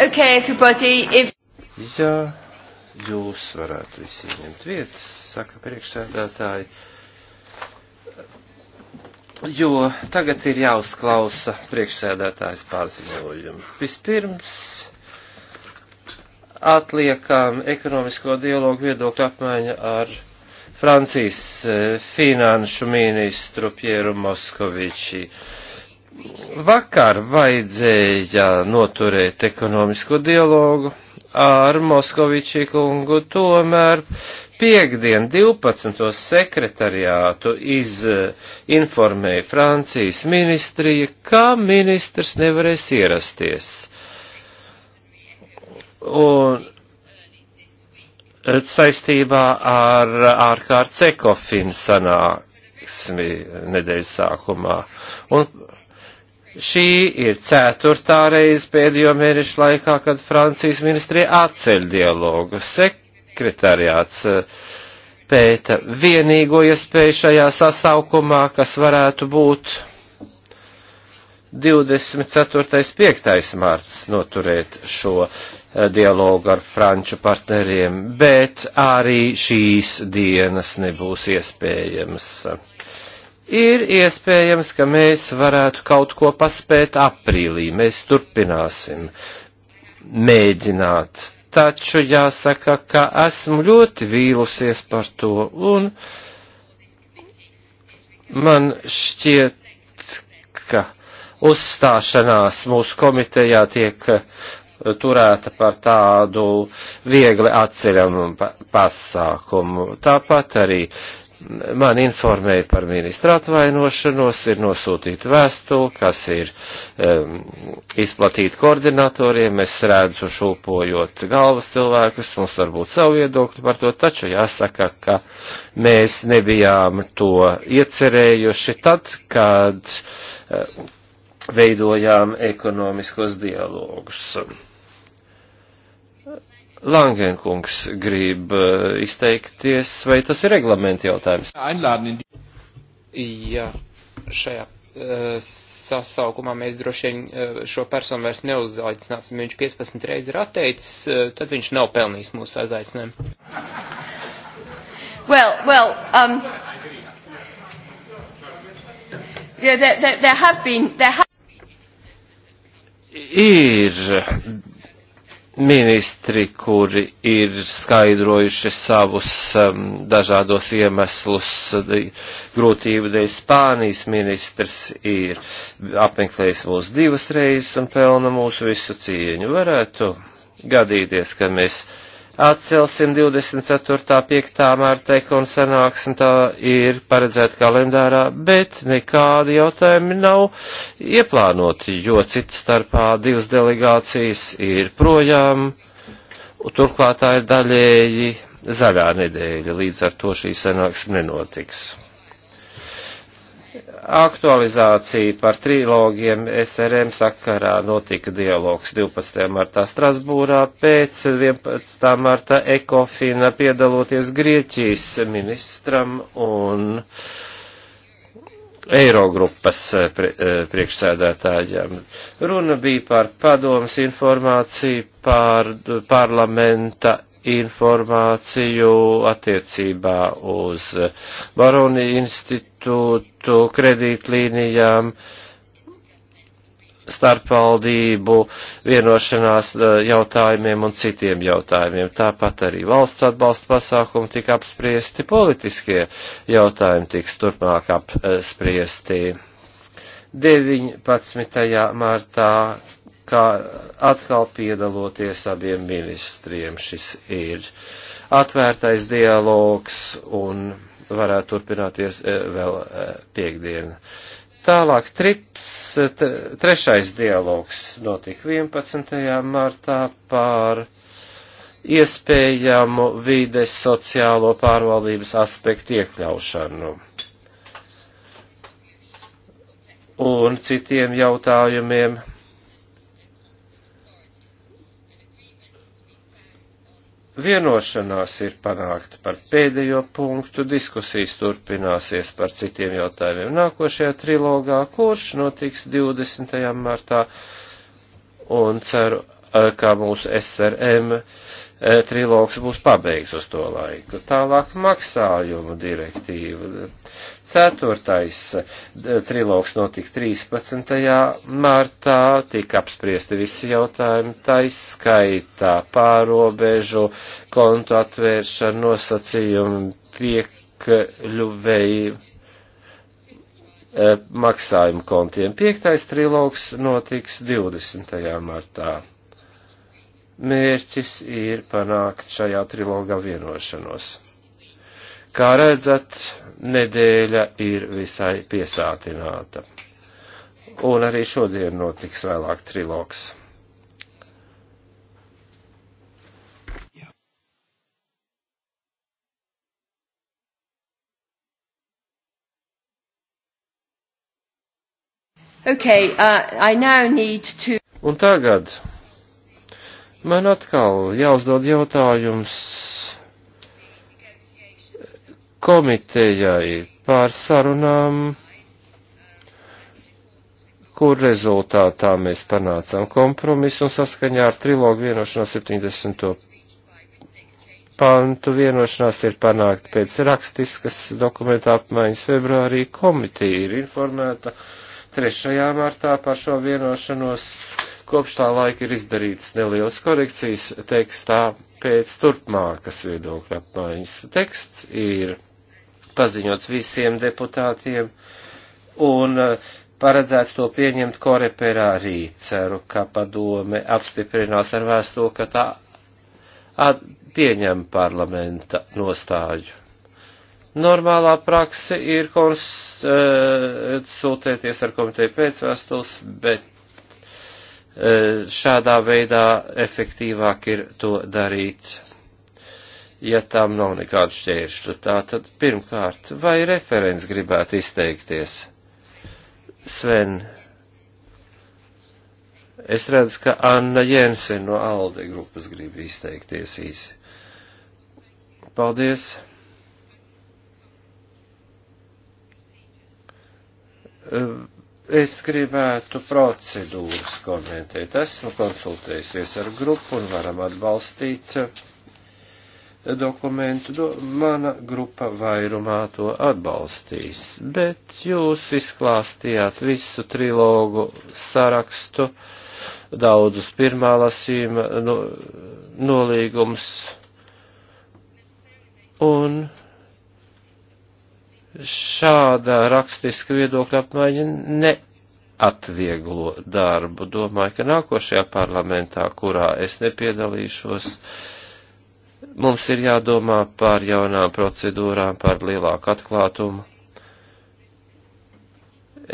Okay, everybody, if... Ja jūs varētu visi ņemt vietas, saka priekšsēdētāji, jo tagad ir jāuzklausa priekšsēdētājs paziņojumu. Vispirms atliekam ekonomisko dialogu viedokļu apmaiņu ar Francijas eh, finanšu ministru Pieru Moskovičiju vakar vajadzēja noturēt ekonomisko dialogu ar Moskovičī kungu, tomēr piekdien 12. sekretariātu izinformēja Francijas ministrija, ka ministrs nevarēs ierasties. Un saistībā ar ārkārts ekofin sanāksmi nedēļas sākumā. Un Šī ir ceturtā reize pēdējo mēnešu laikā, kad Francijas ministrija atceļ dialogu. Sekretariāts eh, pēta vienīgo iespēju šajā sasaukumā, kas varētu būt 24.5. mārts noturēt šo eh, dialogu ar franču partneriem, bet arī šīs dienas nebūs iespējams ir iespējams, ka mēs varētu kaut ko paspēt aprīlī. Mēs turpināsim mēģināt. Taču jāsaka, ka esmu ļoti vīlusies par to, un man šķiet, ka uzstāšanās mūsu komitejā tiek eh, turēta par tādu viegli atceļamu pasākumu. Tāpat arī man informēja par ministra atvainošanos, ir nosūtīta vēstule, kas ir um, izplatīta koordinatoriem, es redzu šūpojot galvas cilvēkus, mums varbūt savu viedokli par to, taču jāsaka, ka mēs nebijām to iecerējuši tad, kad um, veidojām ekonomiskos dialogus. Um, Langenkungs grib eh, izteikties, vai tas ir reglamenta jautājums? Jā, šajā uh, sasaukumā mēs droši vien uh, šo personu vairs neuzaicināsim. Viņš 15 reizes ir atteicis, uh, tad viņš nav pelnījis mūsu aizaicinājumu. Well, well, um, yeah, there, there, there have been, there have... Ir ministri, kuri ir skaidrojuši savus um, dažādos iemeslus grūtību dēļ. Spānijas ministrs ir apmeklējis mūs divas reizes un pelna mūsu visu cieņu. Varētu gadīties, ka mēs uh, atcelsim 24.5. mārta ekonu sanāksmi, tā ir paredzēta kalendārā, bet nekādi jautājumi nav ieplānoti, jo cita starpā divas delegācijas ir projām, turklāt tā ir daļēji zaļā nedēļa, līdz ar to šī sanāksme nenotiks aktualizāciju par trilogiem SRM sakarā notika dialogs 12. martā Strasbūrā, pēc 11. martā Ekofina piedaloties Grieķijas ministram un Eirogrupas e, priekšsēdētājiem. Runa bija par padomas informāciju, par parlamenta informāciju attiecībā uz Baroni institūciju institūtu kredītlīnijām, starpvaldību vienošanās eh, jautājumiem un citiem jautājumiem. Tāpat arī valsts atbalsta pasākumi tika apspriesti, politiskie jautājumi tiks turpmāk apspriesti. 19. martā, kā atkal piedaloties abiem ministriem, šis ir atvērtais dialogs un varētu turpināties eh, vēl eh, piekdienu. Tālāk trips, trešais dialogs notika 11. martā pār iespējamu vides sociālo pārvaldības aspektu iekļaušanu un citiem jautājumiem Vienošanās ir panākta par pēdējo punktu, diskusijas turpināsies par citiem jautājumiem nākošajā trilogā, kurš notiks 20. martā, un ceru, eh, ka mūsu SRM eh, trilogs būs pabeigts uz to laiku. Tālāk maksājumu direktīva. Ceturtais trilogs notika 13. martā, tika apspriesti visi jautājumi, taiskaitā pārobežu, kontu atvēršana, nosacījumi, piekļuvēji, e, maksājumu kontiem. Piektais trilogs notiks 20. martā. Mērķis ir panākt šajā trilogā vienošanos. Kā redzat, nedēļa ir visai piesātināta. Un arī šodien notiks vēlāk trilogs. Okay, uh, to... Un tagad man atkal jāuzdod jautājums komitejai pār sarunām, kur rezultātā mēs panācām kompromisu un saskaņā ar trilogu vienošanos 70. pantu vienošanās ir panākt pēc rakstiskas dokumentu apmaiņas februārī komiteja ir informēta 3. martā par šo vienošanos. Kopš tā laika ir izdarīts nelielas korekcijas tekstā pēc turpmākas viedokļa apmaiņas. Teksts ir paziņots visiem deputātiem un eh, paredzēts to pieņemt koreperā rīt. Ceru, ka padome apstiprinās ar vēstuli, ka tā pieņem parlamenta nostāju. Normālā prakse ir konsultēties eh, ar komiteju pēcvēstules, bet eh, šādā veidā efektīvāk ir to darīt ja tam nav nekādu šķēršļu. Tā tad pirmkārt, vai referents gribētu izteikties? Sven, es redzu, ka Anna Jensen no Alde grupas grib izteikties īsi. Paldies! Es gribētu procedūras komentēt. Esmu konsultējusies ar grupu un varam atbalstīt uh, dokumentu, do, nu, mana grupa vairumā to atbalstīs, bet jūs izklāstījāt visu trilogu sarakstu, daudzus pirmā lasījuma no, nu, nolīgums, un šāda rakstiska viedokļa apmaiņa ne atvieglo darbu. Domāju, ka nākošajā parlamentā, kurā es nepiedalīšos, uh, Mums ir jādomā par jaunām procedūrām, par lielāku atklātumu.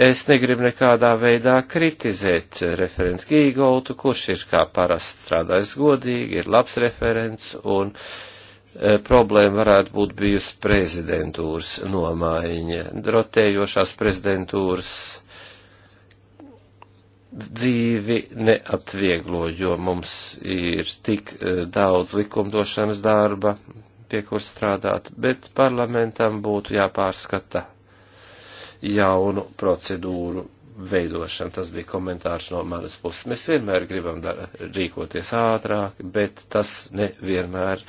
Es negribu nekādā veidā kritizēt referents Gīgoltu, kurš ir kā parasti strādājis godīgi, ir labs referents un e, problēma varētu būt bijusi prezidentūras nomaiņa, rotējošās prezidentūras dzīvi neatvieglo, jo mums ir tik e, daudz likumdošanas darba, pie kur strādāt, bet parlamentam būtu jāpārskata jaunu procedūru veidošana. Tas bija komentārs no manas puses. Mēs vienmēr gribam dar, rīkoties ātrāk, bet tas nevienmēr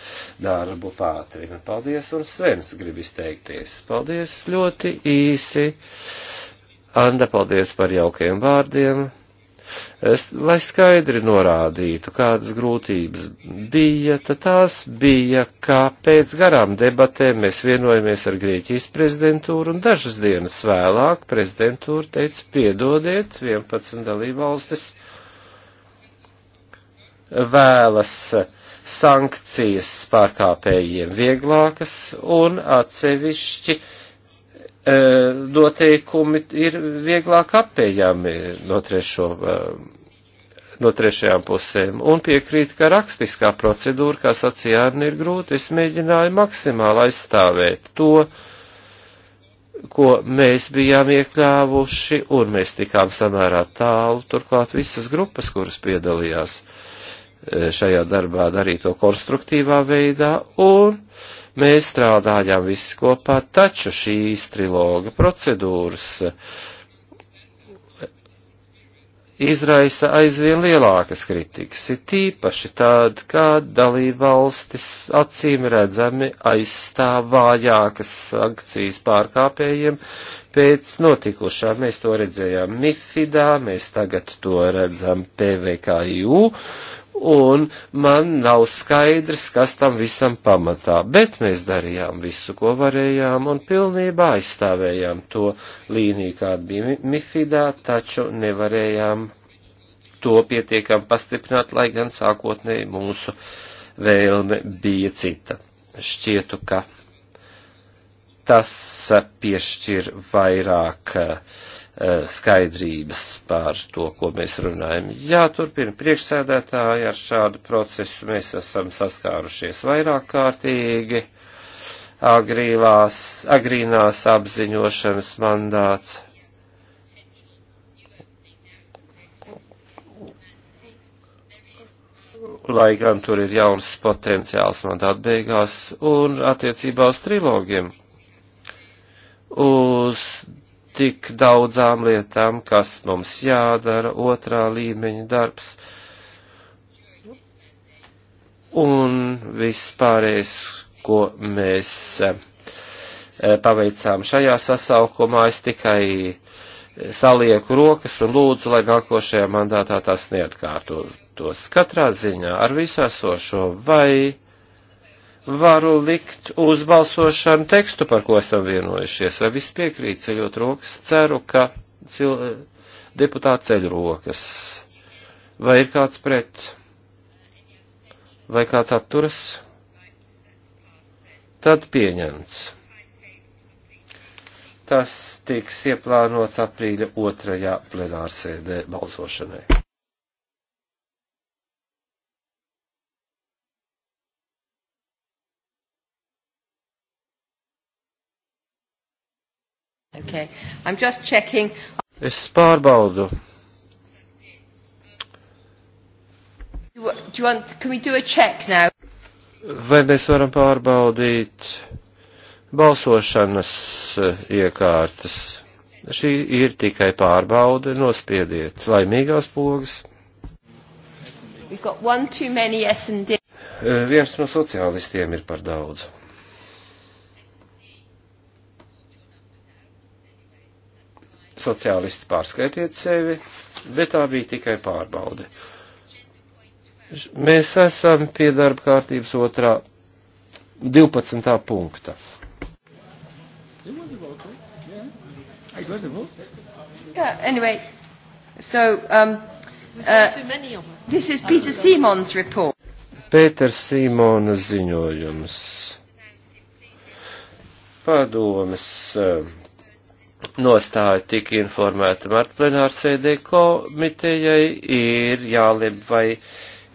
darbu pātrina. Paldies, un Svens grib izteikties. Paldies ļoti īsi. Anda, paldies par jaukiem vārdiem lai skaidri norādītu, kādas grūtības bija, tad tās bija, kā pēc garām debatēm mēs vienojamies ar Grieķijas prezidentūru, un dažas dienas vēlāk prezidentūra teica, piedodiet, 11 dalībvalstis vēlas sankcijas pārkāpējiem vieglākas un atsevišķi uh, E, noteikumi ir vieglāk apējami no, trešo, e, no trešajām pusēm. Un piekrīt, ka rakstiskā procedūra, kā sacīja Arni, ir grūta. Es mēģināju maksimāli aizstāvēt to, ko mēs bijām iekļāvuši, un mēs tikām samērā tālu, turklāt visas grupas, kuras piedalījās e, šajā darbā, darīja to konstruktīvā veidā, un Mēs strādājām visi kopā, taču šīs triloga procedūras izraisa aizvien lielākas kritikas, ir tīpaši tāda, kā dalībvalstis acīm redzami aizstāv vājākas sankcijas pārkāpējiem pēc notikušā. Mēs to redzējām Mifidā, mēs tagad to redzam PVKU un man nav skaidrs, kas tam visam pamatā, bet mēs darījām visu, ko varējām, un pilnībā aizstāvējām to līniju, kāda bija Mifidā, taču nevarējām to pietiekam pastiprināt, lai gan sākotnēji mūsu vēlme bija cita. Šķietu, ka tas piešķir vairāk uh, Eh, skaidrības par to, ko mēs runājam. Jā, turpina priekšsēdētāji, ar šādu procesu mēs esam saskārušies vairāk kārtīgi. Agrīlās, agrīnās apziņošanas mandāts. Lai gan tur ir jauns potenciāls mandāta beigās un attiecībā uz trilogiem. Uz tik daudzām lietām, kas mums jādara, otrā līmeņa darbs. Un vispārējais, ko mēs eh, paveicām šajā sasaukumā, es tikai salieku rokas un lūdzu, lai nākošajā mandātā tas neatkārtotos. Katrā ziņā ar visu esošo vai varu likt uz balsošanu tekstu, par ko esam vienojušies. Vai viss piekrīt ceļot rokas? Ceru, ka cil... deputāti ceļ rokas. Vai ir kāds pret? Vai kāds atturas? Tad pieņemts. Tas tiks ieplānots aprīļa otrajā plenārsēdē balsošanai. Okay. I'm just checking. Es pārbaudu. Do you want, can we do a check now? Vai mēs varam pārbaudīt balsošanas eh, iekārtas? Šī ir tikai pārbaude, nospiediet laimīgās pogas. Eh, viens no sociālistiem ir par daudz. Sociālisti pārskaitiet sevi, bet tā bija tikai pārbaude. Mēs esam pie darba kārtības otrā 12. punkta. Yeah, anyway, so, um, uh, this is Peter Simon's report. Pēters Simona ziņojums. Padomas uh, nostāja tika informēta Marta plenāra sēdē komitejai, ir jālib vai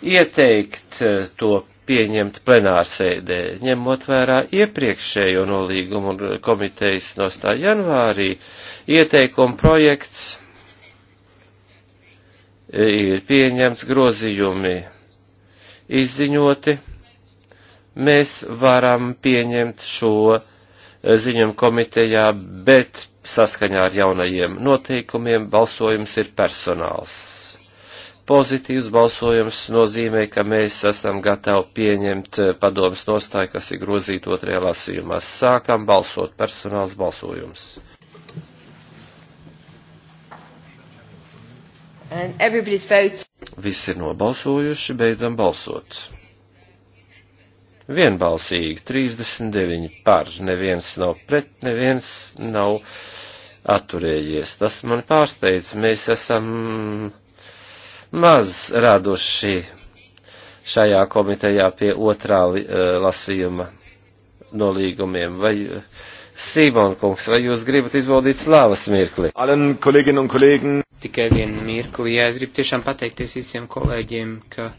ieteikt eh, to pieņemt plenāra sēdē, ņemot vērā iepriekšējo nolīgumu un komitejas nostāju janvārī, ieteikuma projekts eh, ir pieņemts grozījumi izziņoti, mēs varam pieņemt šo eh, ziņojumu komitejā, bet Saskaņā ar jaunajiem noteikumiem balsojums ir personāls. Pozitīvs balsojums nozīmē, ka mēs esam gatavi pieņemt padomas nostāju, kas ir grozīta otrajā lasījumā. Sākam balsot personāls balsojums. Visi ir nobalsojuši, beidzam balsot vienbalsīgi 39 par, neviens nav pret, neviens nav atturējies. Tas man pārsteidz, mēs esam maz radoši šajā komitejā pie otrā eh, lasījuma nolīgumiem. Vai eh, Sīmon kungs, vai jūs gribat izbaudīt slāvas mirkli? Alen, kolēģin un kolēģin. Tikai vienu mirkli, jā, es gribu tiešām pateikties visiem kolēģiem, ka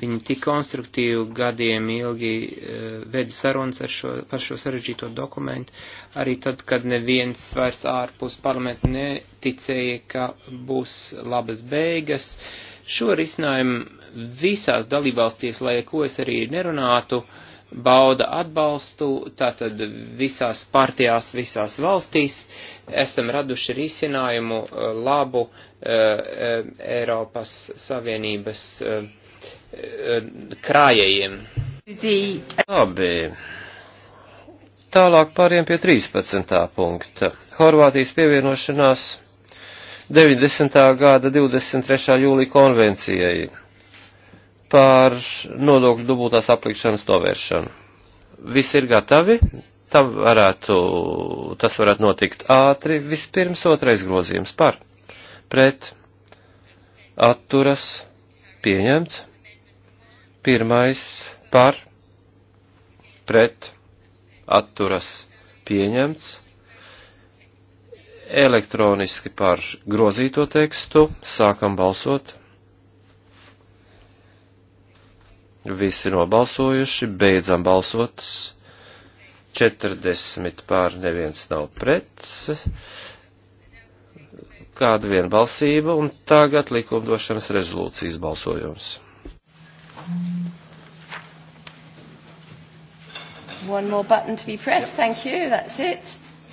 Viņi tik konstruktīvi gadiem ilgi e, veda sarunas ar šo, par šo sarežģīto dokumentu, arī tad, kad neviens vairs ārpus parlamentu neticēja, ka būs labas beigas. Šo risinājumu visās dalībvalstīs, lai ko es arī nerunātu, bauda atbalstu, tātad visās partijās, visās valstīs esam raduši risinājumu e, labu uh, Eiropas Savienības uh, krājējiem. Labi. Tālāk pāriem pie 13. punkta. Horvātijas pievienošanās 90. gada 23. jūlija konvencijai par nodokļu dubultās aplikšanas novēršanu. Viss ir gatavi, tam varētu, tas varētu notikt ātri. Vispirms otrais grozījums par, pret, atturas, pieņemts. Pirmais par, pret, atturas pieņemts. Elektroniski par grozīto tekstu sākam balsot. Visi nobalsojuši, beidzam balsot. 40 pār neviens nav pret. Kāda vienbalsība un tagad likumdošanas rezolūcijas balsojums. One more button to be pressed. Thank you. That's it.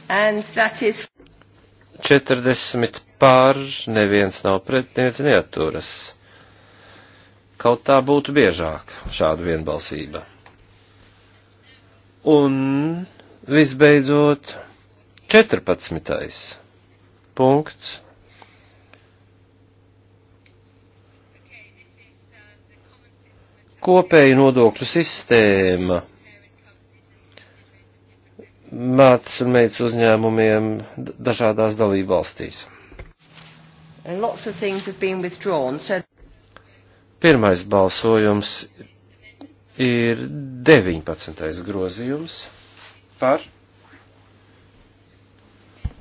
And that is. 40 pār, neviens nav pret, neviens neaturas. Kaut tā būtu biežāk šāda vienbalsība. Un visbeidzot, 14. punkts. kopēja nodokļu sistēma mātes un meitas uzņēmumiem dažādās dalību valstīs. So... Pirmais balsojums ir 19. grozījums par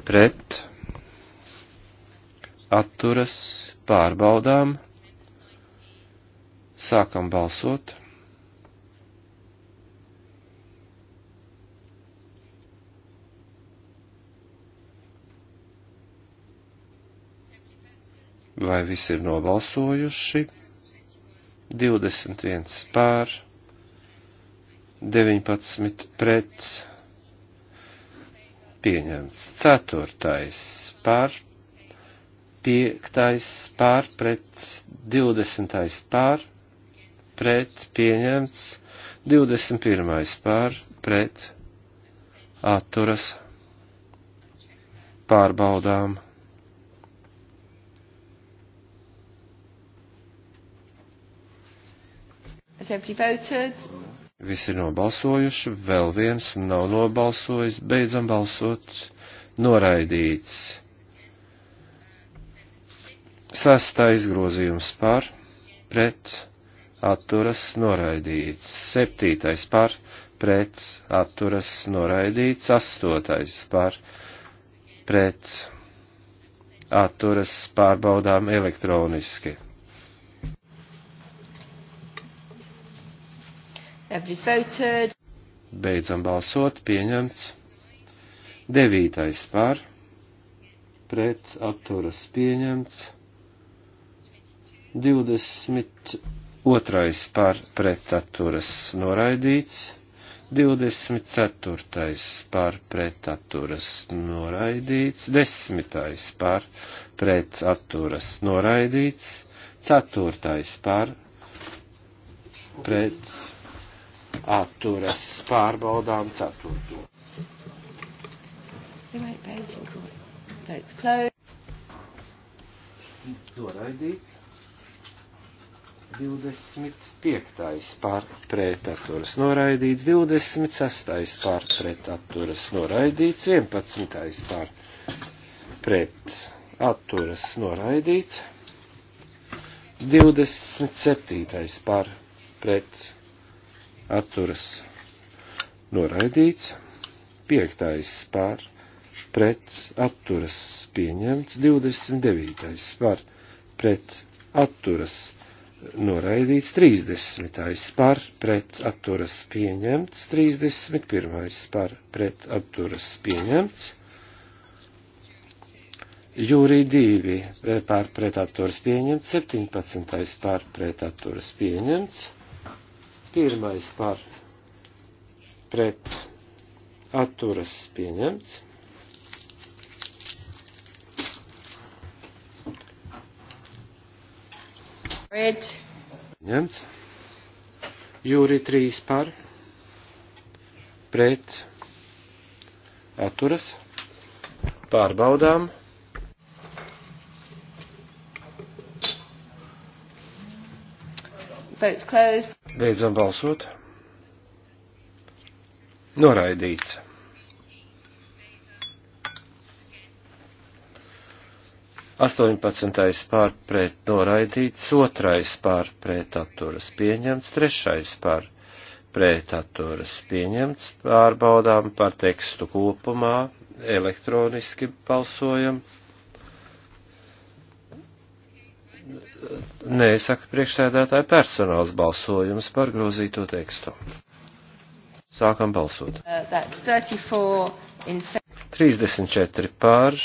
pret atturas pārbaudām Sākam balsot. Vai visi ir nobalsojuši? 21 pār, 19 pret, pieņemts. Ceturtais pār, piektais pār pret, 20 pār pret pieņemts, 21. pār pret atturas pārbaudām. Visi nobalsojuši, vēl viens nav nobalsojis, beidzam balsot, noraidīts. Sastais grozījums par, pret, atturas noraidīts, septītais par, pret, atturas noraidīts, astotais par, pret, atturas pārbaudām elektroniski. Beidzam balsot, pieņemts. Devītais par, pret, atturas pieņemts. 20 Otrais par pretaturas noraidīts. 24. par pretaturas noraidīts, 10. par pretaturas noraidīts, 4. par pretaturas pārbaudām 4. Noraidīts. 25. pārpretaturs noraidīts, 26. pārpretaturs noraidīts, 11. pārpretaturs noraidīts, 27. pārpretaturs noraidīts, 5. pārpretaturs pieņemts, 29. pārpretaturs noraidīts noraidīts 30. par pret atturas pieņemts, 31. par pret atturas pieņemts, jūrī 2 eh, par pret atturas pieņemts, 17. par pret atturas pieņemts, 1. par pret atturas pieņemts. Pret. Ņemts. Jūri 3 par. Pret. Atturas. Pārbaudām. Votes closed. Beidzam balsot. Noraidīts. 18. pārpret noraidīts, 2. pārpret atturas pieņemts, 3. pārpret atturas pieņemts, pārbaudām par tekstu kopumā, elektroniski balsojam. Nē, saka priekšsēdētāji personāls balsojums par grozīto tekstu. Sākam balsot. Uh, 34 pār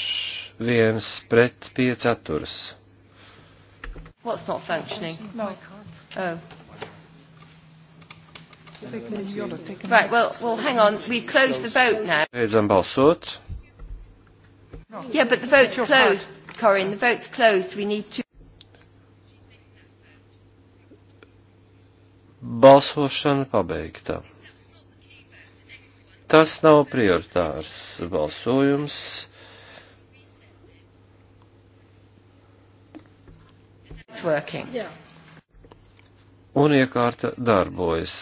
viens pret pieci atturas. What's not functioning? No, I can't. Oh. Right, well, well, hang on. We've closed the vote now. Beidzam balsot. Yeah, but the vote's closed, Corinne. The vote's closed. We need to... Balsošana pabeigta. Tas nav prioritārs balsojums. it's working. Yeah. Un iekārta darbojas.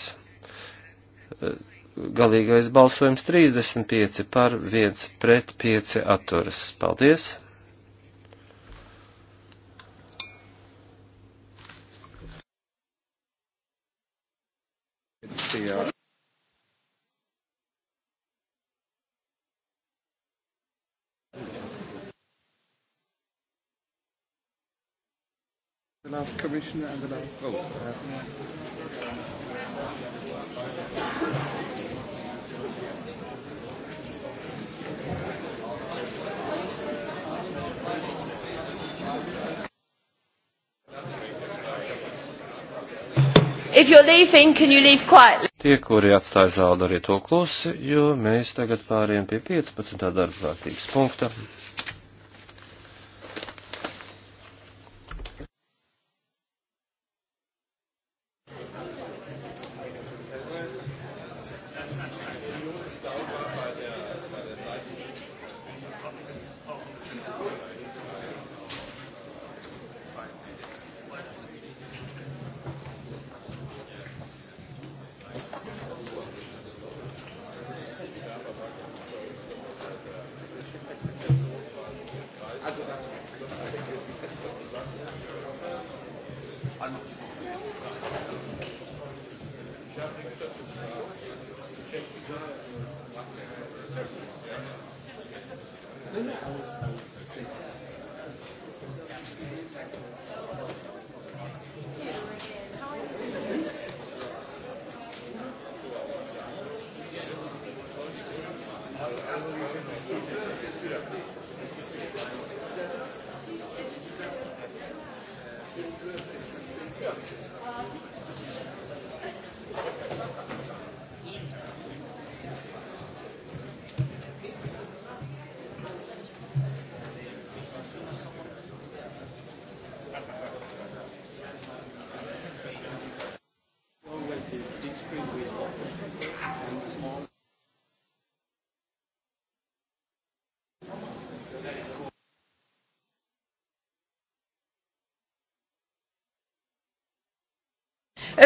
Galīgais balsojums 35 par 1 pret 5 atturas. Paldies! last commissioner and the last vote. Oh. Uh, If you're leaving, can you leave quietly? Tie, kuri atstāja zāli, dariet to klusi, jo mēs tagad pāriem pie 15. darba kārtības punkta.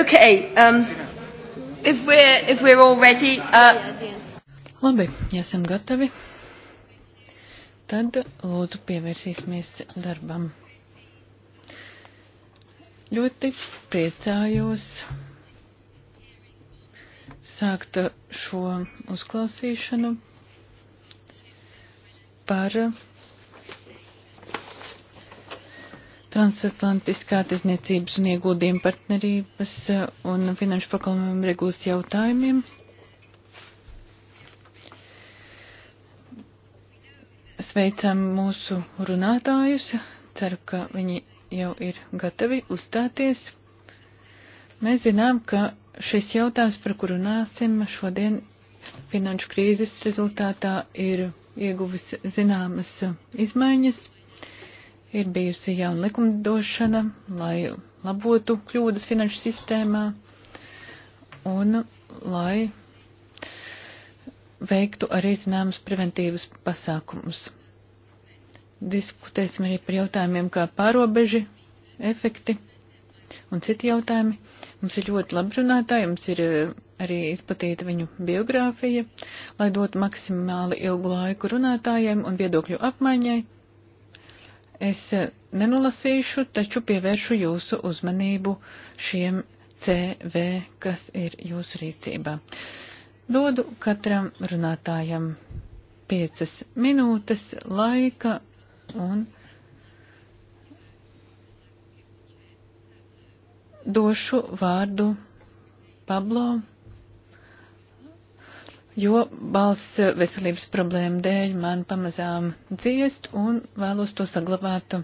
Okay, um, if we're, if we're all ready, uh... Labi, ja esam gatavi, tad lūdzu pievērsīsimies darbam. Ļoti priecājos sākt šo uzklausīšanu par transatlantiskā tiesniecības un ieguldījuma partnerības eh, un finanšu pakalpojumu regulas jautājumiem. Sveicam mūsu runātājus. Ceru, ka viņi jau ir gatavi uzstāties. Mēs zinām, ka šis jautājums, par kuru runāsim šodien finanšu krīzes rezultātā, ir ieguvis zināmas eh, izmaiņas Ir bijusi jauna likumdošana, lai labotu kļūdas finanšu sistēmā un lai veiktu arī zināmas preventīvas pasākumus. Diskutēsim arī par jautājumiem kā pārobeži, efekti un citi jautājumi. Mums ir ļoti labi runātāji, mums ir eh, arī izplatīta viņu biogrāfija, lai dotu maksimāli ilgu laiku runātājiem un viedokļu apmaiņai. Es eh, nenolasīšu, taču pievēršu jūsu uzmanību šiem CV, kas ir jūsu rīcībā. Dodu katram runātājam piecas minūtes laika un došu vārdu Pablo jo balss veselības problēma dēļ man pamazām dziest un vēlos to saglabāt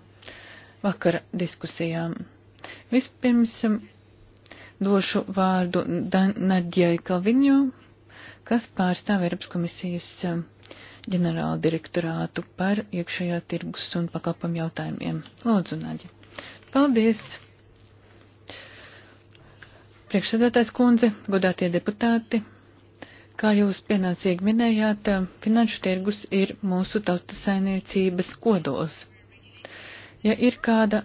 vakara diskusijām. Vispirms došu vārdu Nadjai Kalviņo, kas pārstāv Eiropas komisijas ģenerāla direktorātu par iekšējā tirgus un pakalpam jautājumiem. Lūdzu, Nadja. Paldies! Priekšsēdētājs kundze, godātie deputāti, Kā jūs pienācīgi minējāt, finanšu tirgus ir mūsu tautas saimniecības kodols. Ja ir kāda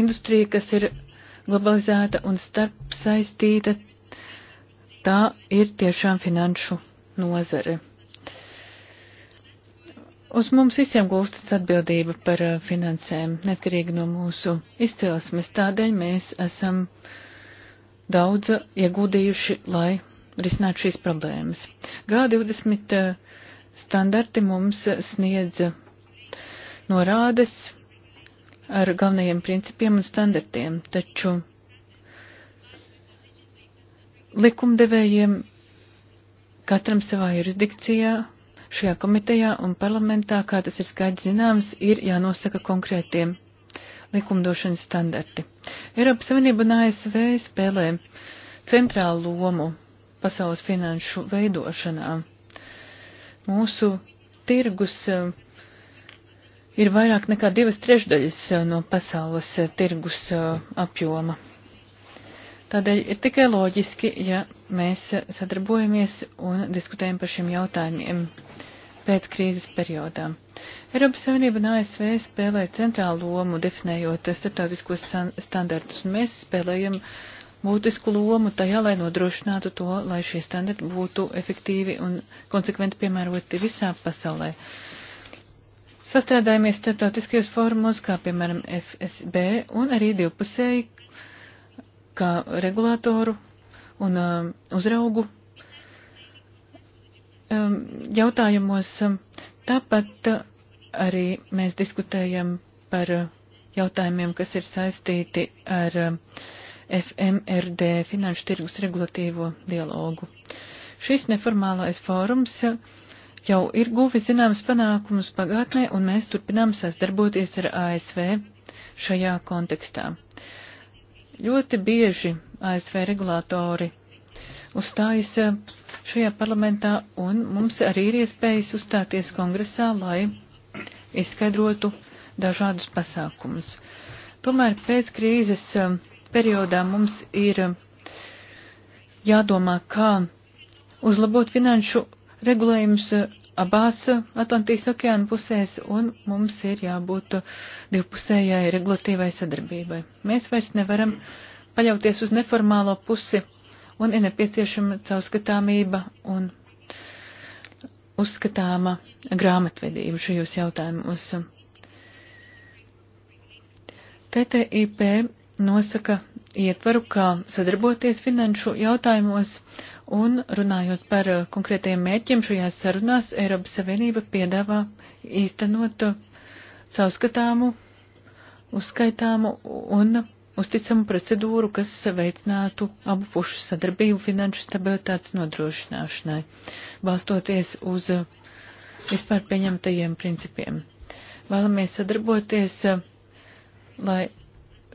industrija, kas ir globalizēta un starp saistīta, tā ir tiešām finanšu nozare. Uz mums visiem gulstas atbildība par uh, finansēm, neatkarīgi no mūsu izcelsmes. Tādēļ mēs esam daudz uh, ieguldījuši, lai risināt šīs problēmas. G20 eh, standarti mums sniedz norādes ar galvenajiem principiem un standartiem, taču likumdevējiem katram savā jurisdikcijā šajā komitejā un parlamentā, kā tas ir skaidrs zināms, ir jānosaka konkrētiem likumdošanas standarti. Eiropas Savienība un ASV spēlē centrālu lomu pasaules finanšu veidošanā. Mūsu tirgus eh, ir vairāk nekā divas trešdaļas eh, no pasaules eh, tirgus apjoma. Tādēļ ir tikai loģiski, ja mēs sadarbojamies un diskutējam par šiem jautājumiem pēc krīzes periodā. Eiropas Savienība un ASV spēlē centrālu lomu, definējot starptautiskos standartus, un mēs spēlējam uh, būtisku lomu tajā, lai nodrošinātu to, lai šie standarti būtu efektīvi un konsekventi piemēroti visā pasaulē. Sastrādājamies starptautiskajos formos, kā piemēram FSB, un arī divpusēji, kā regulātoru un uh, uzraugu um, jautājumos. Tāpat uh, arī mēs diskutējam par uh, jautājumiem, kas ir saistīti ar uh, FMRD finanšu tirgus regulatīvo dialogu. Šis neformālais fórums jau ir guvis zināmas panākumus pagātnē, un mēs turpinām sasdarboties ar ASV šajā kontekstā. Ļoti bieži ASV regulātori uzstājas šajā parlamentā, un mums arī ir iespējas uzstāties kongresā, lai izskaidrotu dažādus pasākumus. Tomēr pēc krīzes periodā mums ir jādomā, kā uzlabot finanšu regulējumus abās Atlantijas okeāna pusēs, un mums ir jābūt divpusējai regulatīvai sadarbībai. Mēs vairs nevaram paļauties uz neformālo pusi, un ir nepieciešama caurskatāmība un uzskatāma grāmatvedība šajos jautājumos. TTIP nosaka ietvaru, kā sadarboties finanšu jautājumos, un runājot par uh, konkrētajiem mērķiem šajās sarunās, Eiropas Savienība piedāvā īstenot uh, caurskatāmu, uzskaitāmu un uzticamu procedūru, kas veicinātu abu pušu sadarbību finanšu stabilitātes nodrošināšanai, balstoties uz uh, vispār pieņemtajiem principiem. Vēlamies sadarboties, lai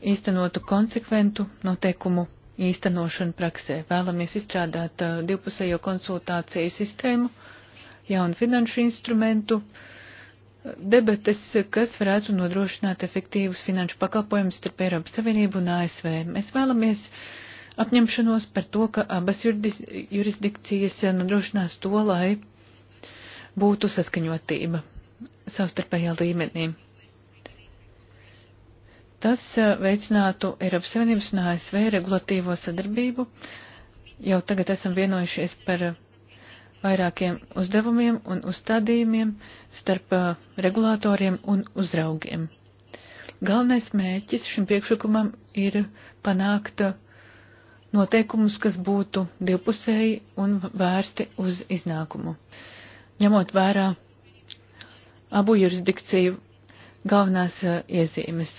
īstenotu konsekventu noteikumu īstenošanu praksē. Vēlamies izstrādāt uh, divpusējo konsultāciju sistēmu, jaunu finanšu instrumentu, debetes, kas varētu nodrošināt efektīvus finanšu pakalpojumus starp Eiropas Savienību un ASV. Mēs vēlamies apņemšanos par to, ka abas juridis, jurisdikcijas uh, nodrošinās to, lai būtu saskaņotība savstarpējā līmenī. Tas eh, veicinātu Eiropas Savienības un ASV regulatīvo sadarbību. Jau tagad esam vienojušies par eh, vairākiem uzdevumiem un uzstādījumiem starp eh, regulātoriem un uzraugiem. Galvenais mērķis šim priekšlikumam ir panākt noteikumus, kas būtu divpusēji un vērsti uz iznākumu. Ņemot vērā abu jurisdikciju galvenās iezīmes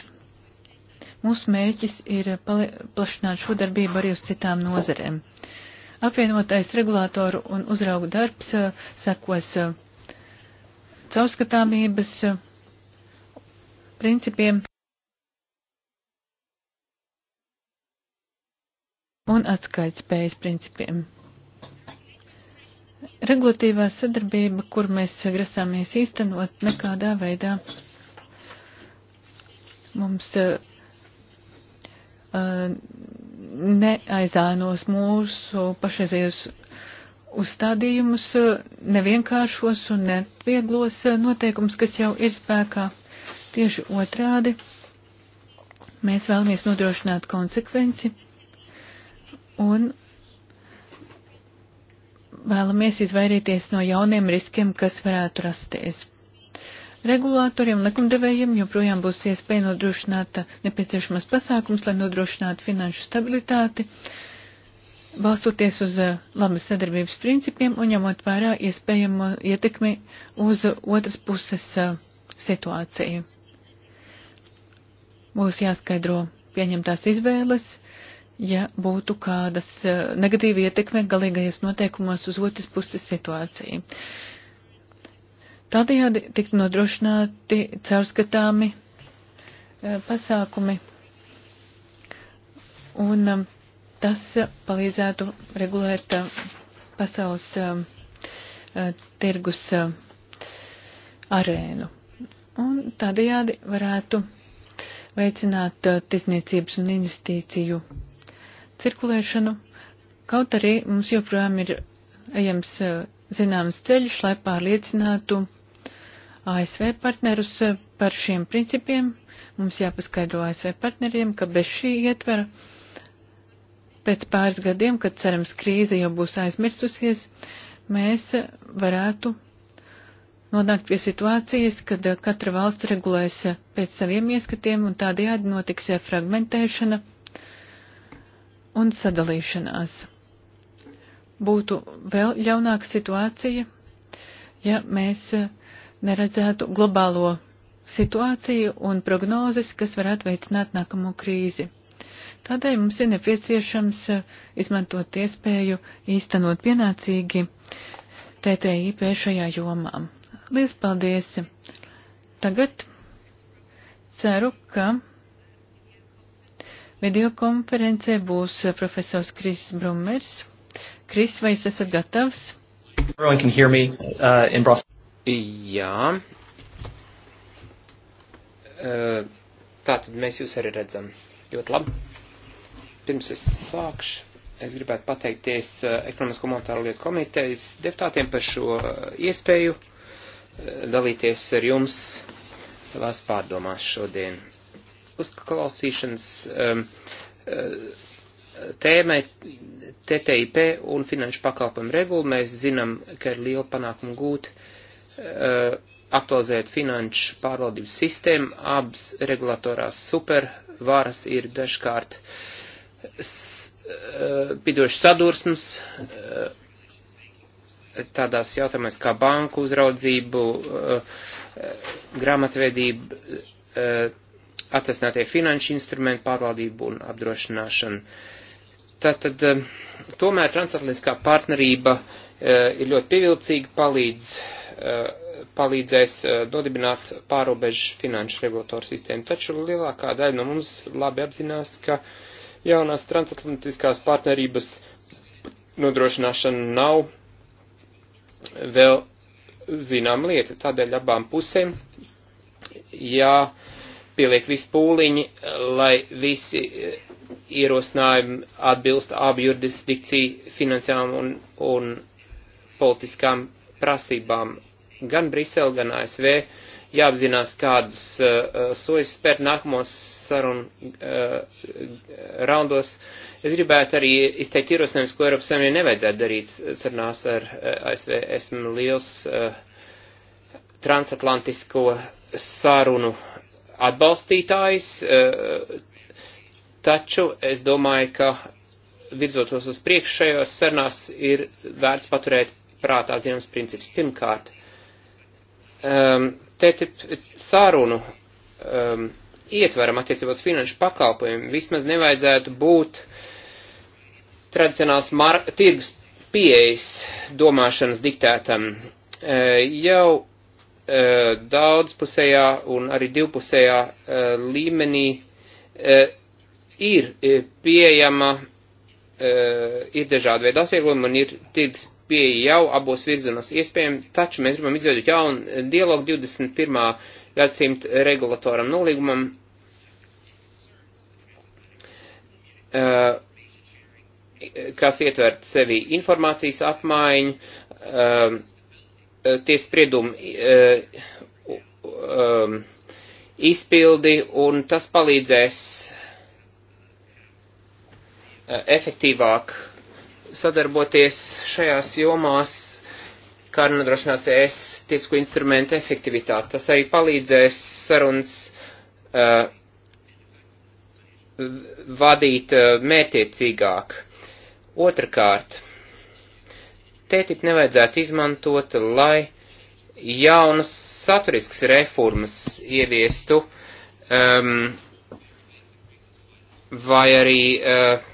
Mūsu mērķis ir plašināt šo darbību arī uz citām nozerēm. Apvienotais regulātoru un uzraugu darbs eh, sekos eh, caurskatāmības eh, principiem un atskaitspējas principiem. Regulatīvā sadarbība, kur mēs grasāmies īstenot, nekādā veidā mums Uh, neaizānos mūsu pašreizējos uzstādījumus, nevienkāršos un netvieglos noteikums, kas jau ir spēkā. Tieši otrādi mēs vēlamies nodrošināt konsekvenci un vēlamies izvairīties no jauniem riskiem, kas varētu rasties. Regulātoriem un likumdevējiem joprojām būs iespēja nodrošināt nepieciešamas pasākums, lai nodrošinātu finanšu stabilitāti, balstoties uz eh, labas sadarbības principiem un ņemot vērā iespējamo ietekmi uz otras puses eh, situāciju. Būs jāskaidro pieņemtās izvēles, ja būtu kādas eh, negatīva ietekme galīgajos noteikumos uz otras puses situāciju. Tādējādi tiktu nodrošināti caurskatāmi e, pasākumi, un e, tas palīdzētu regulēt e, pasaules tirgus arēnu. Un tādējādi varētu veicināt tiesniecības un investīciju cirkulēšanu, kaut arī mums joprojām ir ejams zināms ceļš, lai pārliecinātu ASV partnerus eh, par šiem principiem. Mums jāpaskaidro ASV partneriem, ka bez šī ietvera pēc pāris gadiem, kad cerams krīze jau būs aizmirsusies, mēs eh, varētu nonākt pie situācijas, kad eh, katra valsts regulēs pēc saviem ieskatiem un tādējādi notiks fragmentēšana un sadalīšanās. Būtu vēl ļaunāka situācija, ja mēs uh, neredzētu globālo situāciju un prognozes, kas varētu veicināt nākamo krīzi. Tādēļ mums ir nepieciešams eh, izmantot iespēju īstenot pienācīgi TTIP šajā jomā. Lielas paldies! Tagad ceru, ka videokonferencē būs profesors Kris Brummers. Kris, vai jūs esat gatavs? Everyone can hear me uh, in Brussels. Jā. Tā tad mēs jūs arī redzam. Ļoti labi. Pirms es sākšu, es gribētu pateikties Ekonomisko monetāro lietu komitejas deputātiem par šo iespēju dalīties ar jums savās pārdomās šodien. Uzklausīšanas um, tēmai TTIP un finanšu pakalpojumu regulu mēs zinām, ka ir liela panākuma gūta Uh, aktualizēt finanšu pārvaldības sistēmu, abas regulatorās supervaras ir dažkārt uh, pidoši sadursmes uh, tādās jautājumās kā banku uzraudzību, grāmatvedību, atvesinātie finanšu instrumentu pārvaldību un apdrošināšanu. Tātad um, tomēr transatlantiskā partnerība ir ļoti pievilcīga, palīdz uh, Eh, palīdzēs nodibināt eh, pārobežu finanšu regulatoru sistēmu. Taču lielākā daļa no mums labi apzinās, ka jaunās transatlantiskās partnerības nodrošināšana nav vēl zinām lieta. Tādēļ abām pusēm jāpieliek visi pūliņi, lai visi eh, ierosinājumi atbilst abu jurisdikciju finansiālām un, un politiskām prasībām. Gan Brisele, gan ASV jāapzinās, kādas uh, sojas spērt nākamos sarunu uh, eh, raundos. Es gribētu arī izteikt ierosinājumus, ko Eiropas Savienībai nevajadzētu darīt sarunās ar uh, eh, ASV. Esmu liels uh, transatlantisko sarunu atbalstītājs, uh, taču es domāju, ka virzotos uz priekšu šajos sarunās ir vērts paturēt prātā zināms princips. Pirmkārt, um, TTIP sarunu um, ietveram attiecībos finanšu pakalpojumiem vismaz nevajadzētu būt tradicionāls tirgus pieejas domāšanas diktētam. E, jau e, daudzpusējā un arī divpusējā e, līmenī e, ir e, pieejama, e, ir dažādi veidi atvieglojumi un ir tirgus pieeja jau abos virzienos iespējama, taču mēs gribam izveidot jaunu dialogu 21. gadsimta regulatoram nolīgumam. Eh, kas ietvert sevi informācijas apmaiņu, eh, tiespriedumu eh, um, izpildi, un tas palīdzēs efektīvāk uh, sadarboties šajās jomās, kā arī nodrošinās ES tiesku instrumentu efektivitāti. Tas arī palīdzēs sarunas uh, vadīt uh, mētiecīgāk. Otrakārt, tētip nevajadzētu izmantot, lai jaunas saturiskas reformas ieviestu, um, vai arī uh,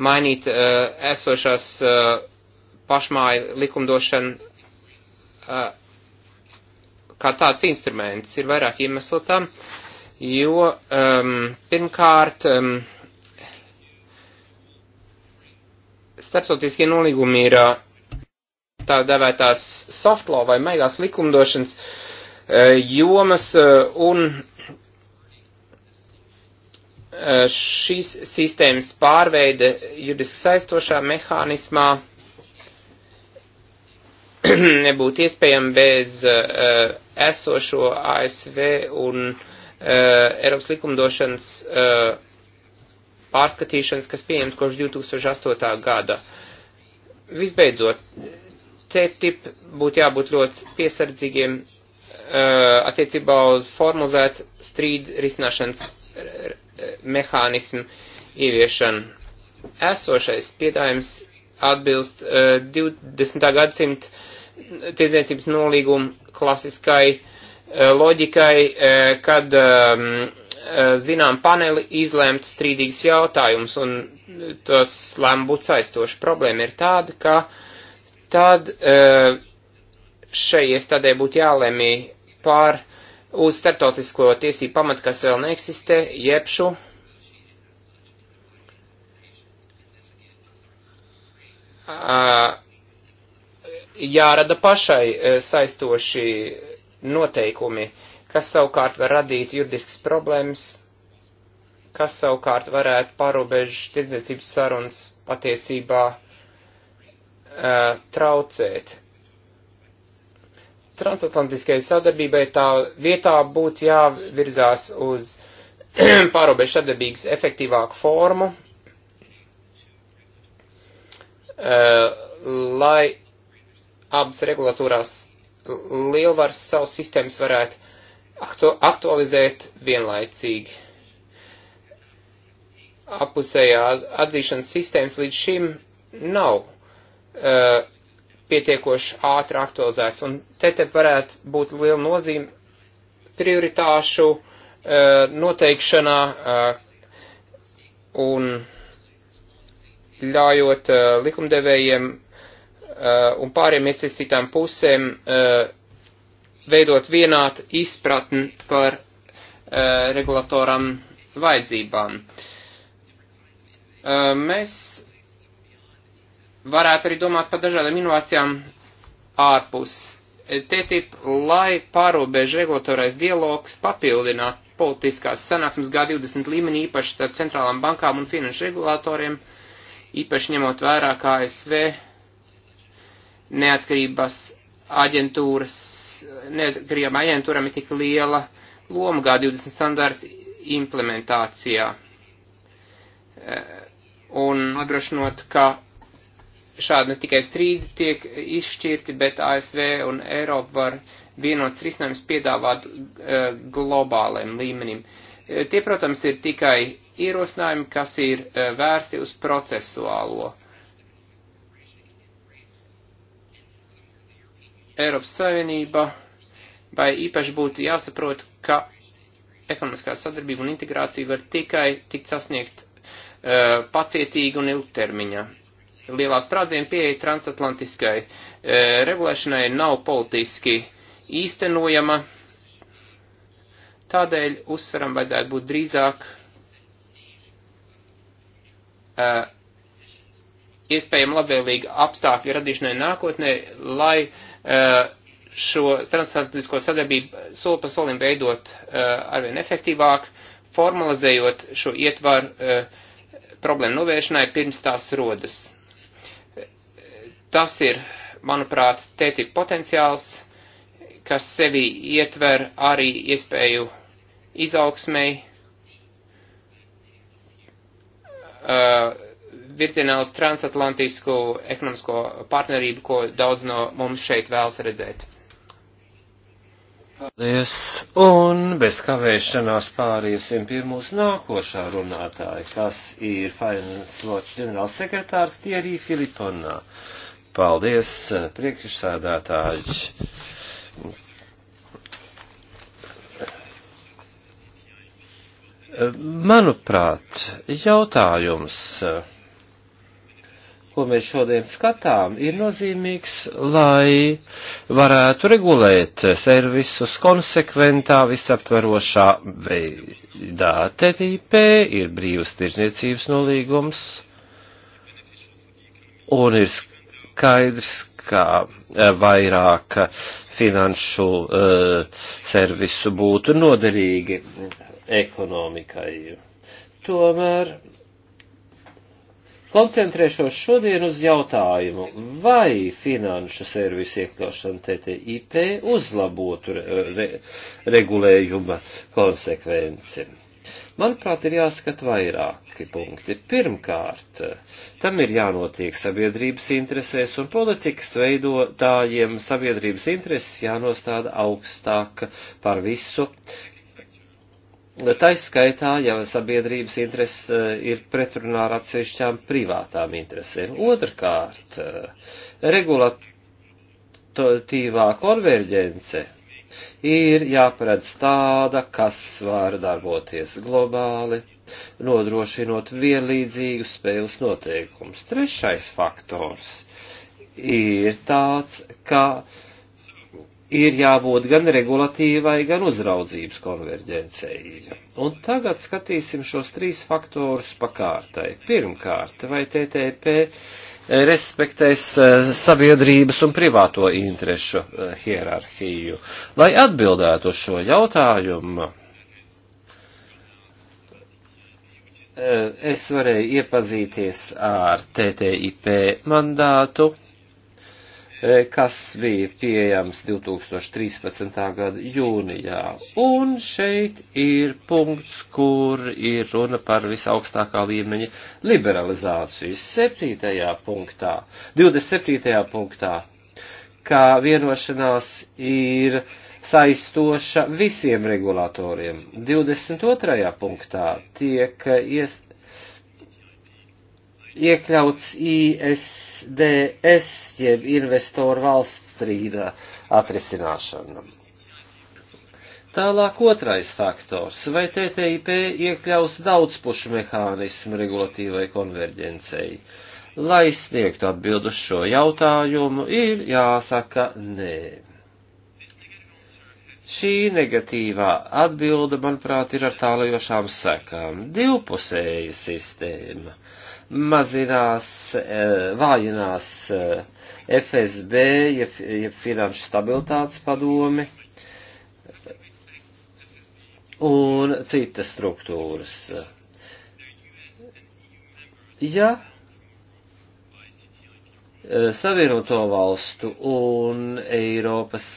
mainīt uh, esošās uh, pašmāju likumdošanu uh, kā tāds instruments. Ir vairāk iemeslu tam, jo um, pirmkārt um, starptautiskie nolīgumi ir uh, tā devētās soft law vai maigās likumdošanas uh, jomas uh, un E, šīs sistēmas pārveide juridiski saistošā mehānismā nebūtu iespējama bez uh, esošo ASV un uh, Eiropas likumdošanas uh, pārskatīšanas, kas pieņemts kopš 2008. gada. Visbeidzot, CETIP būtu jābūt ļoti piesardzīgiem uh, attiecībā uz formalizēt strīdu risināšanas mehānismu ieviešanu. Esošais piedājums atbilst uh, eh, 20. gadsimta tiesniecības nolīguma klasiskai uh, loģikai, uh, kad um, zinām paneli izlēmt strīdīgs jautājums, un tas lēma būt saistoši. Problēma ir tāda, ka tad šai iestādē būtu jālēmī pār uz startautisko tiesību pamatu, kas vēl neeksistē, jebšu. Jārada pašai e, saistoši noteikumi, kas savukārt var radīt juridiskas problēmas, kas savukārt varētu parobežu tirdzniecības sarunas patiesībā e, traucēt transatlantiskajai sadarbībai tā vietā būtu jāvirzās uz pārobežu sadarbības efektīvāku formu, eh, lai abas regulatūrās lielvaras savus sistēmas varētu aktu aktualizēt vienlaicīgi. Apusējā atzīšanas sistēmas līdz šim nav. Uh, pietiekoši ātri aktualizēts. Un te te varētu būt liela nozīme prioritāšu uh, noteikšanā uh, un ļaujot uh, likumdevējiem un pāriem iesaistītām pusēm veidot vienādu izpratni par regulatoram vajadzībām. Mēs varētu arī domāt par dažādām inovācijām ārpus TTIP, lai pārobežu regulatorais dialogs papildinātu politiskās sanāksmes G20 līmenī, īpaši starp centrālām bankām un finanšu regulatoriem, īpaši ņemot vērā KSV neatkarības aģentūras, neatkarībām aģentūram ir tik liela loma G20 standarta implementācijā. Eh, un nodrošinot, ka šādi ne tikai strīdi tiek izšķirti, bet ASV un Eiropa var vienots risinājums piedāvāt uh, globāliem līmenim. Uh, tie, protams, ir tikai ierosinājumi, kas ir uh, vērsti uz procesuālo. Eiropas Savienība vai īpaši būtu jāsaprot, ka ekonomiskā sadarbība un integrācija var tikai tikt sasniegt pacietīgi un ilgtermiņā lielā sprādziena pieeja transatlantiskai e, regulēšanai nav politiski īstenojama. Tādēļ uzsveram vajadzētu būt drīzāk e, iespējami labvēlīgi apstākļu radīšanai nākotnē, lai e, šo transatlantisko sadarbību soli pa solim veidot e, arvien efektīvāk, formalizējot šo ietvaru e, problēmu novēršanai pirms tās rodas. Tas ir, manuprāt, tētip potenciāls, kas sevi ietver arī iespēju izaugsmei, uh, virzienā uz transatlantisku ekonomisko partnerību, ko daudz no mums šeit vēlas redzēt. Paldies, un bez kavēšanās pāriesim pie mūsu nākošā runātāja, kas ir Finance Watch ģenerālsekretārs Tierī Filiponā. Uh, Paldies, eh, priekšsēdētāji. Eh, manuprāt, jautājums, eh, ko mēs šodien skatām, ir nozīmīgs, lai varētu regulēt servisus konsekventā, visaptverošā veidā. TTIP ir brīvas tirzniecības nolīgums un ir skaidrs, ka e, vairāk finanšu uh, servisu būtu noderīgi ekonomikai. Tomēr koncentrēšos šodien uz jautājumu, vai finanšu servisu iekļaušana TTIP uzlabotu re, re, regulējuma konsekvenci. Manuprāt, ir jāskat vairāki punkti. Pirmkārt, tam ir jānotiek sabiedrības interesēs un politikas veidotājiem sabiedrības intereses jānostāda augstāk par visu, Tā skaitā, ja sabiedrības intereses eh, ir pretrunā ar atsevišķām privātām interesēm. Otrkārt, eh, regulatīvā konverģence ir jāparedz tāda, kas var darboties globāli, nodrošinot vienlīdzīgu spēles noteikumus. Trešais faktors ir tāds, ka ir jābūt gan regulatīvai, gan uzraudzības konverģencei. Un tagad skatīsim šos trīs faktorus pakārtai. Pirmkārt, vai TTP respektēs eh, sabiedrības un privāto interešu eh, hierarhiju. Lai atbildētu uz šo jautājumu, eh, es varēju iepazīties ar TTIP mandātu Eh, kas bija pieejams 2013. gada jūnijā. Un šeit ir punkts, kur ir runa par visaugstākā līmeņa liberalizāciju. 7. punktā, 27. punktā, kā vienošanās ir saistoša visiem regulatoriem. 22. punktā tiek iest iekļauts ISDS, jeb investoru valsts strīda atrisināšana. Tālāk otrais faktors - vai TTIP iekļaus daudzpušu mehānismu regulatīvai konverģencei? Lai sniegtu atbildu šo jautājumu, ir jāsaka nē. Šī negatīvā atbilde, manuprāt, ir ar tālajošām sekām - divpusēja sistēma. Uh, mazinās, eh, vājinās eh, FSB, jeb, jeb Finanšu stabilitātes padomi un citas struktūras. Ja eh, Savienoto valstu un Eiropas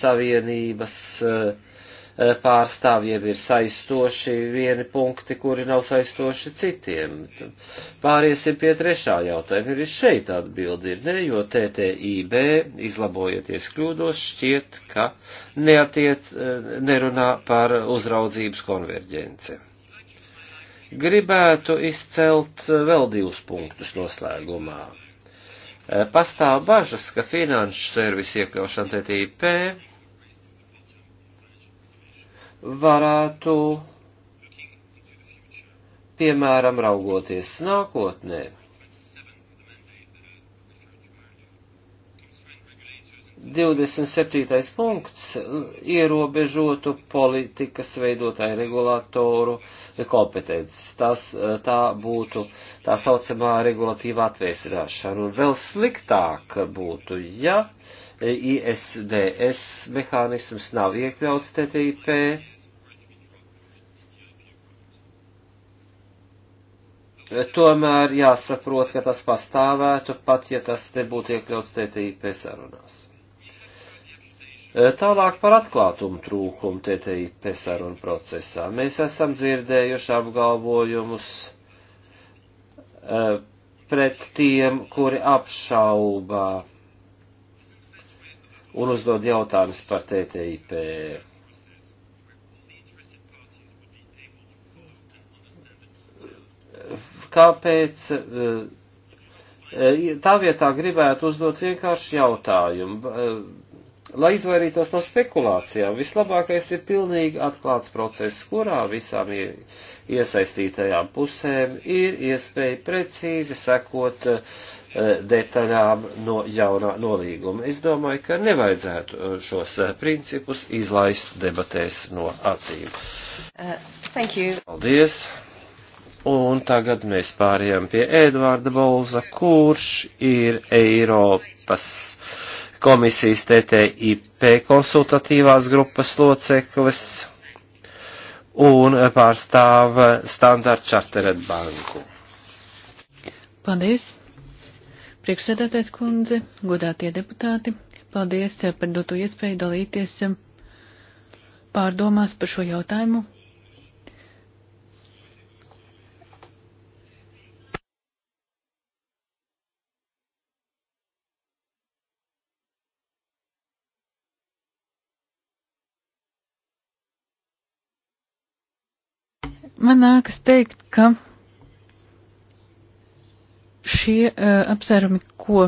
Savienības uh, Eh, pārstāvjiem ir saistoši vieni punkti, kuri nav saistoši citiem. Pāriesim pie trešā jautājuma. Ir šeit atbildi ir ne, jo TTIB, izlabojoties kļūdos, šķiet, ka neatiec, eh, nerunā par uzraudzības konverģenci. Gribētu izcelt eh, vēl divus punktus noslēgumā. Pastāv bažas, ka finanšu servisu iekļaušana TTIP varētu, piemēram, raugoties nākotnē. Divdesmit septītais punkts ierobežotu politikas veidotāju regulātoru kompetences. Tas, tā būtu tā saucamā regulatīva atvēsināšana. Un vēl sliktāk būtu, ja uh, E ISDS mehānisms nav iekļauts TTIP. Tomēr jāsaprot, ka tas pastāvētu, pat ja tas nebūtu iekļauts TTIP sarunās. E, tālāk par atklātumu trūkumu TTIP sarunu procesā. Mēs esam dzirdējuši apgalvojumus e, pret tiem, kuri apšaubā un uzdod jautājumus par TTIP. Kāpēc eh, eh, tā vietā gribētu uzdot vienkārši jautājumu? Lai izvairītos no spekulācijām, vislabākais ir pilnīgi atklāts process, kurā visām iesaistītajām pusēm ir iespēja precīzi sekot uh, detaļām no jaunā nolīguma. Es domāju, ka nevajadzētu eh, šos eh, principus izlaist debatēs no acīm. Uh, thank you. Paldies. Un tagad mēs pārējām pie Edvarda Bolza, kurš ir Eiropas komisijas TTIP konsultatīvās grupas loceklis un pārstāv standārtu čarteret banku. Paldies! Priekšsēdētais kundze, godātie deputāti, paldies par doto iespēju dalīties pārdomās par šo jautājumu Man nākas teikt, ka šie uh, apsvērumi, ko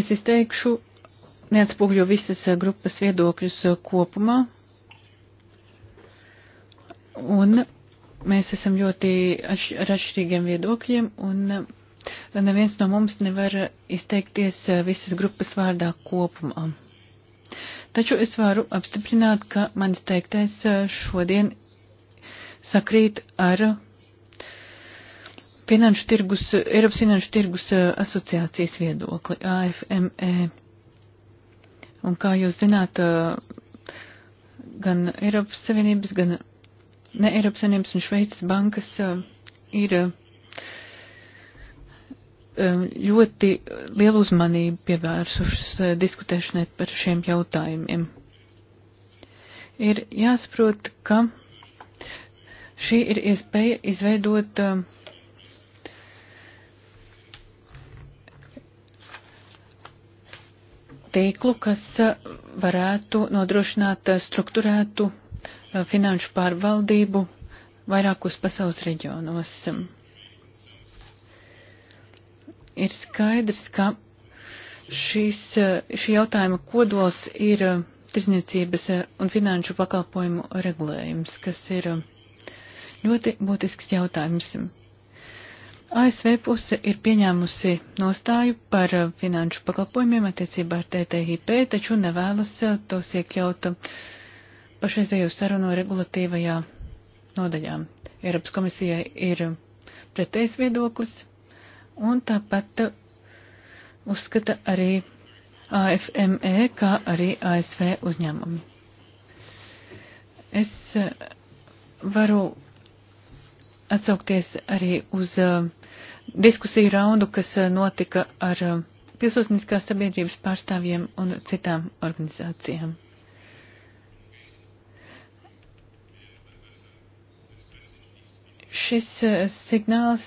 es izteikšu, neatspūgļo visas eh, grupas viedokļus eh, kopumā. Un mēs esam ļoti ar atšķirīgiem viedokļiem, un neviens no mums nevar izteikties visas grupas vārdā kopumā. Taču es varu apstiprināt, ka manis teiktais šodien sakrīt ar finanšu tirgus, Eiropas finanšu tirgus eh, asociācijas viedokli, AFME. Un kā jūs zināt, eh, gan Eiropas Savienības, gan ne Eiropas Savienības un Šveices bankas eh, ir ļoti lielu uzmanību pievērsušas diskutēšanai par šiem jautājumiem. Ir jāsaprot, ka Šī ir iespēja izveidot um, tīklu, kas uh, varētu nodrošināt uh, strukturētu uh, finanšu pārvaldību vairākos pasaules reģionos. Um, ir skaidrs, ka šīs, šī jautājuma kodols ir tirzniecības un finanšu pakalpojumu regulējums, kas ir um, ļoti būtisks jautājums. ASV puse ir pieņēmusi nostāju par uh, finanšu pakalpojumiem attiecībā ar TTIP, taču nevēlas uh, tos iekļaut um, pašreizējo sarunu regulatīvajā nodaļā. Eiropas komisijai ir um, pretējs viedoklis, un tāpat uh, uzskata arī AFME, kā arī ASV uzņēmumi. Es varu atsaukties arī uz eh, diskusiju raundu, kas eh, notika ar eh, pilsoniskās sabiedrības pārstāvjiem un citām organizācijām. Šis signāls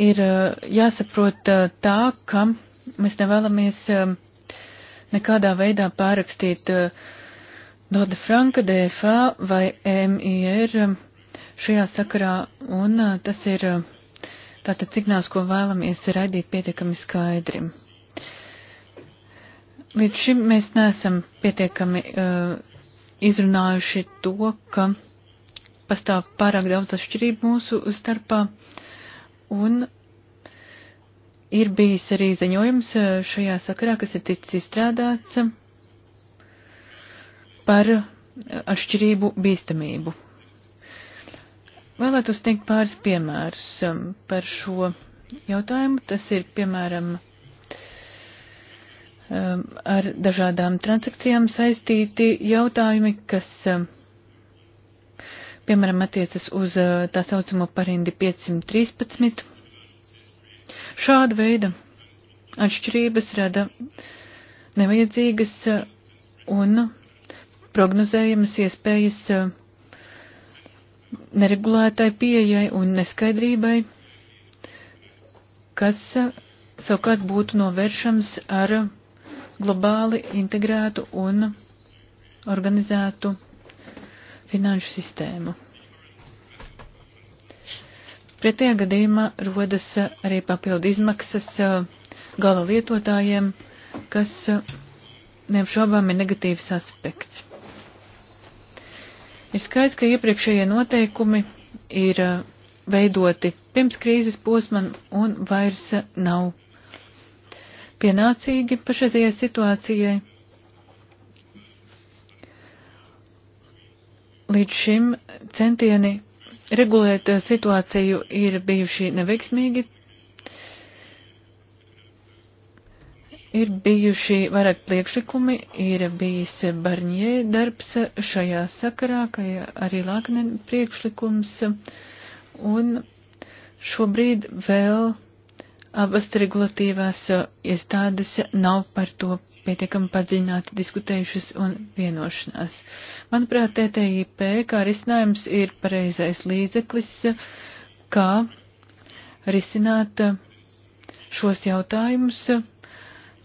ir jāsaprot tā, ka mēs nevēlamies nekādā veidā pārrakstīt uh, Doda Franka, DFA vai MIR um, šajā sakarā, un uh, tas ir um, tātad signāls, ko vēlamies raidīt pietiekami skaidri. Līdz šim mēs neesam pietiekami uh, izrunājuši to, ka pastāv pārāk daudz atšķirību mūsu starpā, un ir bijis arī ziņojums uh, šajā sakarā, kas ir ticis izstrādāts. Uh, par eh, atšķirību bīstamību. Vēlētos teikt pāris piemērus um, par šo jautājumu. Tas ir piemēram um, ar dažādām transakcijām saistīti jautājumi, kas um, piemēram attiecas uz eh, tā saucamo parindi 513. Šāda veida atšķirības rada nevajadzīgas eh, un prognozējamas iespējas eh, neregulētai pieejai un neskaidrībai, kas eh, savukārt būtu novēršams ar globāli integrētu un organizētu finanšu sistēmu. Pretējā gadījumā rodas arī papildu izmaksas eh, gala lietotājiem, kas neapšaubām ir negatīvs aspekts. Ir skaidrs, ka iepriekšējie noteikumi ir eh, veidoti pirms krīzes posman un vairs eh, nav pienācīgi pašreizējai situācijai. Līdz šim centieni regulēt eh, situāciju ir bijuši neveiksmīgi, Ir bijuši vairāk priekšlikumi, ir bijis Barņē darbs šajā sakarā, kā arī Laknen priekšlikums, un šobrīd vēl abas regulatīvās iestādes nav par to pietiekami padziļināti diskutējušas un vienošanās. Manuprāt, TTIP kā risinājums ir pareizais līdzeklis, kā risināt šos jautājumus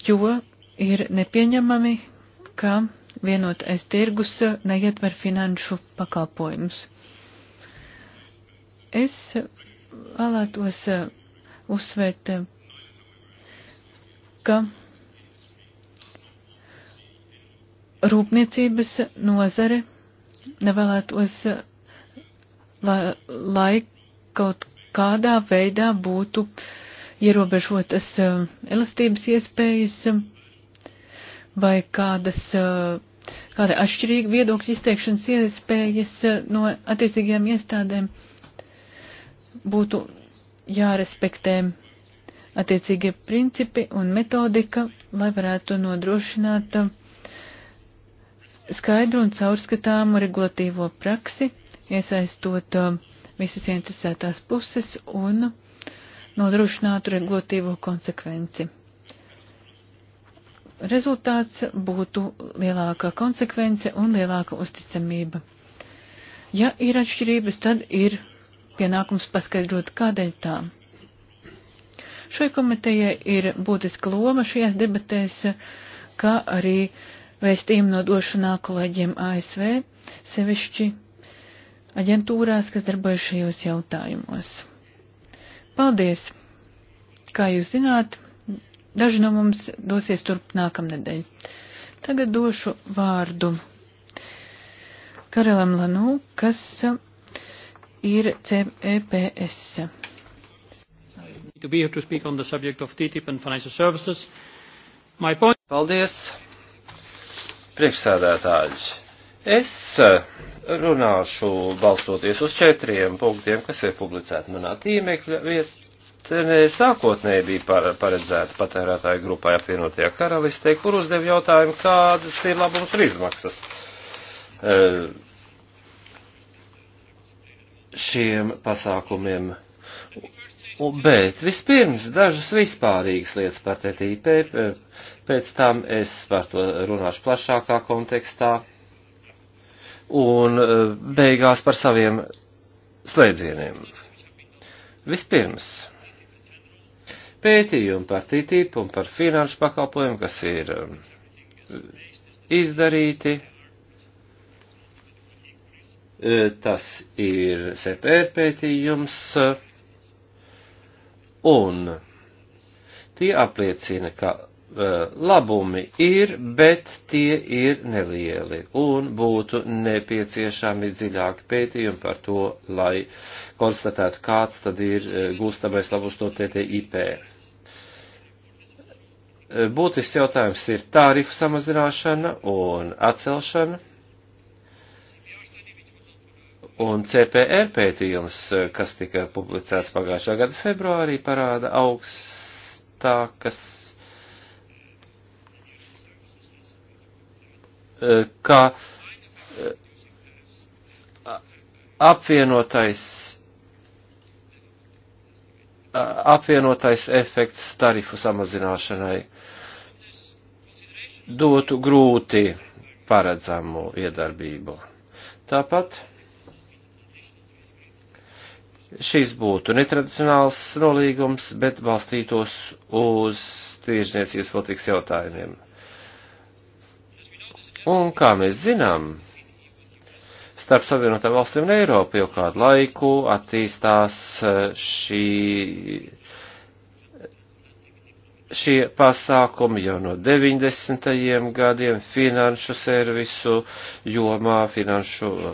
jo ir nepieņemami, ka vienotais tirgus neietver finanšu pakalpojumus. Es vēlētos uzsvērt, ka rūpniecības nozare nevēlētos, lai, lai kaut kādā veidā būtu uh, ierobežotas uh, elastības iespējas um, vai kādas, uh, kāda atšķirīga viedokļa izteikšanas iespējas uh, no attiecīgajām iestādēm būtu jārespektē attiecīgie principi un metodika, lai varētu nodrošināt skaidru un caurskatāmu regulatīvo praksi, iesaistot visas interesētās puses un uh, nodrošinātu regulatīvo konsekvenci. Rezultāts būtu lielākā konsekvence un lielāka uzticamība. Ja ir atšķirības, tad ir pienākums paskaidrot, kādēļ tā. Šai komitejai ir būtiska loma šajās debatēs, kā arī vēstījumu nodošanā kolēģiem ASV, sevišķi aģentūrās, kas darbojas šajos jautājumos. Paldies! Kā jūs zināt, daži no mums dosies turp nākamnedēļ. Tagad došu vārdu Karelam Lanū, kas ir CEPS. To be here to speak on the subject of TTIP and financial services. My point. Paldies, priekšsēdētāji. Es eh, runāšu balstoties uz četriem punktiem, kas ir publicēti manā tīmekļa vietnē. Sākotnēji bija paredzēta patērētāju grupai apvienotajā karalistē, kur uzdev jautājumu, kādas ir labums un izmaksas eh, šiem pasākumiem. Bet vispirms dažas vispārīgas lietas par TTIP, pēc tam es par to runāšu plašākā kontekstā un eh, beigās par saviem slēdzieniem. Vispirms, pētījumi par TTIP un par finanšu pakalpojumu, kas ir eh, izdarīti, eh, tas ir CPR pētījums, un tie apliecina, ka Eh, labumi ir, bet tie ir nelieli un būtu nepieciešami dziļāki pētījumi par to, lai konstatētu, kāds tad ir eh, gūstamais labums no TTIP. Eh, būtisks jautājums ir tārifu samazināšana un atcelšana. Un CPR pētījums, kas tika publicēts pagājušā gada februārī, parāda augstākas ka eh, apvienotais, apvienotais efekts tarifu samazināšanai dotu grūti paredzamu iedarbību. Tāpat šis būtu netradicionāls nolīgums, bet balstītos uz tiešniecības politikas jautājumiem. Un, kā mēs zinām, starp Savienotām valstīm un Eiropu jau kādu laiku attīstās e, šī, šie pasākumi jau no 90. gadiem finanšu servisu jomā, finanšu e,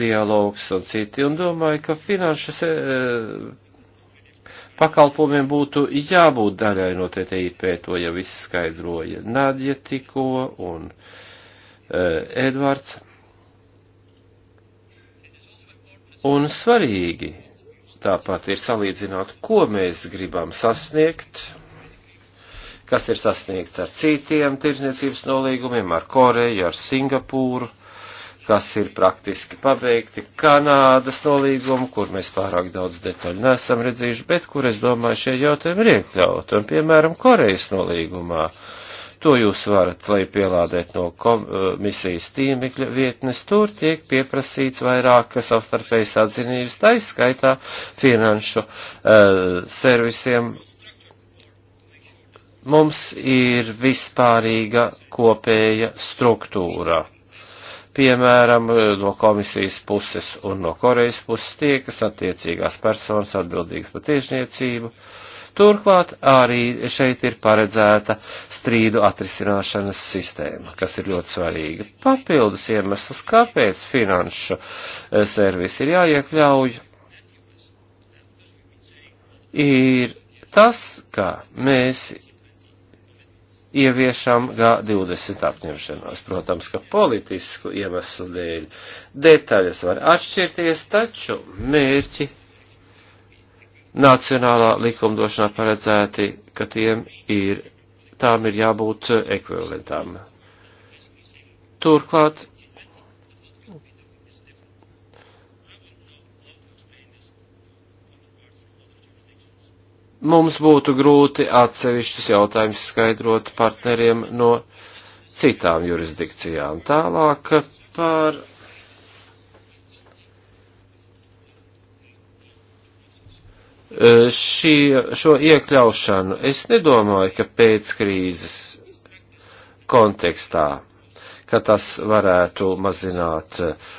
dialogs un citi, un domāju, ka finanšu se, e, pakalpojumiem būtu jābūt daļai no TTIP, to jau izskaidroja Nadja tikko, un uh, Eh, Edvards. Un svarīgi tāpat ir salīdzināt, ko mēs gribam sasniegt, kas ir sasniegts ar citiem tirzniecības nolīgumiem, ar Koreju, ar Singapūru, kas ir praktiski paveikti, Kanādas nolīgumu, kur mēs pārāk daudz detaļu nesam redzējuši, bet kur es domāju šie jautājumi ir iekļauti, un piemēram Korejas nolīgumā To jūs varat lai pielādēt no komisijas tīmekļa vietnes. Tur tiek pieprasīts vairākas savstarpējas atzinības, taiskaitā finanšu uh, servisiem. Mums ir vispārīga kopēja struktūra. Piemēram, no komisijas puses un no Korejas puses tie, kas attiecīgās personas atbildīgas par tiešniecību. Uh, Turklāt arī šeit ir paredzēta strīdu atrisināšanas sistēma, kas ir ļoti svarīga. Papildus iemesls, kāpēc finanšu eh, servis ir jāiekļauj, ir tas, ka mēs ieviešam G20 apņemšanos. Protams, ka politisku iemeslu dēļ detaļas var atšķirties, taču mērķi nacionālā likumdošanā paredzēti, ka tiem ir, tām ir jābūt ekvivalentām. Turklāt, mums būtu grūti atsevišķus jautājumus skaidrot partneriem no citām jurisdikcijām. Tālāk par Eh, šī, šo iekļaušanu es nedomāju, ka pēc krīzes kontekstā, ka tas varētu mazināt eh,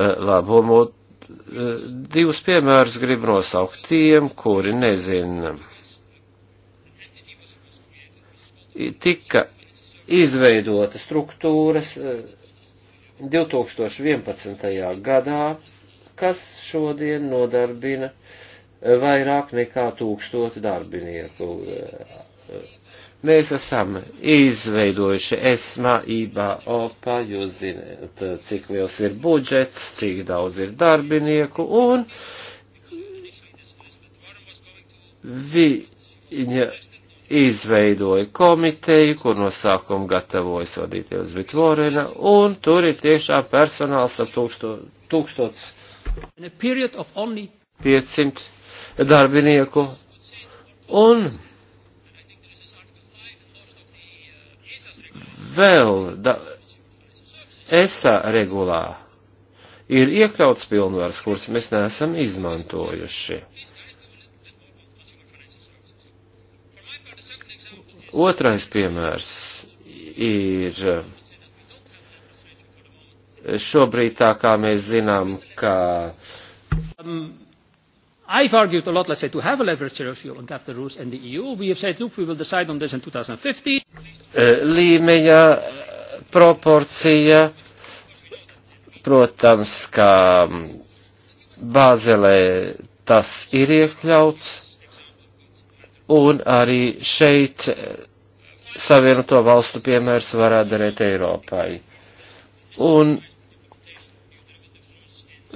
labumu. Eh, divus piemērus grib nosaukt tiem, kuri nezina. Tika izveidota struktūras 2011. gadā, kas šodien nodarbina vairāk nekā tūkstoti darbinieku. Mēs esam izveidojuši ESMA, IBA, OPA, jūs zināt, cik liels ir budžets, cik daudz ir darbinieku, un viņa izveidoja komiteju, kur no sākuma gatavojas vadīt Elizabeth Vorena, un tur ir tiešām personāls ap tūksto, tūkstots. 500 darbinieku. Un vēl da, ESA regulā ir iekļauts pilnvars, kuras mēs neesam izmantojuši. Otrais piemērs ir šobrīd tā kā mēs zinām, ka um, I have argued a lot, let's say, to have a leverage review on capital rules in the EU. We have said, look, we will decide on this in 2015. Uh, Līmeņa uh, proporcija, protams, kā um, Bāzelē tas ir iekļauts, un arī šeit uh, savienoto valstu piemērs varētu darīt Eiropai. Un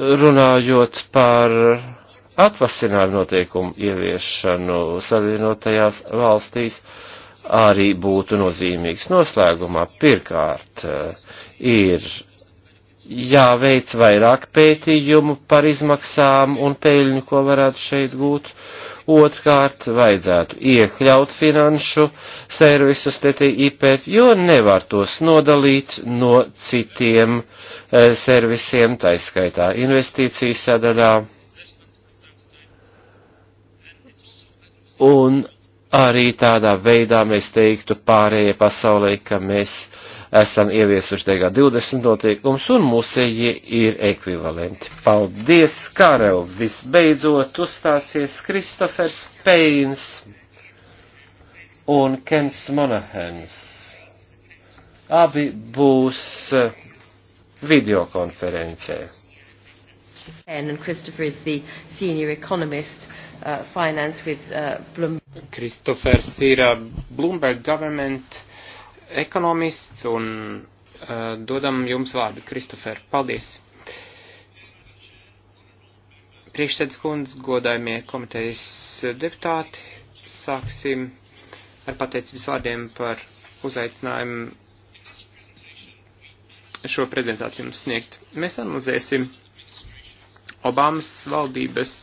runājot par atvasinājumu noteikumu ieviešanu savienotajās valstīs arī būtu nozīmīgs. Noslēgumā pirkārt eh, ir jāveic vairāk pētījumu par izmaksām un peļņu, ko varētu šeit gūt. Otkārt, vajadzētu iekļaut finanšu servisus TTIP, jo nevar tos nodalīt no citiem e, servisiem, taiskaitā investīcijas sadaļā un arī tādā veidā mēs teiktu pārējai pasaulē, ka mēs esam ieviesuši tagad 20 noteikumus un mūsējie ir ekvivalenti. Paldies, Karel! Visbeidzot uzstāsies Kristofers Peins un Kens Monahens. Abi būs eh, videokonferencē. And Christopher is the senior economist uh, finance with uh, Bloomberg. Kristofers ir uh, Bloomberg government ekonomists un uh, dodam jums vārdu. Kristofer, paldies. Priekšsēdz kundz, godājumie komitejas deputāti, sāksim ar pateicības vārdiem par uzaicinājumu šo prezentāciju mums sniegt. Mēs analizēsim Obamas valdības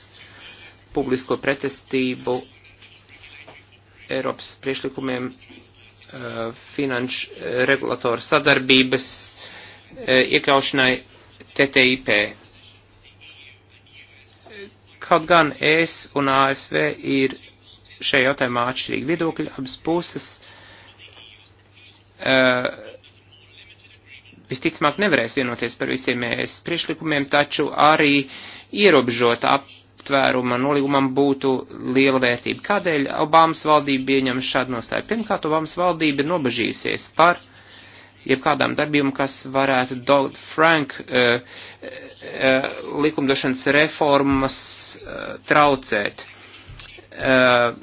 publisko pretestību Eiropas priešlikumiem eh, finanšu eh, regulatoru sadarbības eh, iekļaušanai TTIP. Kaut gan ES un ASV ir šajā jautājumā atšķirīgi viedokļi, abas puses visticamāk nevarēs vienoties par visiem ES priešlikumiem, taču arī ierobežot ap aptvēruma nolīgumam būtu liela vērtība. Kādēļ Obamas valdība pieņem šādu nostāju? Pirmkārt, Obamas valdība ir nobežījusies par jebkādām darbībām, kas varētu Dodd Frank uh, uh, likumdošanas reformas uh, traucēt. Uh,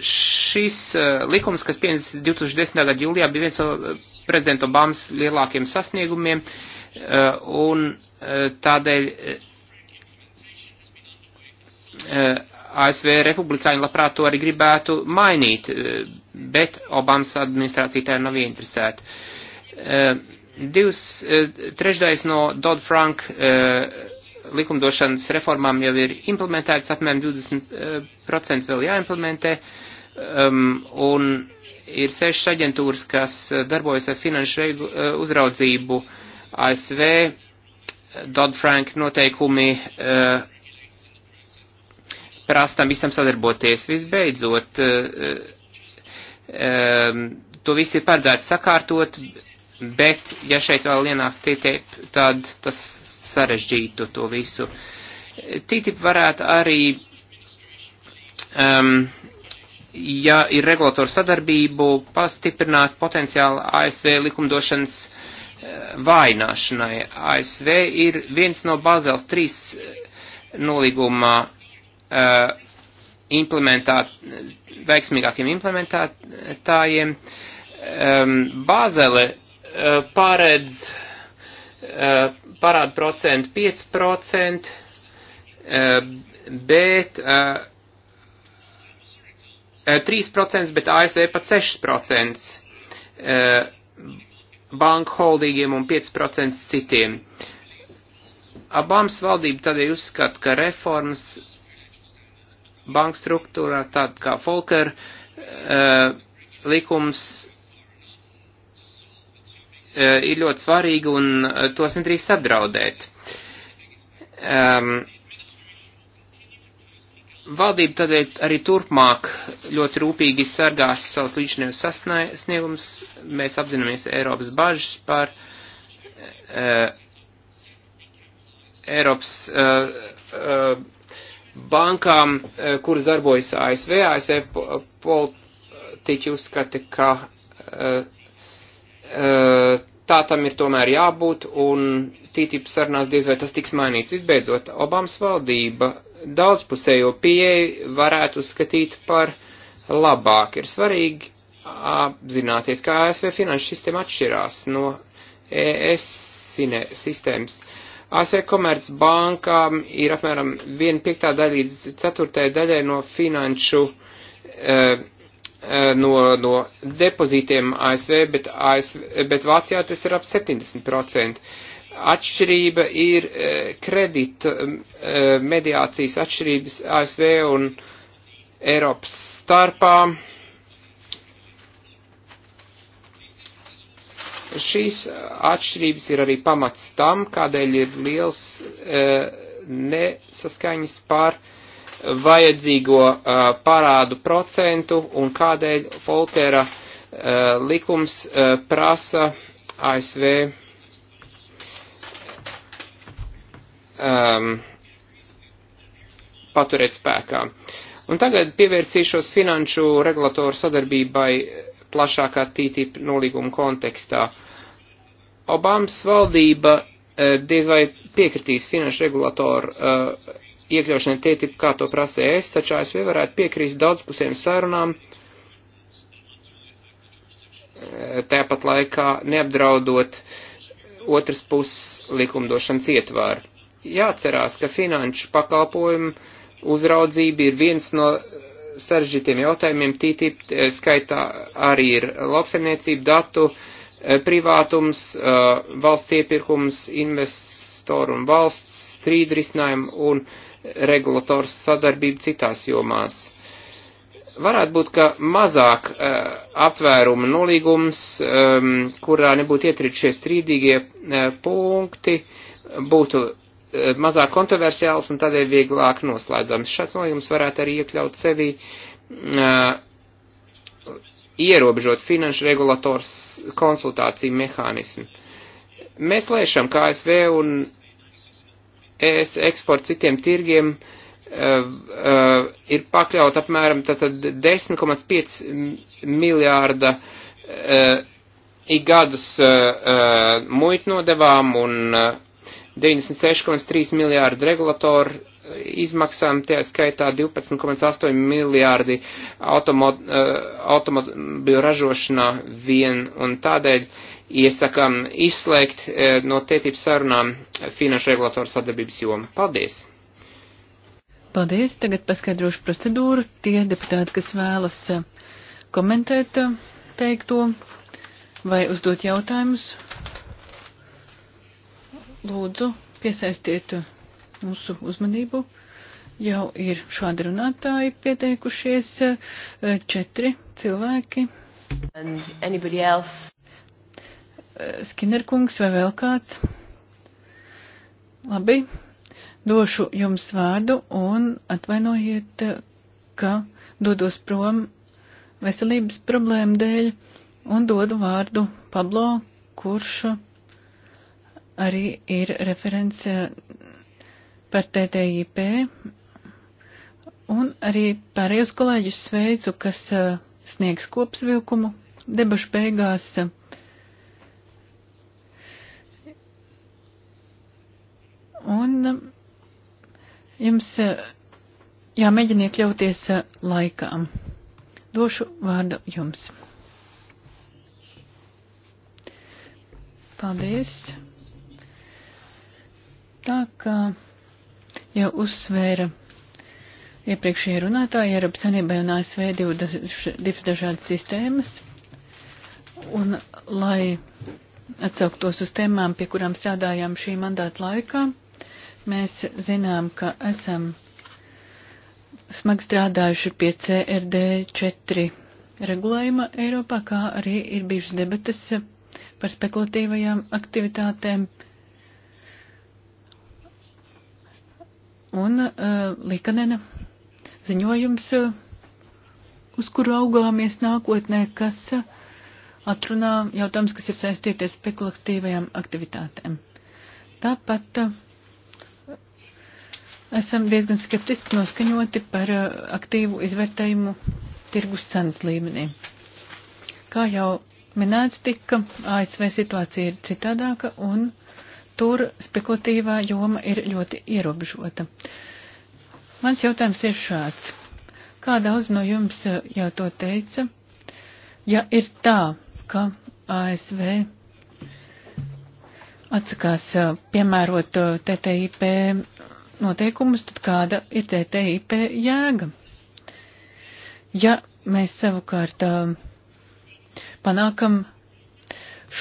šis uh, likums, kas pieņemts 2010. gada jūlijā, bija viens no prezidenta Obamas lielākiem sasniegumiem, uh, un uh, tādēļ Eh, ASV republikāņi labprāt to arī gribētu mainīt, eh, bet Obamas administrācija tajā nav ieinteresēta. Eh, Divas trešdaļas no Dodd-Frank likumdošanas reformām jau ir implementētas, apmēram 20% vēl jāimplementē, um, un ir sešas aģentūras, kas darbojas ar finanšu uzraudzību ASV. Dodd-Frank noteikumi uh, prasa tam visam sadarboties. Visbeidzot, eh, eh, eh, to viss ir paredzēts sakārtot, bet ja šeit vēl ienāk TTIP, tad tas sarežģītu to visu. TTIP varētu arī, um, ja ir regulatoru sadarbību, pastiprināt potenciāli ASV likumdošanas vaināšanai. ASV ir viens no Bāzels 3 nolīgumā Uh, implementāt, veiksmīgākiem implementētājiem. Um, Bāzele uh, paredz uh, parādu procentu 5%, bet 3%, bet ASV pat 6% banku holdīgiem un 5% citiem. Abams valdība tādēļ uzskata, ka reformas banka struktūrā, tāda kā Folker uh, eh, likums uh, ir ļoti svarīga un uh, tos nedrīkst apdraudēt. Um, valdība tādēļ arī turpmāk ļoti rūpīgi sargās savus līdzinājus sasniegumus. Mēs apzināmies Eiropas bažas par uh, Eiropas uh, uh, bankām, e, kuras darbojas ASV. ASV politiķi uzskata, ka e, e, tā tam ir tomēr jābūt, un TTIP sarunās diez vai tas tiks mainīts. Visbeidzot, Obamas valdība daudzpusējo pieeju varētu uzskatīt par labāk. Ir svarīgi apzināties, kā ASV finanšu sistēma atšķirās no ES sistēmas. Uh, ASV komercbankām e ir apmēram 1 piektā daļa līdz 4 daļai no finanšu, e, e, no, no depozītiem ASV bet, ASV, bet Vācijā tas ir ap 70%. Atšķirība ir kredita mediācijas atšķirības ASV un Eiropas starpā Šīs atšķirības ir arī pamats tam, kādēļ ir liels e, nesaskaņas pār vajadzīgo e, parādu procentu un kādēļ Foltera e, likums e, prasa ASV um, ehm, paturēt spēkā. Un tagad pievērsīšos finanšu regulatoru sadarbībai plašākā TTIP nolīguma kontekstā. Obamas valdība e, diez vai piekritīs finanšu regulatoru e, iekļaušanai TTIP, kā to prasīja es, taču ASV varētu piekrist daudzpusējiem sarunām, e, tāpat laikā neapdraudot otras puses likumdošanas ietvāru. Jāatcerās, ka finanšu pakalpojumu uzraudzība ir viens no sarežģītiem jautājumiem, TTIP eh, skaitā arī ir lauksaimniecība, datu eh, privātums, eh, valsts iepirkums, investoru un valsts strīdu risinājumu un regulators sadarbību citās jomās. Varētu būt, ka mazāk aptvēruma nolīgums, ehm, kurā nebūtu ietrit šie strīdīgie punkti, būtu mazāk kontroversiāls un tādēļ vieglāk noslēdzams. Šāds nolīgums varētu arī iekļaut sevi uh, ierobežot finanšu regulators konsultāciju mehānismu. Mēs lēšam, kā ASV un ES eksports citiem tirgiem uh, uh, ir pakļaut apmēram 10,5 miljārda uh, ik gadus uh, uh, muitnodevām un uh, 96,3 miljārdu regulatoru eh, izmaksām, tie skaitā 12,8 miljārdi automo, eh, automobiļu ražošanā vien, un tādēļ iesakam izslēgt eh, no tietības sarunām finanšu regulatoru sadarbības jomu. Paldies! Paldies! Tagad paskaidrošu procedūru. Tie deputāti, kas vēlas komentēt teikto vai uzdot jautājumus, Lūdzu, piesaistiet mūsu uzmanību. Jau ir šādi runātāji pieteikušies, četri cilvēki. Skinnerkungs vai vēl kāds? Labi, došu jums vārdu un atvainojiet, ka dodos prom veselības problēmu dēļ un dodu vārdu Pablo, kurš arī ir referents eh, par TTIP. Un arī pārējos kolēģus sveicu, kas eh, sniegs kopsvilkumu debašu beigās. Un eh, jums jāmēģina iekļauties laikām. Došu vārdu jums. Paldies sākā jau uzsvēra iepriekšējie runātāji Eiropas Sanībai un ASV divas dažādas sistēmas. Un lai atsauktos uz tēmām, pie kurām strādājām šī mandāta laikā, mēs zinām, ka esam smagi strādājuši pie CRD 4 regulējuma Eiropā, kā arī ir bijušas debatas par spekulatīvajām aktivitātēm un uh, Likanena ziņojums, uh, uz kuru augāmies nākotnē, kas uh, atrunā jautājums, kas ir saistīti ar spekulatīvajām aktivitātēm. Tāpat uh, esam diezgan skeptiski noskaņoti par uh, aktīvu izvērtējumu tirgus cenas līmenī. Kā jau minēts tika, ASV situācija ir citādāka un uh, tur spekulatīvā joma ir ļoti ierobežota. Mans jautājums ir šāds. Kā daudz no jums eh, jau to teica, ja ir tā, ka ASV atsakās eh, piemērot eh, TTIP noteikumus, tad kāda ir TTIP jēga? Ja mēs savukārt panākam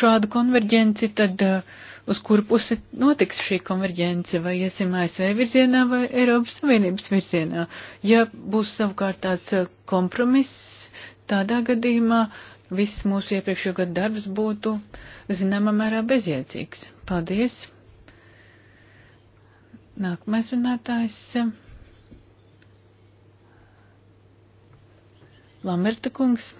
šādu konverģenci, tad uh, uz kuru pusi notiks šī konverģence, vai iesim ASV virzienā vai Eiropas Savienības virzienā. Ja būs savukārt tāds uh, kompromiss, tādā gadījumā viss mūsu iepriekšējo gadu darbs būtu zināmā mērā bezjēdzīgs. Paldies! Nākamais runātājs. Uh, Lamerta kungs.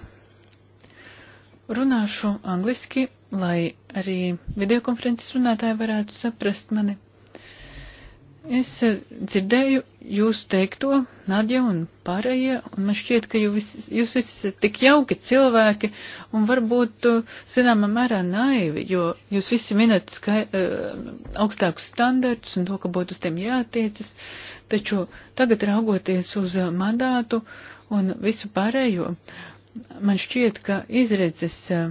Runāšu angliski lai arī videokonferences runātāji varētu saprast mani. Es eh, dzirdēju jūsu teikto, Nadja un pārējie, un man šķiet, ka jūs, jūs visi esat tik jauki cilvēki un varbūt, eh, zināmā mērā, naivi, jo jūs visi minat skai, eh, augstākus standartus un to, ka būtu uz tiem jātiecas, taču tagad raugoties uz mandātu un visu pārējo, man šķiet, ka izredzes. Uh,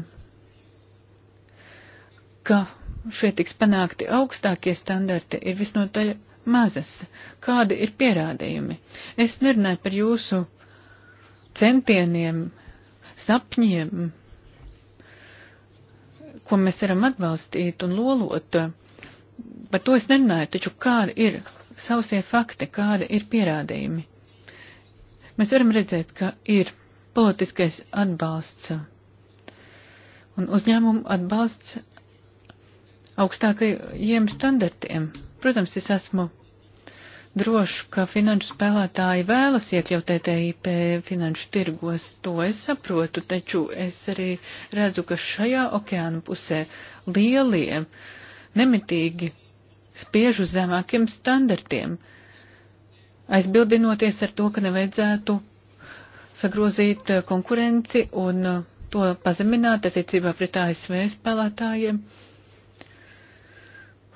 ka šeit tiks panākti augstākie standarti, ir visnotaļ mazas. Kādi ir pierādījumi? Es nerunāju par jūsu centieniem, sapņiem, ko mēs varam atbalstīt un lolot. Par to es nerunāju, taču kādi ir sausie fakti, kādi ir pierādījumi? Mēs varam redzēt, ka ir politiskais atbalsts un uzņēmumu atbalsts augstākajiem standartiem. Protams, es esmu drošs, ka finanšu spēlētāji vēlas iekļaut e TTIP finanšu tirgos. To es saprotu, taču es arī redzu, ka šajā okeāna pusē lielie nemitīgi spiež uz zemākiem standartiem, aizbildinoties ar to, ka nevajadzētu sagrozīt konkurenci un to pazemināt attiecībā pret ASV spēlētājiem. Uh,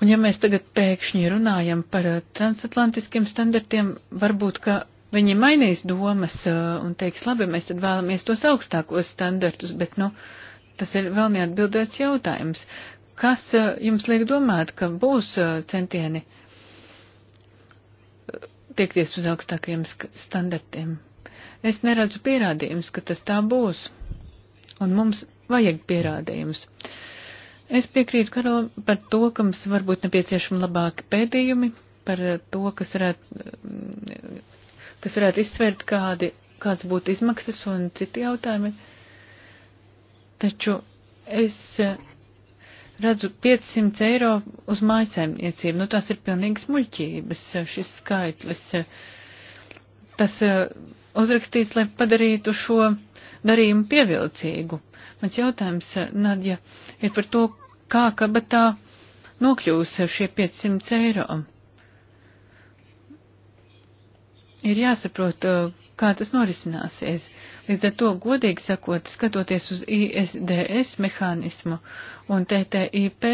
Un ja mēs tagad pēkšņi runājam par uh, transatlantiskiem standartiem, varbūt, ka viņi mainīs domas uh, un teiks, labi, mēs tad vēlamies tos augstākos standartus, bet, nu, tas ir vēl neatbildēts jautājums. Kas uh, jums liek domāt, ka būs centieni tiekties uz augstākajiem standartiem? Es neredzu pierādījumus, ka tas tā būs. Un mums vajag pierādījumus. Uh, Es piekrītu Karolam par to, ka mums varbūt nepieciešami labāki pēdījumi par to, kas varētu, mm, kas varētu izsvērt, kādi, kāds būtu izmaksas un citi jautājumi. Taču es eh, redzu 500 eiro uz mājasēmniecību. Nu, tās ir pilnīgi smuļķības, šis skaitlis. Eh, tas eh, uzrakstīts, lai padarītu šo darījumu pievilcīgu. Mans jautājums, eh, Nadja, ir par to, kā kabatā nokļūs eh, šie 500 eiro. Ir jāsaprot, eh, kā tas norisināsies. Līdz ar to, godīgi sakot, skatoties uz ISDS mehānismu un TTIP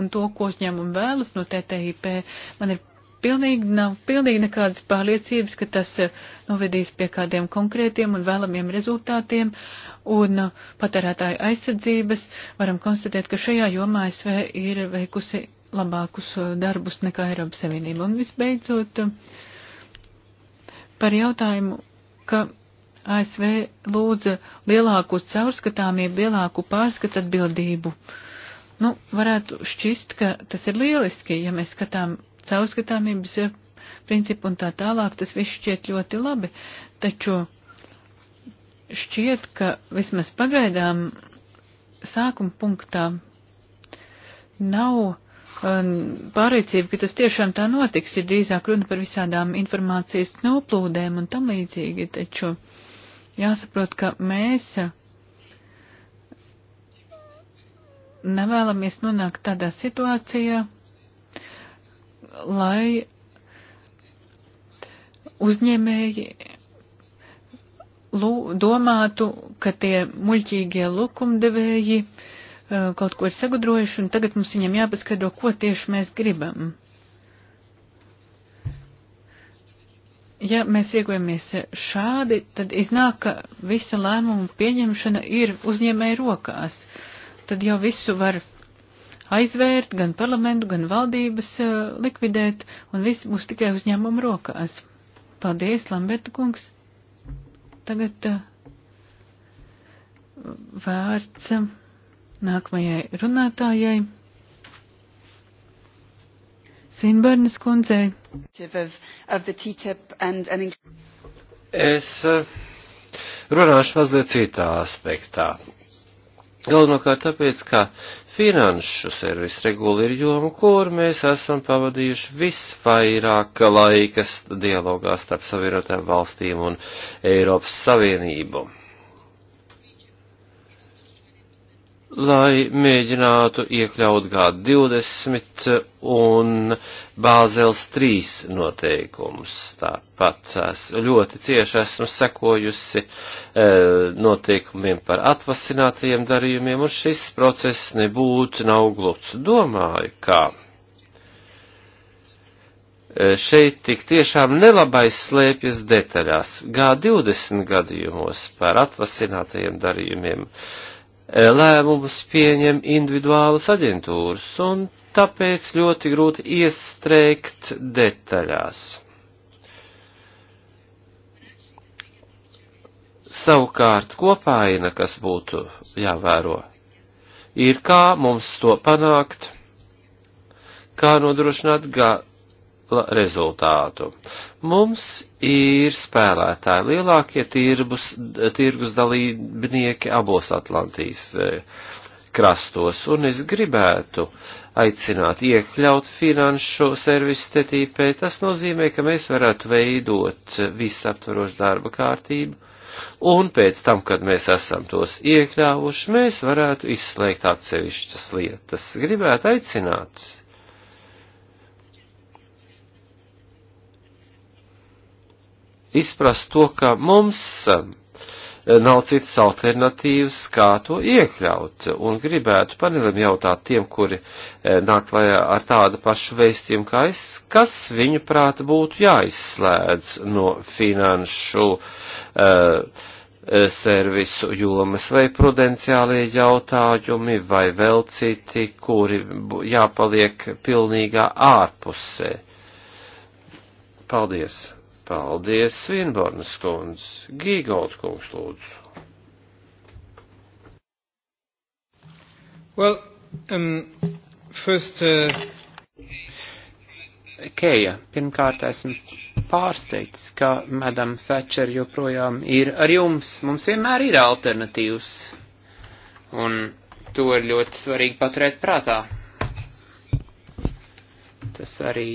un to, ko uzņēmumi vēlas no TTIP, man ir pilnīgi nav pilnīgi nekādas pārliecības, ka tas eh, novedīs pie kādiem konkrētiem un vēlamiem rezultātiem un eh, patērētāju aizsardzības. Varam konstatēt, ka šajā jomā ASV ir veikusi labākus eh, darbus nekā Eiropas Savienība. Un visbeidzot, par jautājumu, ka ASV lūdza lielāku caurskatāmību, lielāku pārskatu atbildību. Nu, varētu šķist, ka tas ir lieliski, ja mēs skatām caurskatāmības principu un tā tālāk, tas viss šķiet ļoti labi, taču šķiet, ka vismaz pagaidām sākuma punktā nav um, pārliecība, ka tas tiešām tā notiks, ir drīzāk runa par visādām informācijas noplūdēm un tam līdzīgi, taču jāsaprot, ka mēs nevēlamies nonākt tādā situācijā, lai uzņēmēji domātu, ka tie muļķīgie lukumdevēji uh, kaut ko ir sagudrojuši, un tagad mums viņam jāpaskaidro, ko tieši mēs gribam. Ja mēs riekojamies šādi, tad iznāk, ka visa lēmuma pieņemšana ir uzņēmēja rokās. Tad jau visu var aizvērt, gan parlamentu, gan valdības eh, likvidēt, un viss būs tikai uzņēmumu rokās. Paldies, Lamberta kungs. Tagad eh, vārds eh, nākamajai runātājai. Svinbērnes kundzei. Es runāšu mazliet citā aspektā. Galvenokārt tāpēc, ka finanšu servisu regula ir joma, kur mēs esam pavadījuši visvairāk laikas dialogā starp savienotām valstīm un Eiropas Savienību. lai mēģinātu iekļaut G20 un Bāzels 3 noteikumus. Tāpat es ļoti cieši esmu sekojusi e, noteikumiem par atvasinātajiem darījumiem, un šis process nebūtu nav gluts. Domāju, kā e, šeit tik tiešām nelabais slēpjas detaļās. G20 gadījumos par atvasinātajiem darījumiem E, lēmumus pieņem individuālas aģentūras, un tāpēc ļoti grūti iestrēgt detaļās. Savukārt kopāina, kas būtu jāvēro, ir kā mums to panākt, kā nodrošināt, ka rezultātu. Mums ir spēlētāji lielākie tirbus, tirgus dalībnieki abos Atlantijas eh, krastos, un es gribētu aicināt iekļaut finanšu servisu tetīpē. Tas nozīmē, ka mēs varētu veidot visaptvarošu darba kārtību, un pēc tam, kad mēs esam tos iekļāvuši, mēs varētu izslēgt atsevišķas lietas. Gribētu aicināt izprast to, ka mums um, nav citas alternatīvas, kā to iekļaut. Un gribētu panelim jautāt tiem, kuri eh, nāk klajā ar tādu pašu vēstījumu kā es, kas viņu prāta būtu jāizslēdz no finanšu uh, servisu jomas vai prudenciālie jautājumi vai vēl citi, kuri jāpaliek pilnīgā ārpusē. Paldies! Paldies, Svinbornas kundz. Gīgold kungs lūdzu. Well, um, first, uh... Keja, pirmkārt esmu pārsteigts, ka Madam Thatcher joprojām ir ar jums. Mums vienmēr ir alternatīvas. Un to ir ļoti svarīgi paturēt prātā. Tas arī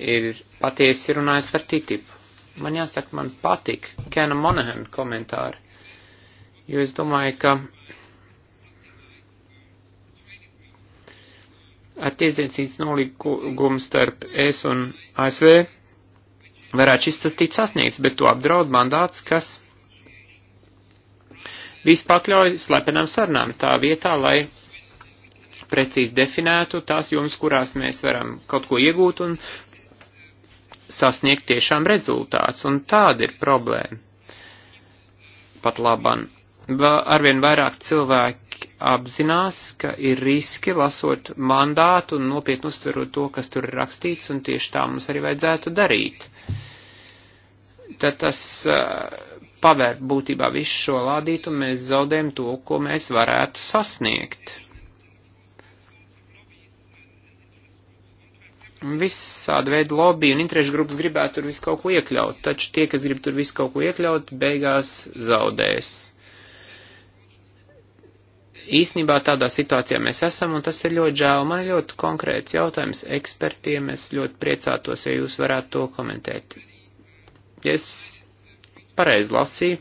ir patiesi runājot par TTIP. Man jāsaka, man patīk Kena Monahan komentāri, jo es domāju, ka ar tiesniecības nolīgumu starp es un ASV varētu šis tas tikt sasniegts, bet to apdraud mandāts, kas viss pakļauj slepenām sarunām tā vietā, lai precīzi definētu tās jomas, kurās mēs varam kaut ko iegūt un sasniegt tiešām rezultāts, un tāda ir problēma. Pat laban. Arvien vairāk cilvēki apzinās, ka ir riski lasot mandātu un nopietni uztverot to, kas tur ir rakstīts, un tieši tā mums arī vajadzētu darīt. Tad tas uh, pavērt būtībā visu šo lādītu, mēs zaudējam to, ko mēs varētu sasniegt visādi veidi lobby un interešu grupas gribētu tur visu kaut ko iekļaut, taču tie, kas grib tur visu kaut ko iekļaut, beigās zaudēs. Īsnībā tādā situācijā mēs esam, un tas ir ļoti žēl. Man ļoti konkrēts jautājums ekspertiem. Es ļoti priecātos, ja jūs varētu to komentēt. Ja es pareizi lasīju,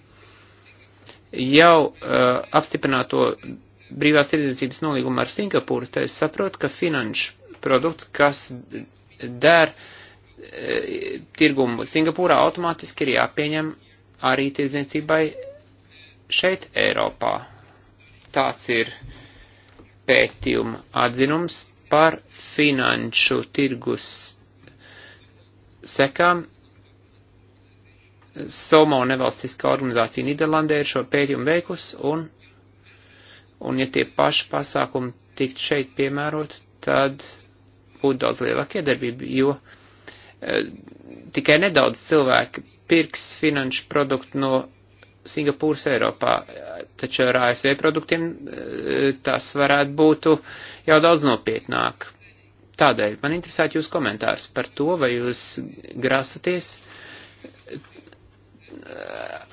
jau uh, apstiprināto brīvās tirdzniecības nolīgumu ar Singapūru, tad es saprotu, ka finanšu produkts, kas der eh, tirgumu Singapūrā, automātiski ir jāpieņem arī tirdzniecībai šeit Eiropā. Tāds ir pētījuma atzinums par finanšu tirgus sekām. SOMO nevalstiskā organizācija Nīderlandē ir šo pētījumu veikus, un, un ja tie paši pasākumi tikt šeit piemērot, tad būtu daudz lielāka iedarbība, jo e, tikai nedaudz cilvēki pirks finanšu produktu no Singapūras Eiropā, taču ar ASV produktiem e, tas varētu būt jau daudz nopietnāk. Tādēļ man interesētu jūs komentārs par to, vai jūs grasaties eh,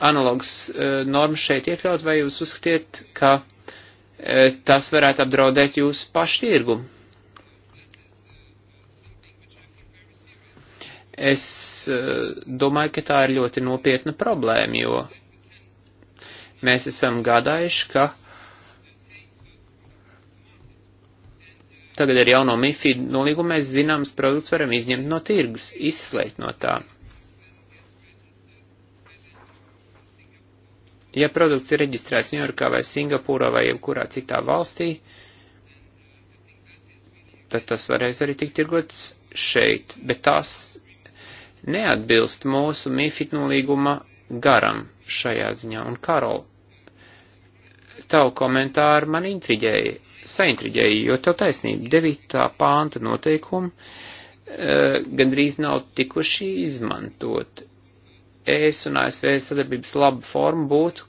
analogas uh, normas šeit iekļaut, vai jūs uzskatiet, ka uh, tas varētu apdraudēt jūsu paštirgumu? Es eh, domāju, ka tā ir ļoti nopietna problēma, jo mēs esam gādājuši, ka tagad ar jauno MIFID nolīgumu mēs zināms produkts varam izņemt no tirgus, izslēgt no tā. Ja produkts ir reģistrēts Ņujorkā vai Singapūrā vai jebkurā citā valstī, tad tas varēs arī tikt tirgots šeit, bet tās neatbilst mūsu MIFID nolīguma garam šajā ziņā. Un Karol, tavu komentāru man intriģēja, saintriģēja, jo tev taisnība, 9. pānta noteikumi e, gandrīz nav tikuši izmantot. ES un ASV sadarbības laba forma būtu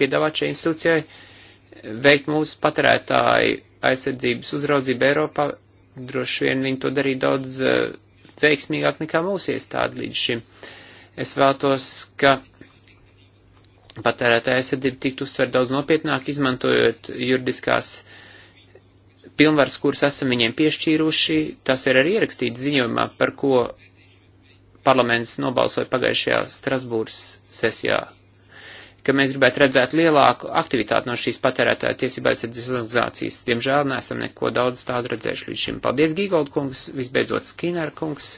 piedāvāt šai institūcijai veikt mūsu patērētāju aizsardzības uzraudzību Eiropā. Droši vien viņi to darīja daudz uh, e, veiksmīgāk nekā mūsu iestāde līdz šim. Es vēlos, ka patērētāja aizsardzība tiktu uztvert daudz nopietnāk, izmantojot juridiskās pilnvaras, kuras esam viņiem piešķīruši. Tas ir arī ierakstīts ziņojumā, par ko parlaments nobalsoja pagājušajā Strasbūras sesijā, ka mēs gribētu redzēt lielāku aktivitāti no šīs patērētāja tiesība aizsardzības organizācijas. Diemžēl neesam neko daudz tādu redzējuši līdz šim. Paldies, Gīgold kungs, visbeidzot Skinner kungs,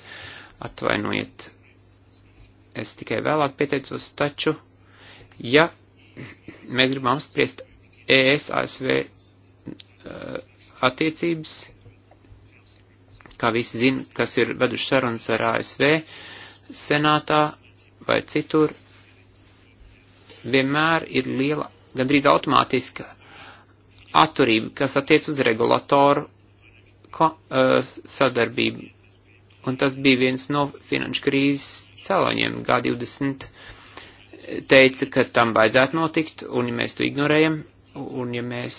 atvainojiet, es tikai vēlāk pieteicos, taču, ja mēs gribam spriest ES, ASV uh, attiecības, kā visi zina, kas ir veduši sarunas ar ASV senātā vai citur, vienmēr ir liela, gandrīz automātiska atturība, kas attiec uz regulatoru ko, uh, sadarbību. Un tas bija viens no finanšu krīzes cēloņiem. G20 teica, ka tam vajadzētu notikt, un ja mēs to ignorējam, un ja mēs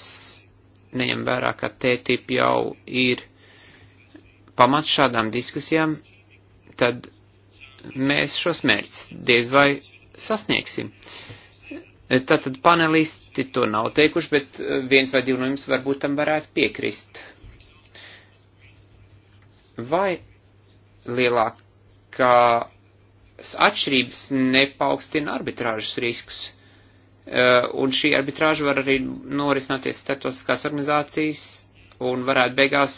neņem vērā, ka TTIP jau ir pamats šādām diskusijām, tad mēs šos mērķus diez vai sasniegsim. Uh, Eh, tātad panelisti to nav teikuši, bet eh, viens vai divi no jums varbūt tam varētu piekrist. Vai lielākās atšķirības nepaukstina arbitrāžas riskus? Eh, un šī arbitrāža var arī norisināties starptautiskās organizācijas un varētu beigās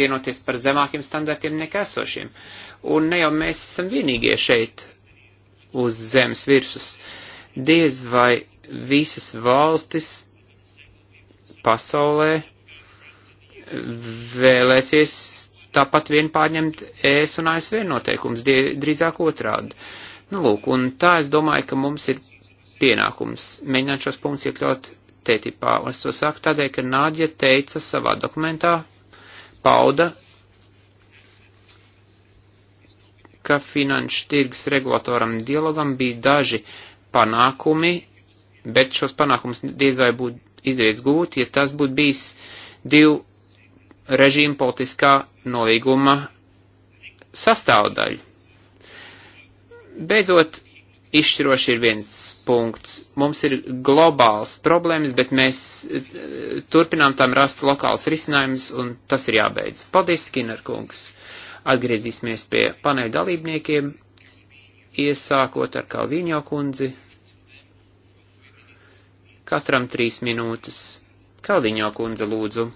vienoties par zemākiem standartiem nekā esošiem. Un ne jau mēs esam vienīgie šeit uz zemes virsus. Uh, diez vai visas valstis pasaulē vēlēsies tāpat vien pārņemt ES un ASV noteikums, die, drīzāk otrādi. Nu, lūk, un tā es domāju, ka mums ir pienākums mēģināt šos punktus iekļaut tētipā. Un es to saku tādēļ, ka Nādja teica savā dokumentā, pauda, ka finanšu tirgus regulatoram dialogam bija daži uh, panākumi, bet šos panākumus diez vai būtu izdevies gūt, ja tas būtu bijis divu režīmu politiskā nolīguma sastāvdaļa. Beidzot, izšķiroši ir viens punkts. Mums ir globāls problēmas, bet mēs eh, turpinām tam rast lokāls risinājums, un tas ir jābeidz. Paldies, Skinner kungs! Atgriezīsimies pie paneļa dalībniekiem iesākot ar Kalviņo kundzi. Katram trīs minūtes. Kalviņo kundze lūdzu.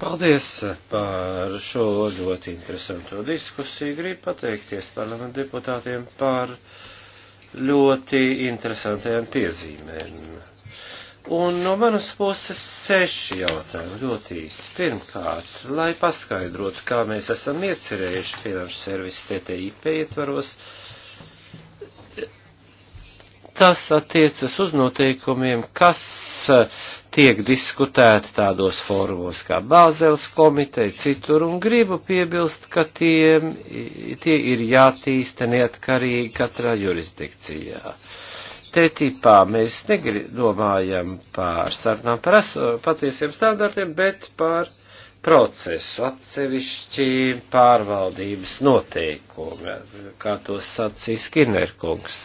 Paldies par šo ļoti interesanto diskusiju. Gribu pateikties parlamentu deputātiem par ļoti interesantajām piezīmēm. Un no manas puses seši jautājumi ļoti īsti. Pirmkārt, lai paskaidrotu, kā mēs esam iecerējuši finanšu servisu TTIP ietvaros, tas attiecas uz noteikumiem, kas eh, tiek diskutēti tādos fórumos kā Bāzels komiteja, citur, un gribu piebilst, ka tiem, tie ir jātīsta neatkarīgi katrā jurisdikcijā TTIPā mēs nedomājam par sarunām par patiesiem standartiem, bet par procesu, atsevišķi pārvaldības noteikumi, kā to sacīja Skinnerkungs.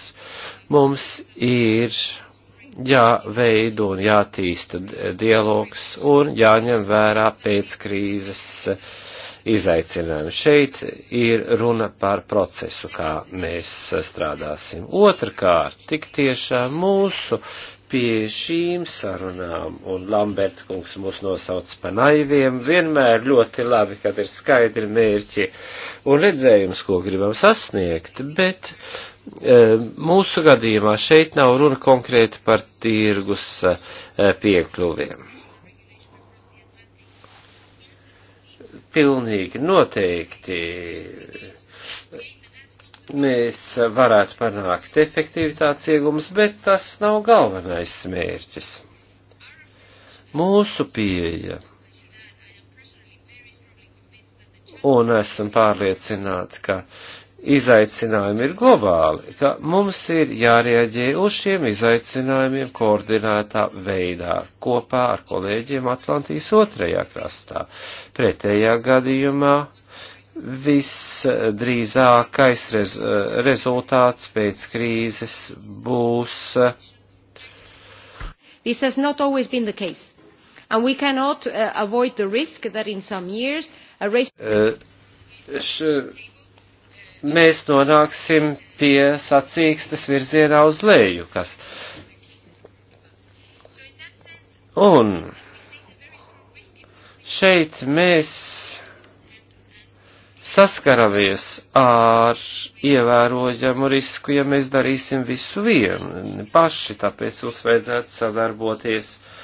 Mums ir jāveido un jātīsta dialogs un jāņem vērā pēc krīzes uh, izaicinājumu. Šeit ir runa par procesu, kā mēs strādāsim. Otrkārt, tik tiešām mūsu pie šīm sarunām, un Lamberta kungs mūs nosauc par naiviem, vienmēr ļoti labi, kad ir skaidri mērķi un redzējums, ko gribam sasniegt, bet e, mūsu gadījumā šeit nav runa konkrēti par tirgus e, piekļuviem. pilnīgi noteikti mēs varētu panākt efektivitātes iegums, bet tas nav galvenais mērķis. Mūsu pieeja. Un esam pārliecināti, ka uh, izaicinājumi ir globāli, ka mums ir jārieģē uz šiem izaicinājumiem koordinētā veidā kopā ar kolēģiem Atlantijas otrajā krastā. Pretējā gadījumā visdrīzākais rez rezultāts pēc krīzes būs. This has not always been the case. And we cannot uh, avoid the risk that in some years a race. Uh, š mēs nonāksim pie sacīkstes virzienā uz leju, kas. Un šeit mēs saskaramies ar ievērojamu risku, ja mēs darīsim visu vienu paši, tāpēc mums vajadzētu sadarboties uh,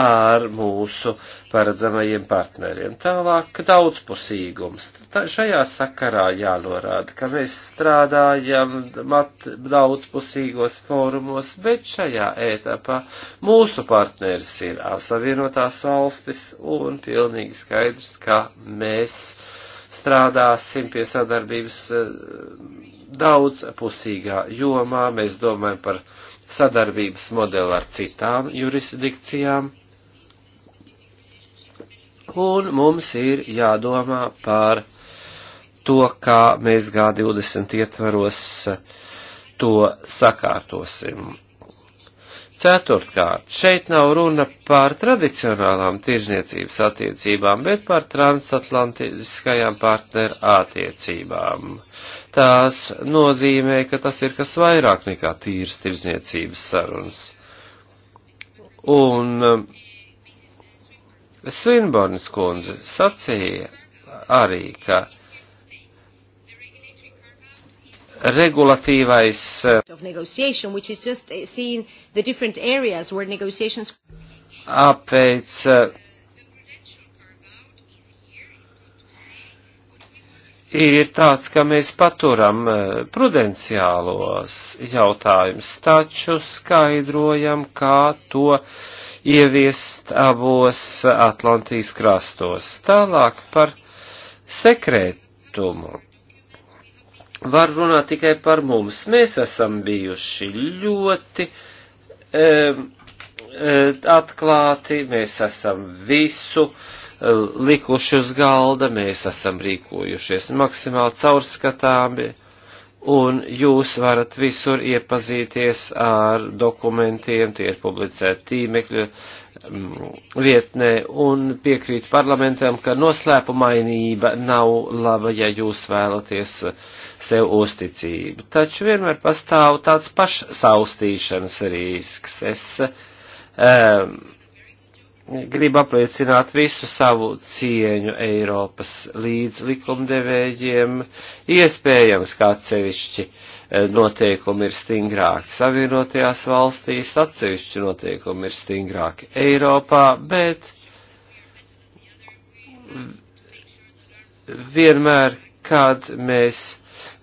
ar mūsu paredzamajiem partneriem. Tālāk daudzpusīgums. Tā, šajā sakarā jānorāda, ka mēs strādājam mat, daudzpusīgos fórumos, bet šajā etapā mūsu partneris ir Savienotās valstis un pilnīgi skaidrs, ka mēs strādāsim pie sadarbības eh, daudzpusīgā jomā. Mēs domājam par sadarbības modeli ar citām jurisdikcijām, un mums ir jādomā par to, kā mēs G20 ietvaros eh, to sakārtosim. Ceturtkārt, šeit nav runa par tradicionālām tirzniecības attiecībām, bet par transatlantiskajām partneru attiecībām tās nozīmē, ka tas ir kas vairāk nekā tīras tirzniecības sarunas. Un um, Svinbornis kundze sacīja arī, ka regulatīvais uh, apēc uh, ir tāds, ka mēs paturam e, prudenciālos jautājumus, taču skaidrojam, kā to ieviest abos Atlantijas krastos. Tālāk par sekretumu. Var runāt tikai par mums. Mēs esam bijuši ļoti um, atklāti, mēs esam visu uh, likuši uz galda, mēs esam rīkojušies maksimāli caurskatāmi, un jūs varat visur iepazīties ar dokumentiem, tie ir publicēti tīmekļa mm, vietnē, un piekrīt parlamentam, ka noslēpumainība nav laba, ja jūs vēlaties sev uzticību. Taču vienmēr pastāv tāds pašsaustīšanas risks. Es, um, gribu apliecināt visu savu cieņu Eiropas līdz likumdevējiem. Iespējams, kā atsevišķi eh, noteikumi ir stingrāki savienotajās valstīs, atsevišķi noteikumi ir stingrāki Eiropā, bet vienmēr, kad mēs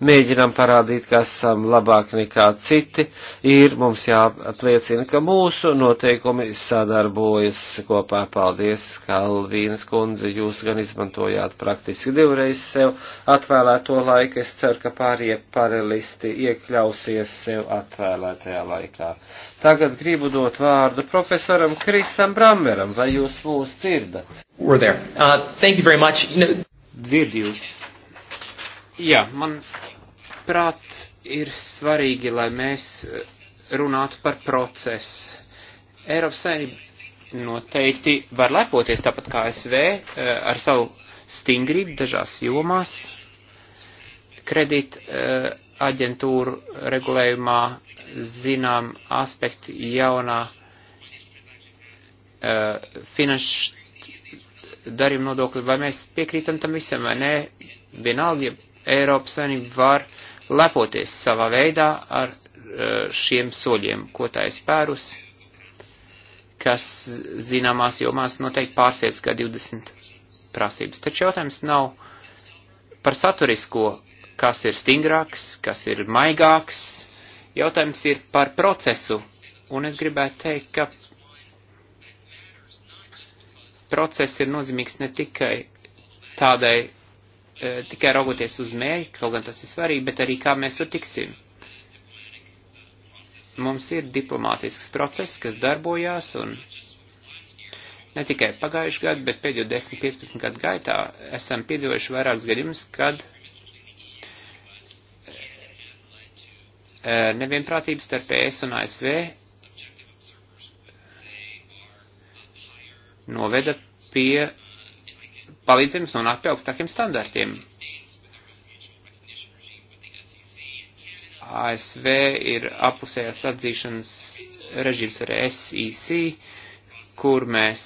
mēģinām parādīt, ka esam labāk nekā citi, ir mums jāpliecina, ka mūsu noteikumi sadarbojas kopā. Paldies, Kalvīnas kundze, jūs gan izmantojāt praktiski divreiz sev atvēlēto laiku. Es ceru, ka pārējie parelisti iekļausies sev atvēlētajā laikā. Tagad gribu dot vārdu profesoram Krisam Brammeram, vai jūs mūs dzirdat? We're there. Uh, thank you very much. You know... Dzird jūs. Jā, man Manuprāt, ir svarīgi, lai mēs runātu par procesu. Eiropas Savienība noteikti var lepoties tāpat kā SV eh, ar savu stingrību dažās jomās. Kredīt eh, aģentūru regulējumā zinām aspektu jaunā eh, finanšu darījuma nodokļa, vai mēs piekrītam tam visam vai nē. Vienalga, ja Eiropas Savienība var uh, lepoties savā veidā ar eh, šiem soļiem, ko tā es pērus, kas zināmās jomās noteikti pārsiec kā 20 prasības. Taču jautājums nav par saturisko, kas ir stingrāks, kas ir maigāks. Jautājums ir par procesu. Un es gribētu teikt, ka process ir nozīmīgs ne tikai tādai Eh, tikai raugoties uz mērķi, kaut gan tas ir svarīgi, bet arī kā mēs to tiksim. Mums ir diplomātisks process, kas darbojās un ne tikai pagājuši gadu, bet pēdējo 10-15 gadu gaitā esam piedzīvojuši vairākus gadījumus, kad eh, nevienprātības starp ES un ASV noveda pie palīdz jums nonākt pie augstākiem standartiem. ASV ir apusējās atzīšanas režīms ar SEC, kur mēs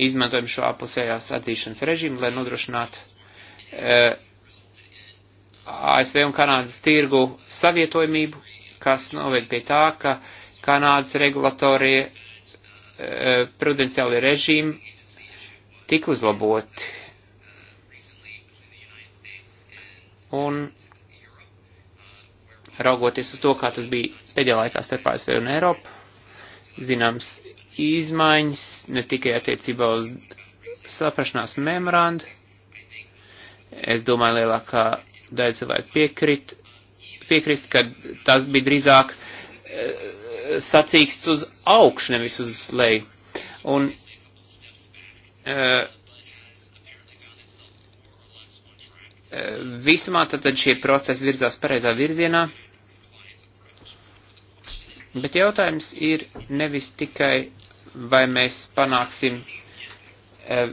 izmantojam šo apusējās atzīšanas režīmu, lai nodrošinātu eh, ASV un Kanādas tirgu savietojamību, kas noved pie tā, ka Kanādas regulatorie eh, prudenciāli režīmi tika uzlaboti. Un raugoties uz to, kā tas bija pēdējā laikā starp ASV un Eiropu, zināms, izmaiņas ne tikai attiecībā uz saprašanās memorandu, es domāju, lielākā daļa cilvēku piekrit, piekrist, ka tas bija drīzāk eh, sacīksts uz augšu, nevis uz leju. Un Eh, eh, visumā tad šie procesi virzās pareizā virzienā, bet jautājums ir nevis tikai, vai mēs panāksim eh,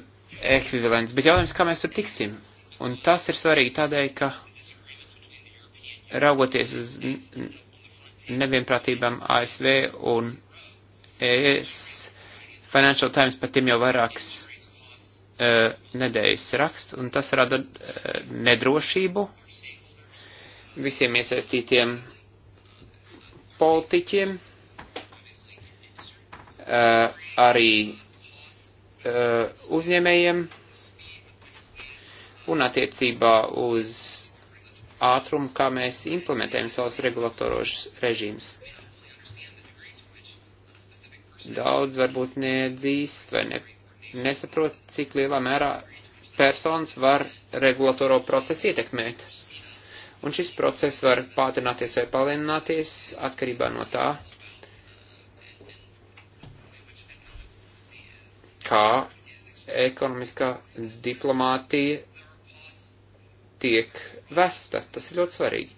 ekvivalents, bet jautājums, kā mēs tur tiksim. Un tas ir svarīgi tādēļ, ka raugoties uz nevienprātībām ASV un ES, Financial Times par tiem jau vairākas E, nedēļas raksts, un tas rada e, nedrošību visiem iesaistītiem politiķiem, e, arī uzņēmējiem un attiecībā uz ātrumu, kā mēs implementējam savus regulatorošus režīmus. Daudz varbūt neatzīst vai ne nesaprot, cik lielā mērā personas var regulatoro procesu ietekmēt. Un šis process var pātrināties vai palēnināties atkarībā no tā, kā ekonomiskā diplomātija tiek vesta. Tas ir ļoti svarīgi.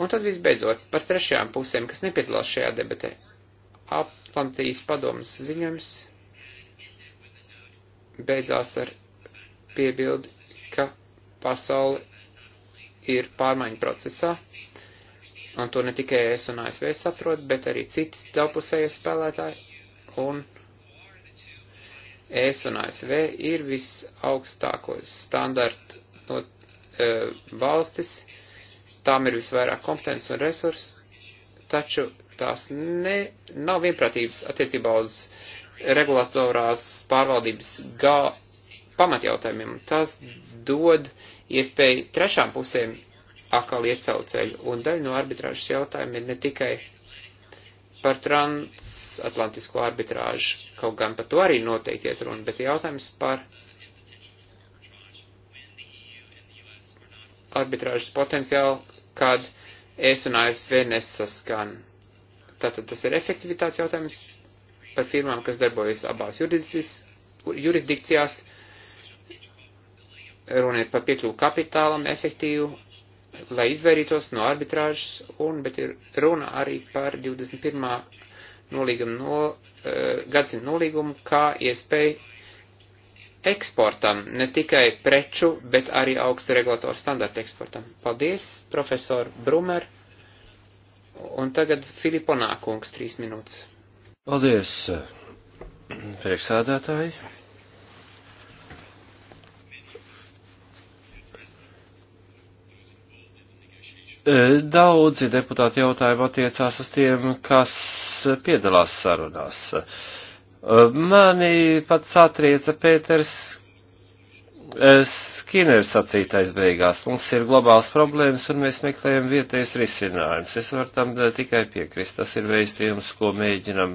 Un tad visbeidzot par trešajām pusēm, kas nepiedalās šajā debatē. Atlantijas padomas ziņojums beidzās ar piebildi, ka pasaule ir pārmaiņu procesā, un to ne tikai es un ASV saprot, bet arī citi daudzpusēji spēlētāji, un es un ASV ir visaugstāko standartu no, e, valstis, tām ir visvairāk kompetences un resursi, taču tās ne, nav vienprātības attiecībā uz regulatorās pārvaldības gā pamatjautājumiem. Tas dod iespēju trešām pusēm atkal iet savu ceļu. Un daļa no arbitrāžas jautājuma ir ne tikai par transatlantisko arbitrāžu, kaut gan par to arī noteikti iet runa, bet jautājums par arbitrāžas potenciālu, kad es un ASV nesaskan. Tātad tas ir efektivitātes jautājums, par firmām, kas darbojas abās jurisdikcijās, runiet par piekļuvu kapitālam efektīvu, lai izvairītos no arbitrāžas, un, bet ir runa arī par 21. nolīgumu, no, eh, gadsimtu nolīgumu, kā iespēju eksportam, ne tikai preču, bet arī augsta regulatora standarta eksportam. Paldies, profesor Brumer, un tagad Filiponā kungs, trīs minūtes. Paldies, priekšsādātāji. Daudzi deputāti jautājumi attiecās uz tiem, kas piedalās sarunās. Mani pats atrieca Pēters Skinner sacītais beigās. Mums ir globāls problēmas un mēs meklējam vietējas risinājumus. Es varu tam eh, tikai piekrist. Tas ir veistījums, ko mēģinam,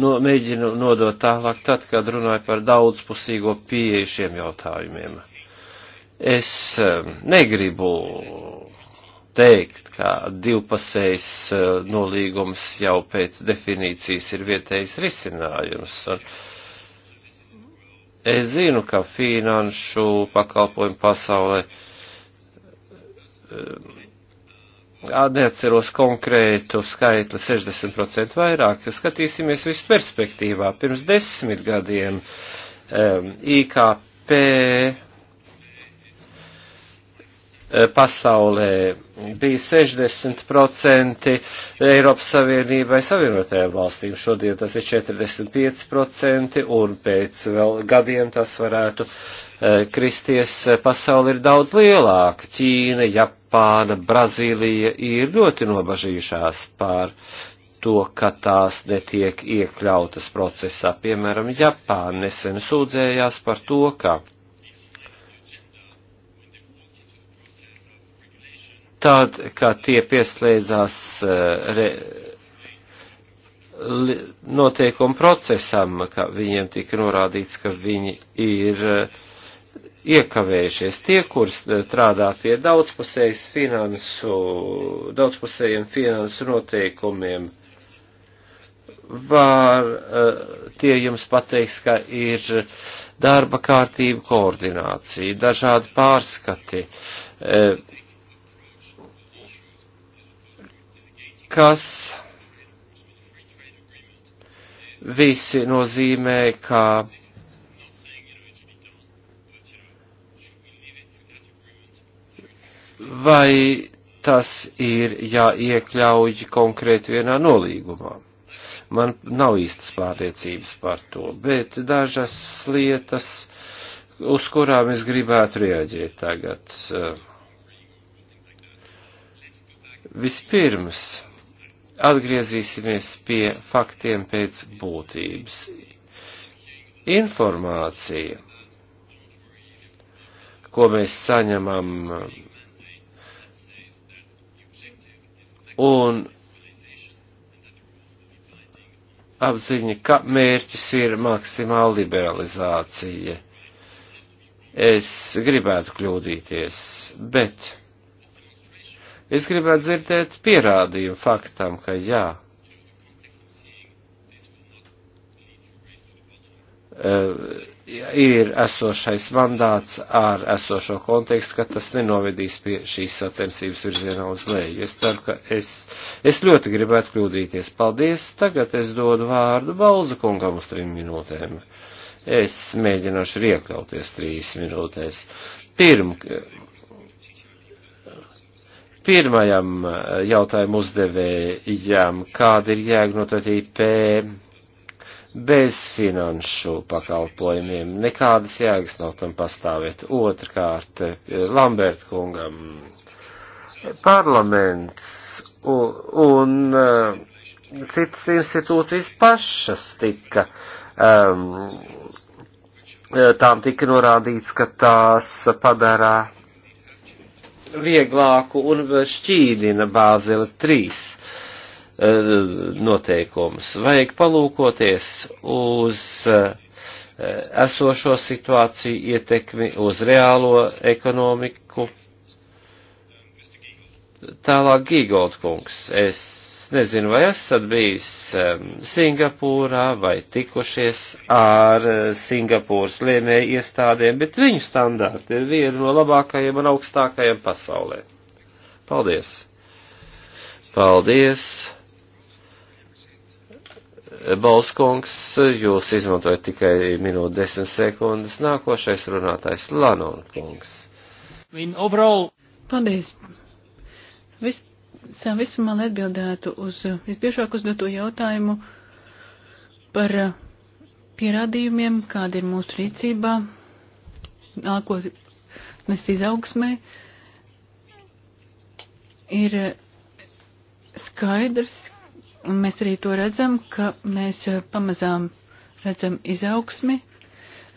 no, mēģinu nodot tālāk tad, kad runāju par daudzpusīgo pieeju šiem jautājumiem. Es eh, negribu teikt, ka divpasējs eh, nolīgums jau pēc definīcijas ir vietējs risinājums. Un, Es zinu, ka finanšu pakalpojumu pasaulē eh, neatceros konkrētu skaitli 60% vairāk. Skatīsimies visu perspektīvā. Pirms desmit gadiem um, eh, IKP eh, pasaulē bija 60% Eiropas Savienībai savienotajām valstīm. Šodien tas ir 45% un pēc vēl gadiem tas varētu eh, kristies. Eh, pasauli ir daudz lielāka. Ķīna, Japāna, Brazīlija ir ļoti nobažījušās pār to, ka tās netiek iekļautas procesā. Piemēram, Japāna nesen sūdzējās par to, ka tad, kad tie pieslēdzās eh, re, li, notiekuma procesam, ka viņiem tika norādīts, ka viņi ir eh, iekavējušies. Tie, kur eh, strādā pie daudzpusējas finansu, daudzpusējiem finansu noteikumiem, var tie jums pateiks, ka ir darba kārtība koordinācija, dažādi pārskati, kas visi nozīmē, ka vai tas ir jāiekļauj konkrēti vienā nolīgumā. Man nav īstas pārliecības par to, bet dažas lietas, uz kurām es gribētu rieģēt tagad. Vispirms atgriezīsimies pie faktiem pēc būtības. Informācija, ko mēs saņemam, un apziņa, ka mērķis ir maksimāla liberalizācija. Es gribētu kļūdīties, bet Es gribētu dzirdēt pierādījumu faktam, ka jā. Uh, ir esošais mandāts ar esošo kontekstu, ka tas nenovedīs pie šīs sacensības virzienā uz leju. Es ceru, ka es, es ļoti gribētu kļūdīties. Paldies. Tagad es dodu vārdu Balza kungam uz trim minūtēm. Es mēģināšu iekļauties trīs minūtēs. Pirm, Pirmajam eh, jautājumu uzdevējam, kāda ir jēga no tad IP bez finanšu pakalpojumiem? Nekādas jēgas nav tam pastāvēt. Otrkārt, eh, Lambert kungam parlaments un, un eh, citas institūcijas pašas tika, um, tām tika norādīts, ka tās padarā vieglāku un šķīdina Bāzela 3 eh, noteikumus. Vajag palūkoties uz eh, esošo situāciju ietekmi uz reālo ekonomiku. Tālāk Gīgold kungs, es Es nezinu, vai esat bijis Singapūrā vai tikušies ar eh, Singapūras lēmēju iestādēm, bet viņu standārti ir viena no labākajiem un augstākajiem pasaulē. Paldies! Paldies! Balskungs, jūs izmantojat tikai minūti desmit sekundes. Nākošais runātājs Lanonkungs. Paldies! Vis, Savu visumā, lai atbildētu uz visbiežāk uzdoto jautājumu par eh, pierādījumiem, kāda ir mūsu rīcībā, nākotnes izaugsmē, ir eh, skaidrs, un mēs arī to redzam, ka mēs eh, pamazām redzam izaugsmi,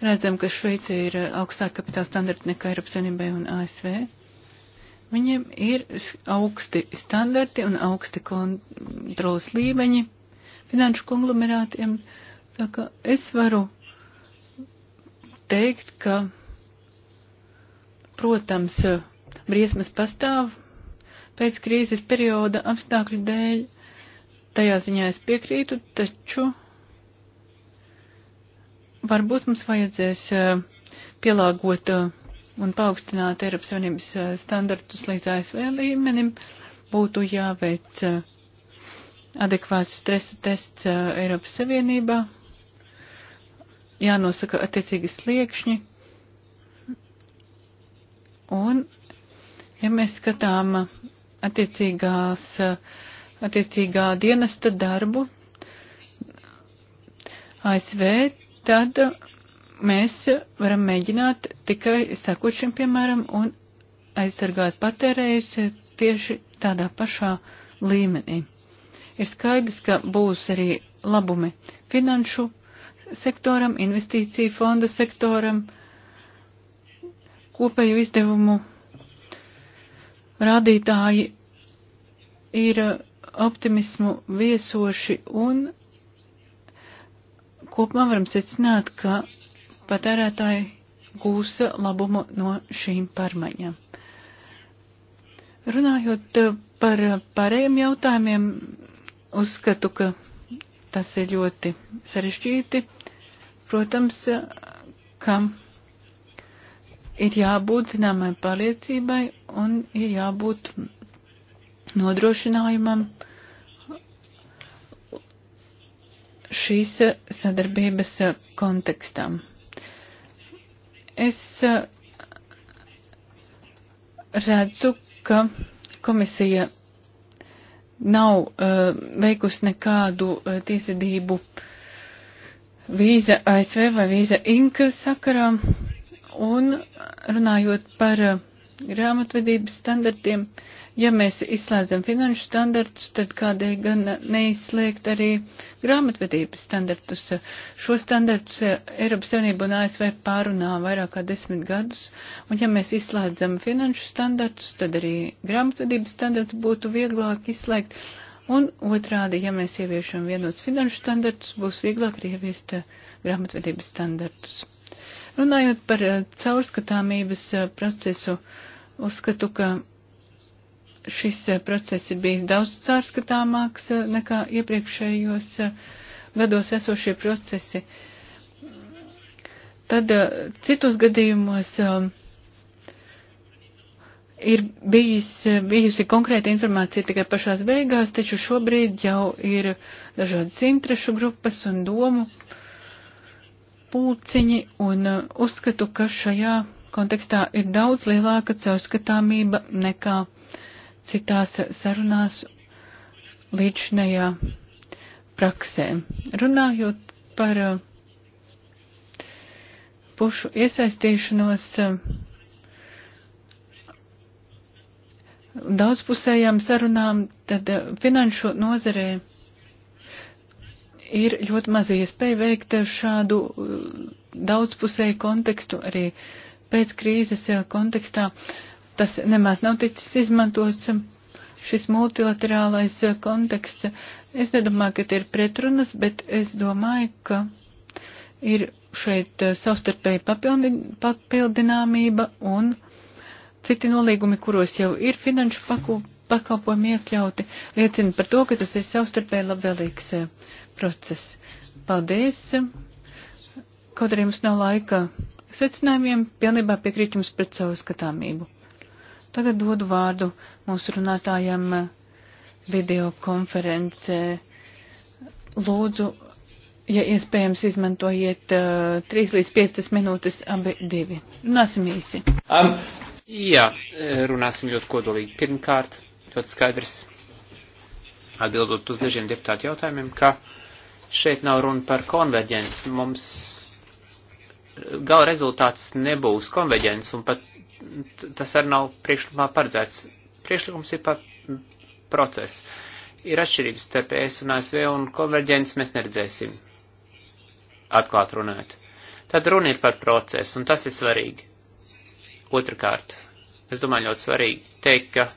redzam, ka Šveicē ir augstāk kapitāla standarta nekā Eiropas Savienībai un ASV Viņiem ir augsti standarti un augsti kontrolas līmeņi finanšu konglomerātiem. Tā kā es varu teikt, ka, protams, briesmas pastāv pēc krīzes perioda apstākļu dēļ. Tajā ziņā es piekrītu, taču varbūt mums vajadzēs eh, pielāgot eh, un paaugstināt Eiropas Savienības eh, standartus līdz ASV līmenim, būtu jāveic eh, adekvāts stresa tests eh, Eiropas Savienībā, jānosaka attiecīgi sliekšņi. Un, ja mēs skatām attiecīgās, attiecīgā dienesta darbu ASV, tad mēs varam mēģināt tikai sekot šim piemēram un aizsargāt patērējus tieši tādā pašā līmenī. Ir skaidrs, ka būs arī labumi finanšu sektoram, investīciju fonda sektoram, kopēju izdevumu rādītāji ir optimismu viesoši un kopumā varam secināt, ka patērētāji gūs labumu no šīm pārmaiņām. Runājot par pārējiem jautājumiem, uzskatu, ka tas ir ļoti sarežģīti. Protams, ka ir jābūt zināmai pārliecībai un ir jābūt nodrošinājumam šīs sadarbības kontekstam. Es eh, redzu, ka komisija nav uh, veikusi nekādu uh, tiesvedību vīza ASV vai vīza Inkas sakarā. Un runājot par uh, grāmatvedības standartiem. Ja mēs izslēdzam finanšu standartus, tad kādēļ gan neizslēgt arī grāmatvedības standartus? Šo standartus eh, Eiropas Savienība un ASV pārunā vairāk kā desmit gadus, un ja mēs izslēdzam finanšu standartus, tad arī grāmatvedības standarts būtu vieglāk izslēgt, un otrādi, ja mēs ieviešam vienots finanšu standartus, būs vieglāk arī ieviest eh, grāmatvedības standartus. Runājot par eh, caurskatāmības procesu, uh, Uzskatu, ka šis eh, process ir bijis daudz cārskatāmāks eh, nekā iepriekšējos eh, gados esošie procesi. Tad citos gadījumos ir bijis, bijusi konkrēta informācija tikai pašās beigās, taču šobrīd jau ir dažādas interešu grupas un domu pūciņi, un uzskatu, ka šajā kontekstā ir daudz lielāka caurskatāmība nekā citās sarunās līdzinējā praksē. Runājot par uh, pušu iesaistīšanos uh, daudzpusējām sarunām, tad uh, finanšu nozarē ir ļoti maz iespēja veikt šādu daudzpusēju kontekstu arī uh, pēc krīzes eh, kontekstā tas nemaz nav ticis izmantots. Šis multilaterālais eh, konteksts, es nedomāju, ka tie ir pretrunas, bet es domāju, ka ir šeit eh, savstarpēji papildi, papildināmība un citi nolīgumi, kuros jau ir finanšu pakalp, pakalpojumi iekļauti, liecina par to, ka tas ir savstarpēji labvēlīgs process. Paldies! Kaut arī mums nav laika secinājumiem pilnībā piekrīt jums pret savu skatāmību. Tagad dodu vārdu mūsu runātājiem eh, videokonferencē. Lūdzu, ja iespējams, izmantojiet uh, eh, 3 līdz 5 minūtes abi divi. Runāsim īsi. Um, jā, eh, runāsim ļoti kodolīgi. Pirmkārt, ļoti skaidrs, atbildot uz dažiem deputātu jautājumiem, ka šeit nav runa par konverģenci. Mums gala rezultāts nebūs konveģents, un pat tas arī nav priekšlikumā paredzēts. Priekšlikums ir pat process. Ir atšķirības starp ES un ASV, un konverģents mēs neredzēsim. Atklāt runāt. Tad runa ir par procesu, un tas ir svarīgi. Otrakārt, es domāju ļoti svarīgi teikt, ka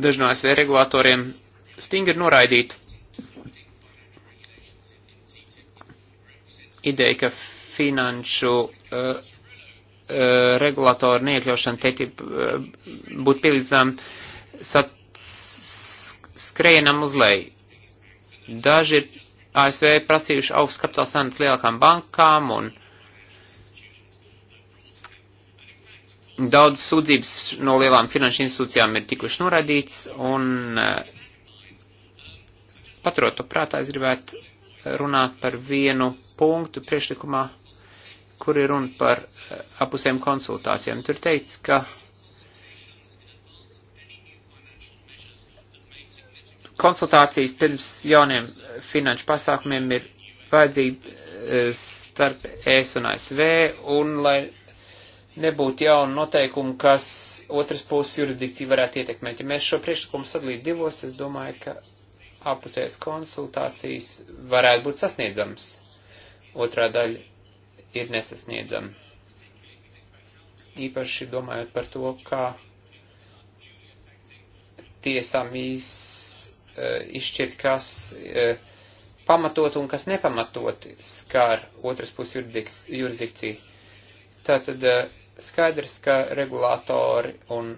daži no ASV regulātoriem stingri noraidītu ideju, ka finanšu uh, uh, regulatoru neiekļaušana TTIP uh, eh, būtu pildzām skrējienam uz leju. Daži ir ASV prasījuši augstu kapitāla standartus lielākām bankām un daudz sūdzības no lielām finanšu institūcijām ir tikuši noraidītas un paturot to prātā, es gribētu runāt par vienu punktu priekšlikumā, kur ir runa par eh, apusēm konsultācijām. Tur teikts, ka konsultācijas pirms jauniem finanšu pasākumiem ir vajadzīgi eh, starp ES un ASV, un lai nebūtu jaunu noteikumu, kas otras puses jurisdikciju varētu ietekmēt. Ja mēs šo priekšlikumu sadalītu divos, es domāju, ka apusējas konsultācijas varētu būt sasniedzams. Otrā daļa ir nesasniedzama. Īpaši domājot par to, kā tiesām iz, eh, izšķirt, kas eh, pamatot un kas nepamatot skar otras puses jurisdikciju. Tātad eh, skaidrs, ka regulātori un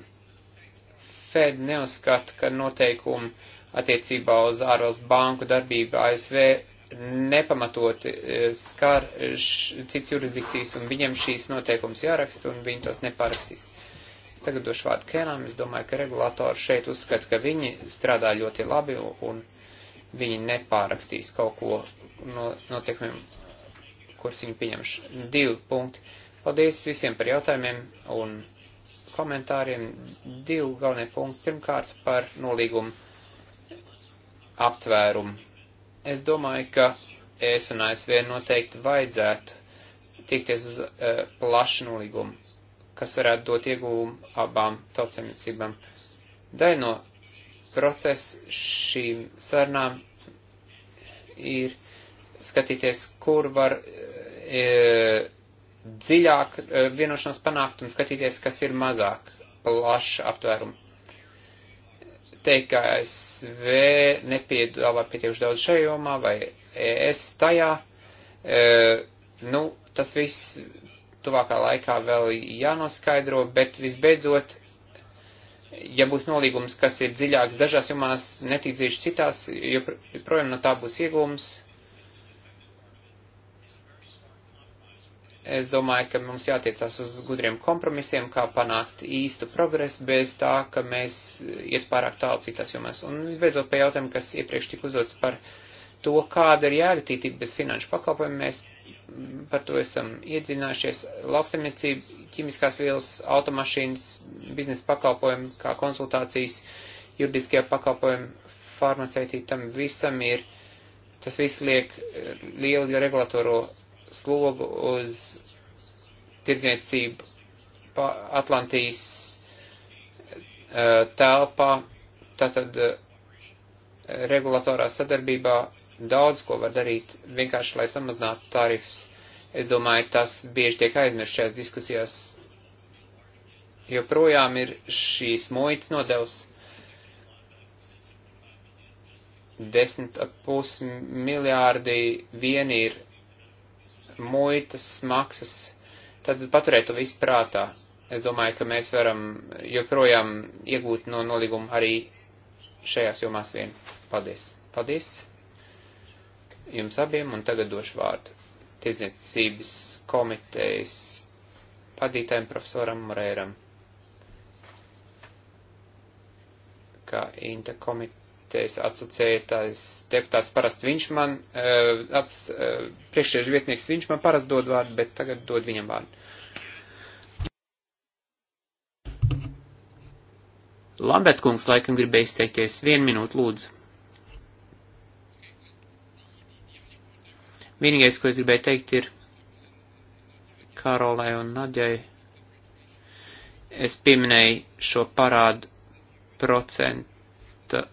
Fed neuzskata, ka noteikumi attiecībā uz ārvalstu banku darbību ASV nepamatoti e, skar š, cits jurisdikcijas, un viņiem šīs noteikums jāraksta, un viņi tos neparakstīs. Tagad došu vārdu Kenam, es domāju, ka regulātori šeit uzskata, ka viņi strādā ļoti labi, un viņi nepārakstīs kaut ko no noteikumiem, kurus viņi pieņemš. Divi punkti. Paldies visiem par jautājumiem un komentāriem. Divi galvenie punkti. Pirmkārt par nolīgumu aptvērumu Es domāju, ka es un ASV noteikti vajadzētu tiekties uz uh, plašu nolīgumu, kas varētu dot iegūmu abām tautsēmniecībām. Daļa no procesa šīm sarunām ir skatīties, kur var e, dziļāk e, vienošanos panākt un skatīties, kas ir mazāk plaša aptvēruma teikt, ka ASV nepiedāvā pietiekuši daudz šajā jomā vai ES tajā. E, nu, tas viss tuvākā laikā vēl jānoskaidro, bet visbeidzot, ja būs nolīgums, kas ir dziļāks dažās jomās, netīdzīši citās, joprojām no tā būs iegūms Es domāju, ka mums jātiecās uz gudriem kompromisiem, kā panākt īstu progresu bez tā, ka mēs iet pārāk tālu citās jomās. Un visbeidzot pie jautājuma, kas iepriekš tika uzdots par to, kāda ir jēga tītība bez finanšu pakalpojumu, mēs par to esam iedzinājušies. Lauksaimniecība, ķimiskās vielas, automašīnas, biznesa pakalpojumi, kā konsultācijas, juridiskie pakalpojumi, farmaceitītam visam ir, tas viss liek lielu regulatoro slogu uz tirdzniecību Atlantijas e, telpā, tātad e, regulatorā sadarbībā daudz ko var darīt vienkārši, lai samazinātu tarifus. Es domāju, tas bieži tiek aizmirst šajās diskusijās, jo projām ir šīs muitas nodevs 10,5 miljārdi vien ir muitas maksas, tad paturēt to visu prātā. Es domāju, ka mēs varam joprojām iegūt no nolīguma arī šajās jomās vien. Paldies! Paldies! Jums abiem un tagad došu vārdu tirdzniecības komitejas padītājiem profesoram Morēram. Kā Inta komiteja komitejas asociētais deputāts, parasti viņš man, uh, uh, priekšsēžu vietnieks, viņš man parasti dod vārdu, bet tagad dod viņam vārdu. Lambert kungs laikam gribēja izteikties. Vienu minūtu lūdzu. Vienīgais, ko es gribēju teikt, ir Karolai un Nadjai. Es pieminēju šo parādu procenta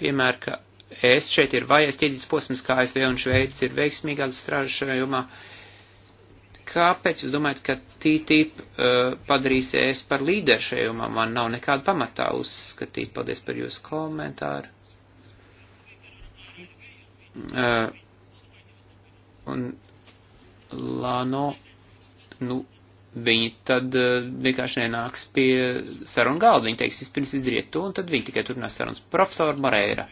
piemēra, ka es šeit ir vajais ķēdītas posms, kā ASV un Šveicis ir veiksmīgāk strādājuši šajā jomā. Kāpēc jūs domājat, ka TTIP uh, padarīs es par līderu šajā jomā? Man nav nekāda pamatā uzskatīt. Paldies par jūsu komentāru. Uh, un Lāno, nu, viņi tad eh, vienkārši nenāks pie sarunu galda. Viņi teiks, vispirms izdariet to, un tad viņi tikai turpinās sarunas. Profesor Moreira.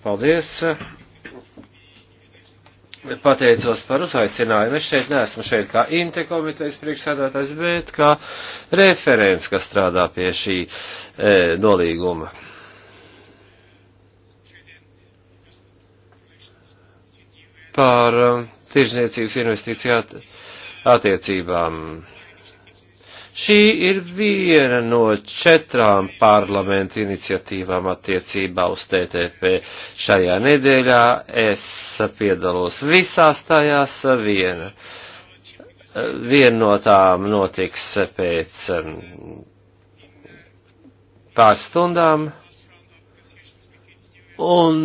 Paldies. Pateicos par uzaicinājumu. Es šeit neesmu šeit kā Inte komitejas priekšsēdētājs, bet kā referents, kas strādā pie šī e, nolīguma. Par e, tirzniecības investīcija attiecībām. Šī ir viena no četrām parlamenta iniciatīvām attiecībā uz TTP. Šajā nedēļā es piedalos visās tajās viena. Viena no tām notiks pēc um, pāris stundām. Un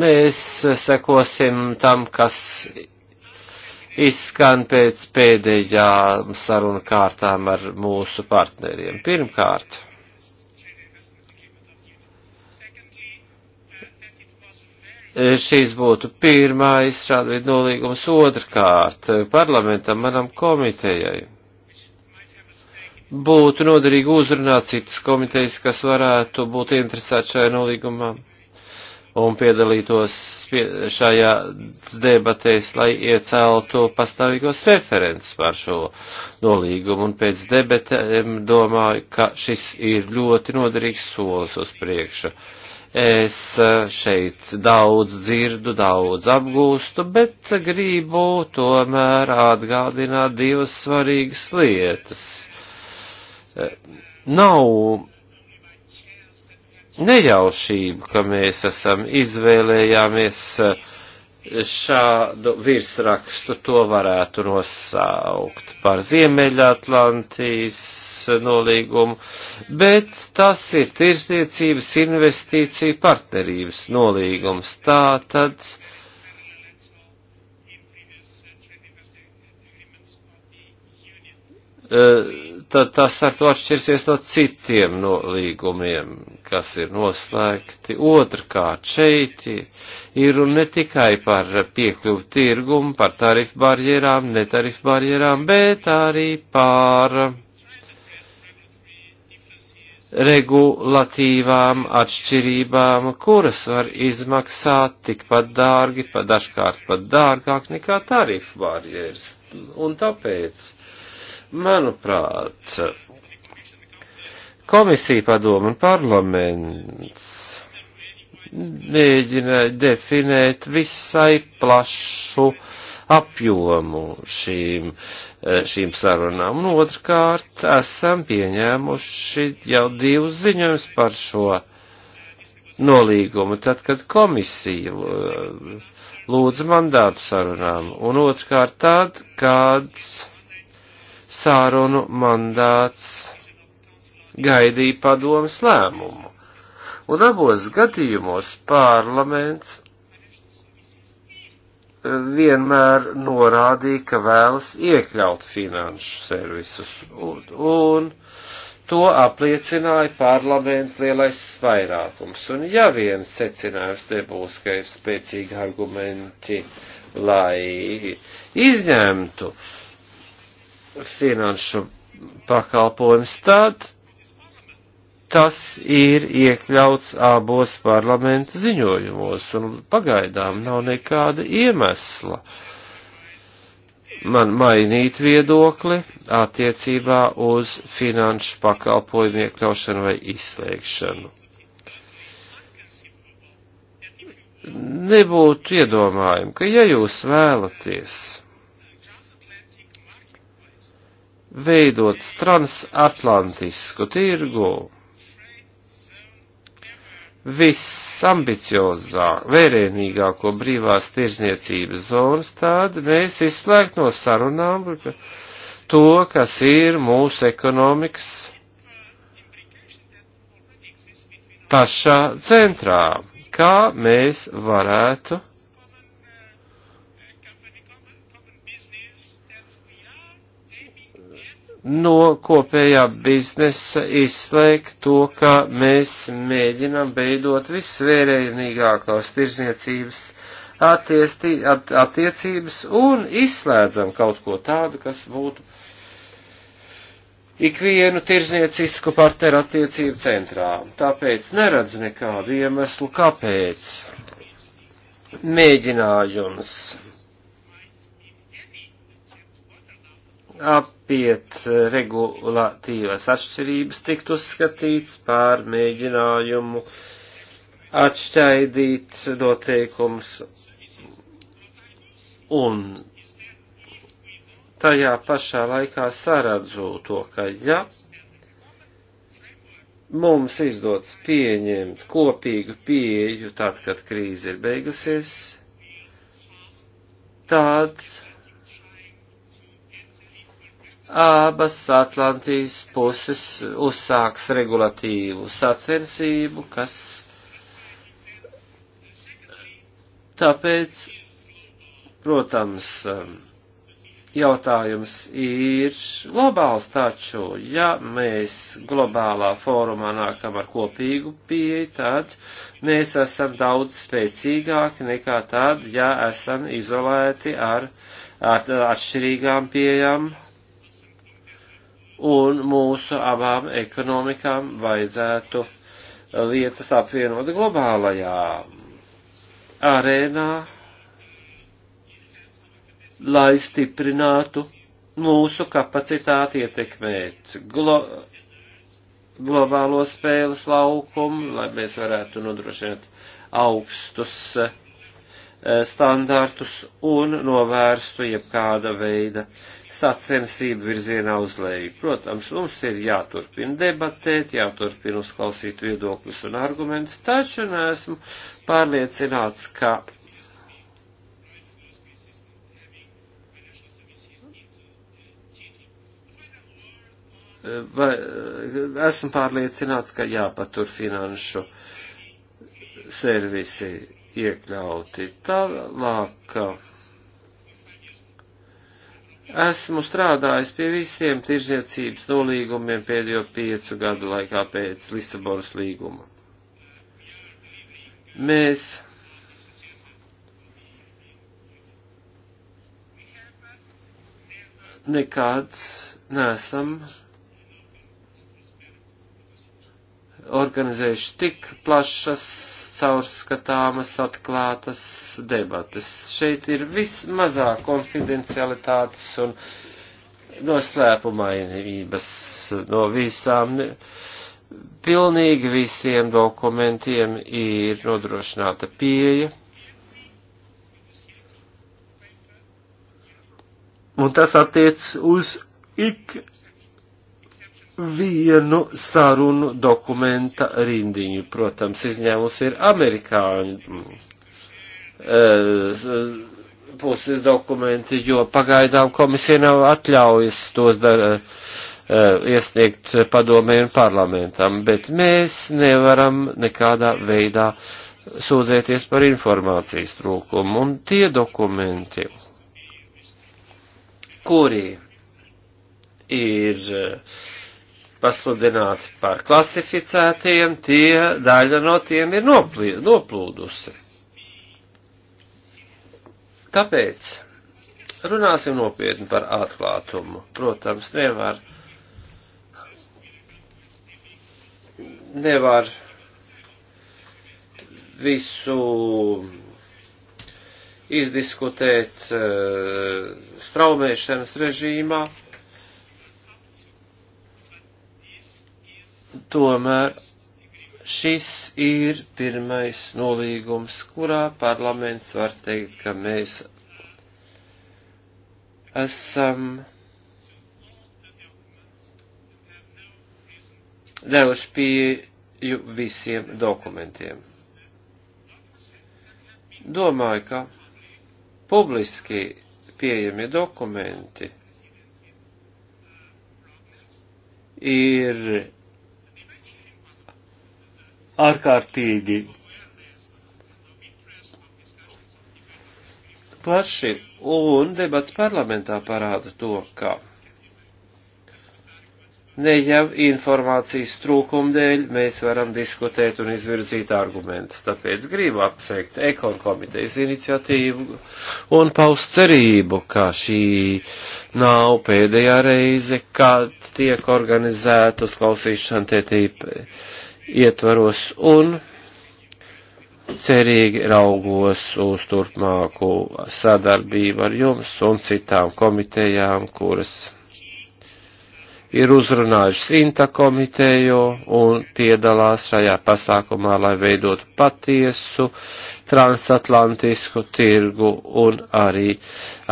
mēs sekosim tam, kas izskan pēc pēdējām sarunu kārtām ar mūsu partneriem. Pirmkārt, šīs būtu pirmais šāda veida nolīgums. Otrkārt, parlamentam, manam komitejai, būtu noderīgi uzrunāt citas komitejas, kas varētu būt interesēti šajā nolīgumā un piedalītos pie, šajā debatēs, lai ieceltu pastāvīgos referents par šo nolīgumu. Un pēc debatēm domāju, ka šis ir ļoti noderīgs solis uz priekšu. Es eh, šeit daudz dzirdu, daudz apgūstu, bet gribu tomēr atgādināt divas svarīgas lietas. Eh, nav nejaušību, ka mēs esam izvēlējāmies eh, šādu virsrakstu, to varētu nosaukt par Ziemeļatlantijas nolīgumu, bet tas ir tirsniecības investīciju partnerības nolīgums. Tā tad uh, tas ar to atšķirsies no citiem nolīgumiem, kas ir noslēgti. Otrkārt, šeit ir un ne tikai par piekļuvu tirgumu, par tarifu barjerām, netarifu barjerām, bet arī par regulatīvām atšķirībām, kuras var izmaksāt tikpat dārgi, pa dažkārt pat dārgāk nekā tarifu barjeras. Un tāpēc Manuprāt, komisija padoma un parlaments mēģināja definēt visai plašu apjomu šīm, šīm sarunām. Un otrkārt, esam pieņēmuši jau divus ziņojumus par šo nolīgumu, tad, kad komisija uh, lūdza mandātu sarunām, un otrkārt tad, kad sārunu mandāts gaidīja padomas lēmumu, un abos gadījumos parlaments eh, vienmēr norādīja, ka vēlas iekļaut finanšu servisus, un, un to apliecināja parlamentu lielais vairākums. Un ja viens secinājums nebūs, ka ir spēcīgi argumenti, lai izņemtu uh, finanšu pakalpojums, tad tas ir iekļauts abos parlamenta ziņojumos, un pagaidām nav nekāda iemesla man mainīt viedokli attiecībā uz finanšu pakalpojumu iekļaušanu vai izslēgšanu. Nebūtu iedomājumi, ka ja jūs vēlaties veidot transatlantisku tirgu visambiciozāk, vērienīgāko brīvās tirzniecības zonas, tad mēs izslēgt no sarunām to, kas ir mūsu ekonomikas pašā centrā, kā mēs varētu no kopējā biznesa izslēgt to, ka mēs mēģinam beidot visvērējumīgākās tirzniecības attiesti, at, attiecības un izslēdzam kaut ko tādu, kas būtu ikvienu tirzniecisku partneru attiecību centrā. Tāpēc neredzu nekādu iemeslu, kāpēc mēģinājums apiet regulatīvas atšķirības tikt uzskatīts par mēģinājumu atšķaidīt noteikums un tajā pašā laikā saredzu to, ka ja mums izdodas pieņemt kopīgu pieeju tad, kad krīze ir beigusies, tāds abas Atlantijas puses uzsāks regulatīvu sacensību, kas tāpēc, protams, um, jautājums ir globāls taču, ja mēs globālā fórumā nākam ar kopīgu pieeju, tad mēs esam daudz spēcīgāki nekā tad, ja esam izolēti ar, ar atšķirīgām pieejām un mūsu abām ekonomikām vajadzētu lietas apvienot globālajā arēnā, lai stiprinātu mūsu kapacitāti ietekmēt glo globālo spēles laukumu, lai mēs varētu nodrošināt augstus uh, E, standartus un novērstu jebkāda veida sacensību virzienā uz leju. Protams, mums ir jāturpina debatēt, jāturpina uzklausīt viedokļus un argumentus, taču neesmu pārliecināts, ka e, Vai, e, esmu pārliecināts, ka jāpatur finanšu servisi iekļauti. Tālāk. Esmu strādājis pie visiem tirzniecības nolīgumiem pēdējo piecu gadu laikā pēc Lisabonas līguma. Mēs nekad nesam organizējuši tik plašas, caurskatāmas, atklātas debatas. Šeit ir vismazāk konfidencialitātes un noslēpumainības no visām. Pilnīgi visiem dokumentiem ir nodrošināta pieeja. Un tas attiec uz ik vienu sarunu dokumenta rindiņu. Protams, izņēmums ir amerikāņu mm, eh, puses dokumenti, jo pagaidām komisija nav atļaujas tos dar, eh, iesniegt padomē un parlamentam, bet mēs nevaram nekādā veidā sūdzēties par informācijas trūkumu. Un tie dokumenti, kuri ir uh, pasludināti par klasificētiem, tie daļa no tiem ir noplī, noplūdusi. Tāpēc runāsim nopietni par atklātumu. Protams, nevar, nevar visu izdiskutēt uh, straumēšanas režīmā Tomēr šis ir pirmais nolīgums, kurā parlaments var teikt, ka mēs esam devuši pieju visiem dokumentiem. Domāju, ka publiski pieejami dokumenti ir ārkārtīgi plaši, un debats parlamentā parāda to, ka ne jau informācijas trūkuma dēļ mēs varam diskutēt un izvirzīt argumentus. Tāpēc gribu apsveikt Ekon komitejas iniciatīvu un paust cerību, ka šī nav pēdējā reize, kad tiek organizēta uzklausīšana TTIP ietvaros un cerīgi raugos uz turpmāku sadarbību ar jums un citām komitejām, kuras ir uzrunājušas Inta komiteju un piedalās šajā pasākumā, lai veidotu patiesu transatlantisku tirgu un arī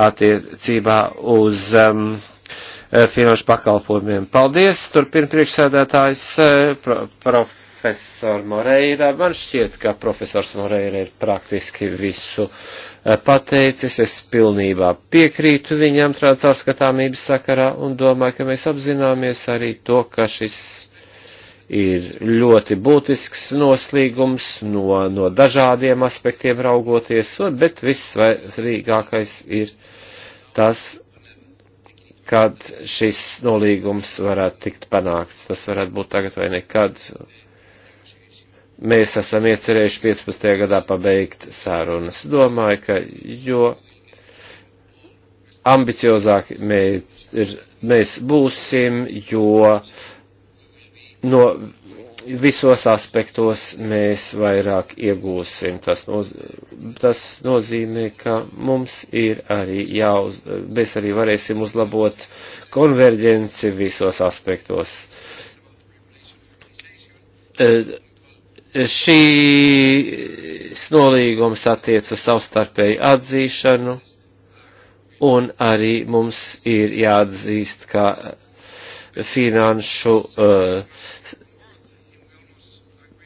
attiecībā uz um, finanšu pakalpojumiem. Paldies, turpina priekšsēdētājs eh, prof profesoru Moreira. Man šķiet, ka profesors Moreira ir praktiski visu eh, pateicis. Es pilnībā piekrītu viņam caurskatāmības sakarā un domāju, ka mēs apzināmies arī to, ka šis ir ļoti būtisks noslīgums no, no dažādiem aspektiem raugoties, bet vissvarīgākais ir tas, kad šis nolīgums varētu tikt panākts. Tas varētu būt tagad vai nekad. Mēs esam iecerējuši 15. gadā pabeigt sārunas. Domāju, ka jo ambiciozāk mēs, ir, mēs būsim, jo no visos aspektos mēs vairāk iegūsim. Tas, noz, tas nozīmē, ka mums ir arī jāuz, mēs arī varēsim uzlabot konverģenci visos aspektos. E, šīs nolīgums attiec uz savstarpēju atzīšanu, un arī mums ir jāatzīst, ka finanšu uh,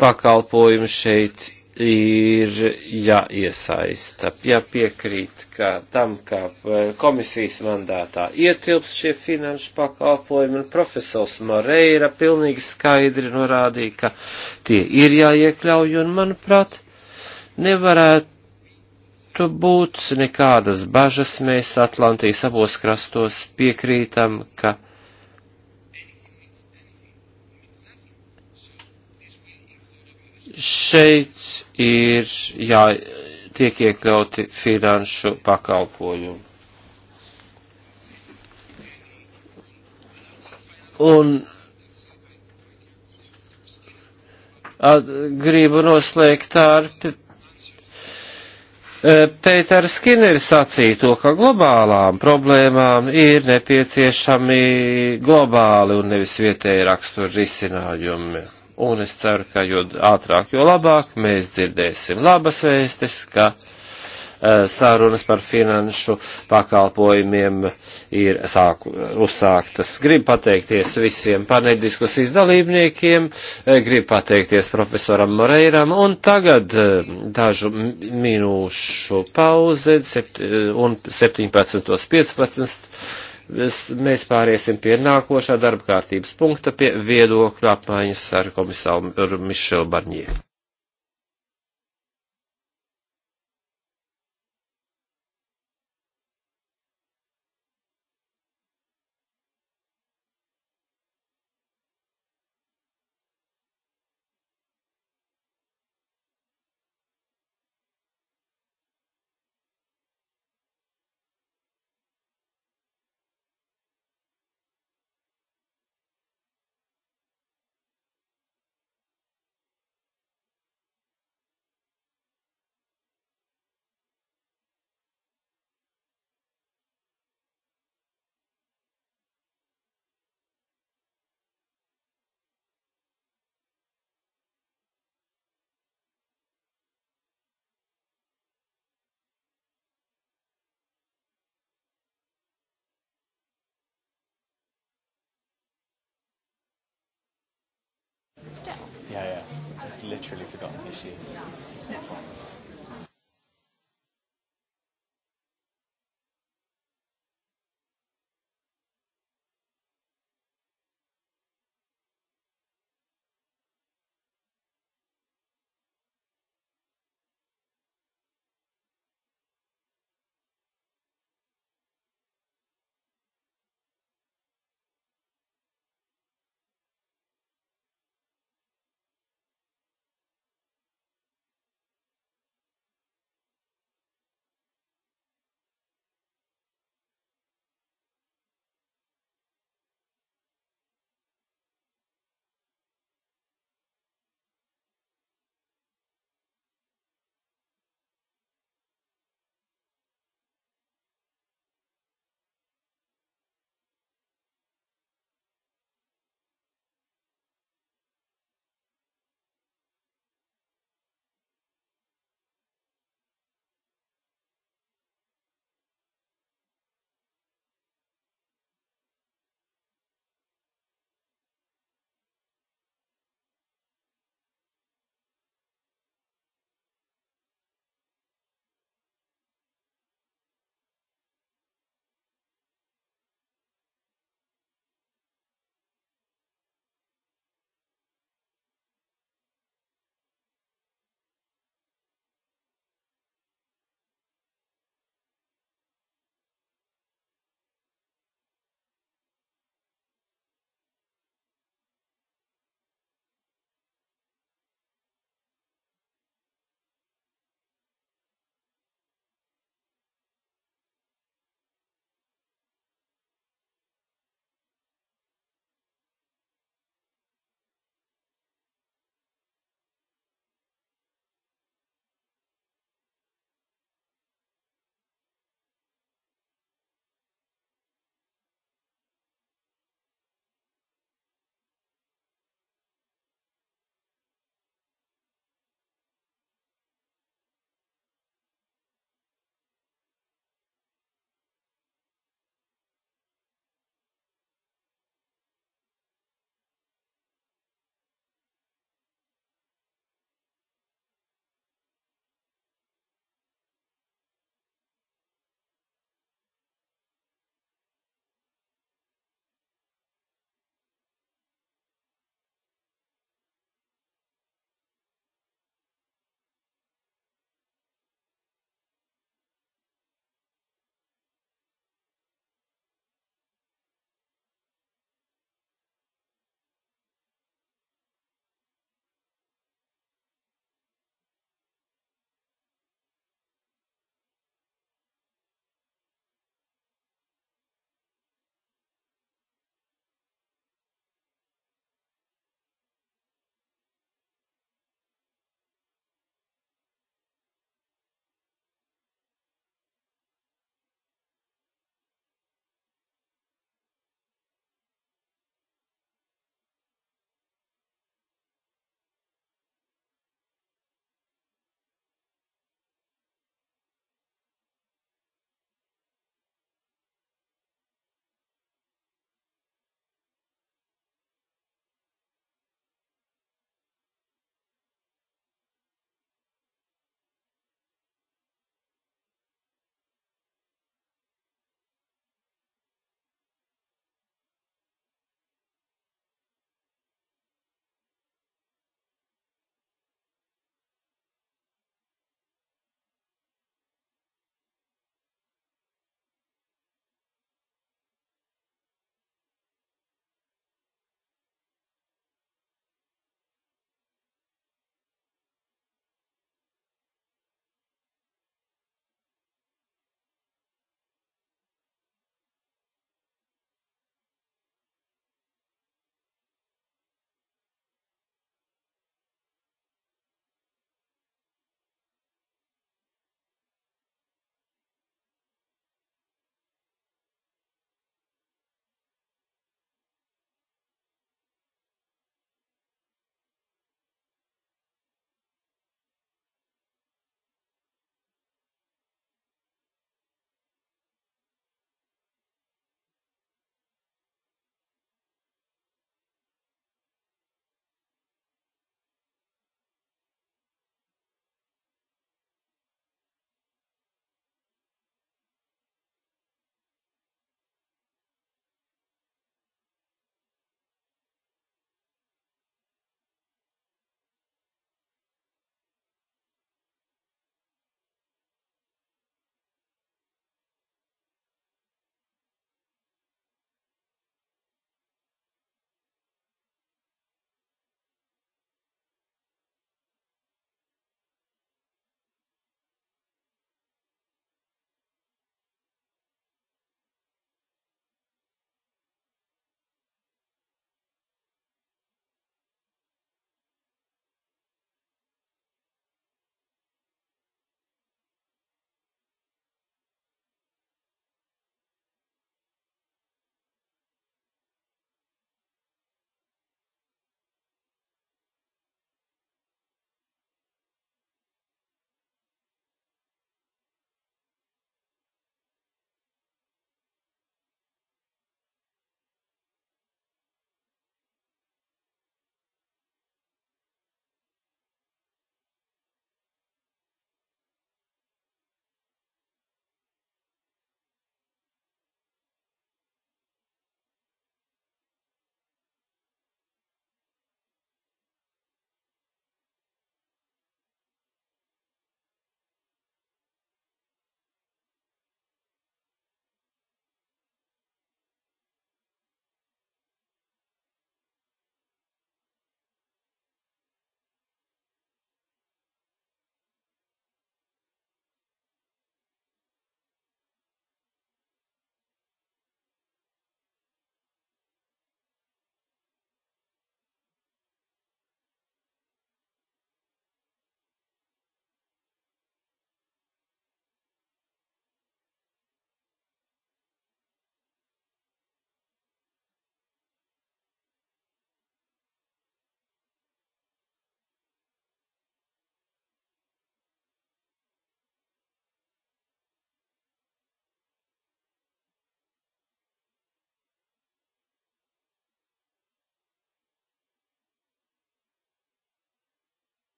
pakalpojumi šeit ir jāiesaista, jāpiekrīt ka tam, ka eh, komisijas mandātā ietilps šie finanšu pakalpojumi, un profesors Moreira pilnīgi skaidri norādīja, ka tie ir jāiekļauj, un, manuprāt, nevarētu būt nekādas bažas, mēs Atlantijas abos krastos piekrītam, ka Šeit ir jā, tiek iekļauti finanšu pakalpojumi. Un at, gribu noslēgt ar e, Pēters Skinneris sacīja to, ka globālām problēmām ir nepieciešami globāli un nevis vietēji rakstur risinājumi un es ceru, ka jo ātrāk, jo labāk mēs dzirdēsim labas vēstis, ka uh, e, sārunas par finanšu pakalpojumiem ir sāku, uzsāktas. Gribu pateikties visiem paneļdiskusijas dalībniekiem, e, gribu pateikties profesoram Moreiram, un tagad uh, dažu minūšu pauze, sept, un 17.15 mēs pāriesim pie nākošā darba kārtības punkta, pie viedokļu apmaiņas ar komisāru Mišelu Barņie. Yeah, yeah. I've literally forgotten who she is. No.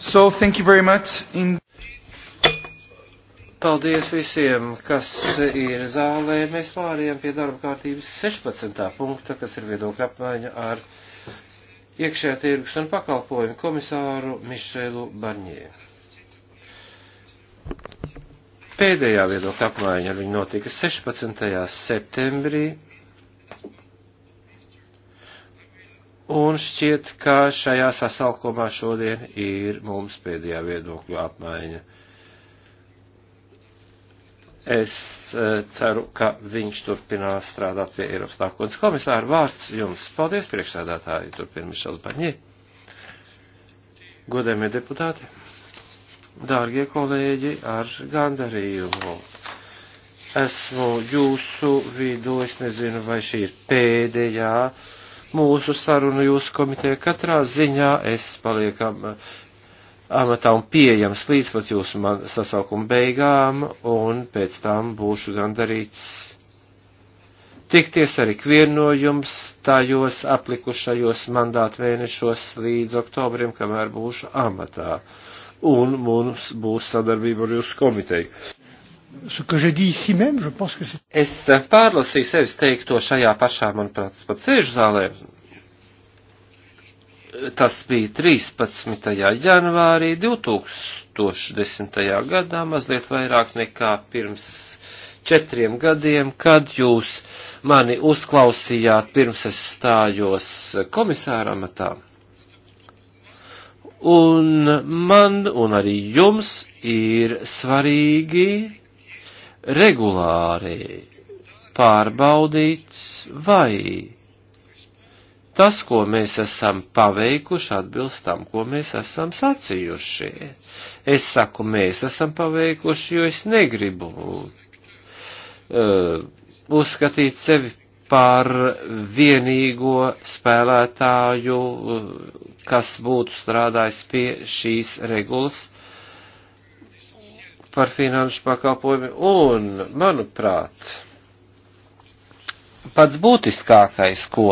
So, thank you very much. In... Paldies visiem, kas ir zālē. Mēs pārējām pie darba kārtības 16. punkta, kas ir viedokļa apmaiņa ar iekšējā tirgus un pakalpojumu komisāru Mišelu Barņē. Pēdējā viedokļa apmaiņa ar viņu notika 16. septembrī Un šķiet, ka šajā sasalkumā šodien ir mums pēdējā viedokļu apmaiņa. Es e, ceru, ka viņš turpinās strādāt pie Eiropas nākotnes komisāra. Vārds jums. Paldies, priekšsēdētāji. Turpina Mišels Baņē. Godējumie deputāti, dārgie kolēģi, ar gandarījumu. Esmu jūsu vidū, es nezinu, vai šī ir pēdējā mūsu sarunu jūsu komiteja. Katrā ziņā es palieku eh, amatā un pieejams līdz pat jūsu sasaukuma beigām, un pēc tam būšu gandarīts tikties ar ikvienu no jums tajos aplikušajos mandātu mēnešos līdz oktobrim, kamēr būšu amatā. Un mums būs sadarbība ar jūsu komiteju. Es eh, pārlasīju sevis teikto šajā pašā, manuprāt, pat sēžu zālē. Tas bija 13. janvārī 2010. gadā, mazliet vairāk nekā pirms četriem gadiem, kad jūs mani uzklausījāt pirms es stājos komisāra amatā. Un man un arī jums ir svarīgi regulāri pārbaudīt, vai tas, ko mēs esam paveikuši, atbilst tam, ko mēs esam sacījuši. Es saku, mēs esam paveikuši, jo es negribu uh, uzskatīt sevi par vienīgo spēlētāju, eh, kas būtu strādājis pie šīs regulas par finanšu pakalpojumu un, manuprāt, pats būtiskākais, ko,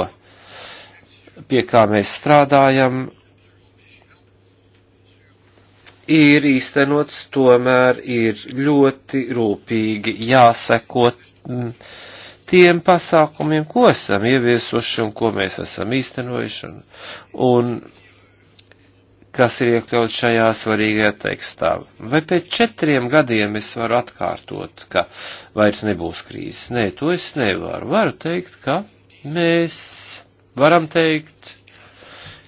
pie kā mēs strādājam, ir īstenots, tomēr ir ļoti rūpīgi jāsekot mm, tiem pasākumiem, ko esam ieviesuši un ko mēs esam īstenojuši. Un, un kas ir iekļauts šajā svarīgajā tekstā. Vai pēc četriem gadiem es varu atkārtot, ka vairs nebūs krīzes? Nē, to es nevaru. Varu teikt, ka mēs varam teikt,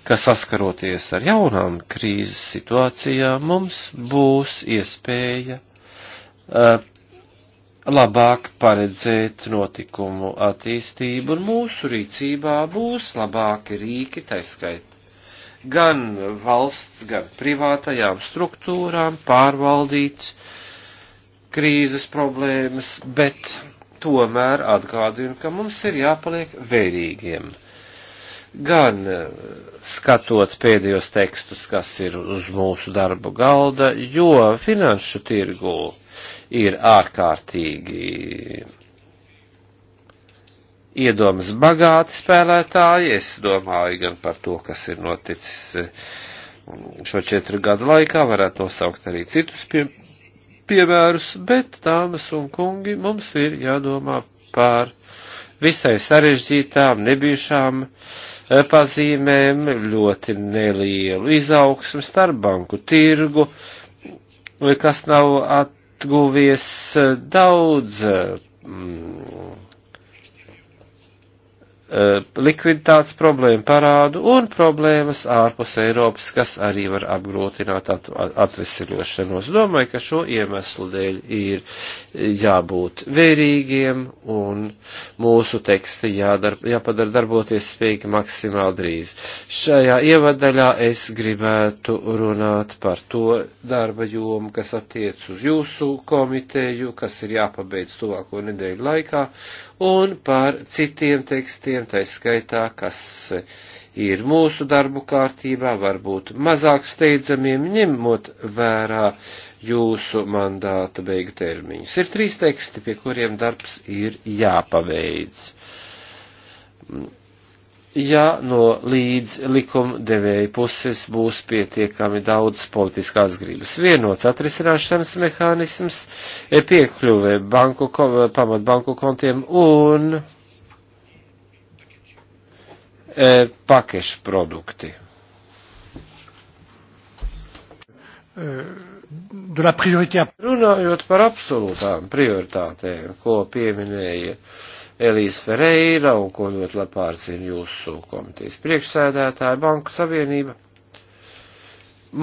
ka saskaroties ar jaunām krīzes situācijām, mums būs iespēja uh, labāk paredzēt notikumu attīstību, un mūsu rīcībā būs labāki rīki, taiskait gan valsts, gan privātajām struktūrām pārvaldīt krīzes problēmas, bet tomēr atgādinu, ka mums ir jāpaliek vērīgiem. Gan eh, skatot pēdējos tekstus, kas ir uz mūsu darbu galda, jo finanšu tirgu ir ārkārtīgi iedomas bagāti spēlētāji, es domāju gan par to, kas ir noticis eh, šo četru gadu laikā, varētu nosaukt arī citus pie, piemērus, bet, dāmas un kungi, mums ir jādomā par visai sarežģītām, nebijušām eh, pazīmēm, ļoti nelielu izaugsmu starp banku tirgu, eh, kas nav atguvies daudz mm, Eh, likviditātes problēma parādu un problēmas ārpus Eiropas, kas arī var apgrūtināt at, atvesiļošanos. Domāju, ka šo iemeslu dēļ ir jābūt vērīgiem un mūsu teksti jādar, jāpadara darboties spējīgi maksimāli drīz. Šajā ievadaļā es gribētu runāt par to darba jomu, kas attiec uz jūsu komiteju, kas ir jāpabeidz tuvāko nedēļu laikā un par citiem tekstiem, tai skaitā, kas ir mūsu darbu kārtībā, varbūt mazāk steidzamiem, ņemot vērā jūsu mandāta beigu termiņus. Ir trīs teksti, pie kuriem darbs ir jāpabeidz ja no līdz likumdevēja puses būs pietiekami daudz politiskās gribas. Vienots atrisināšanas mehānisms, e, piekļuvē banku, pamatbanku kontiem un e, pakešu produkti. Euh, Runājot par absolūtām prioritātēm, ko pieminēja uh, Elīze Ferreira, un ko ļoti labi pārzina jūsu komitejas priekšsēdētāja Banku Savienība.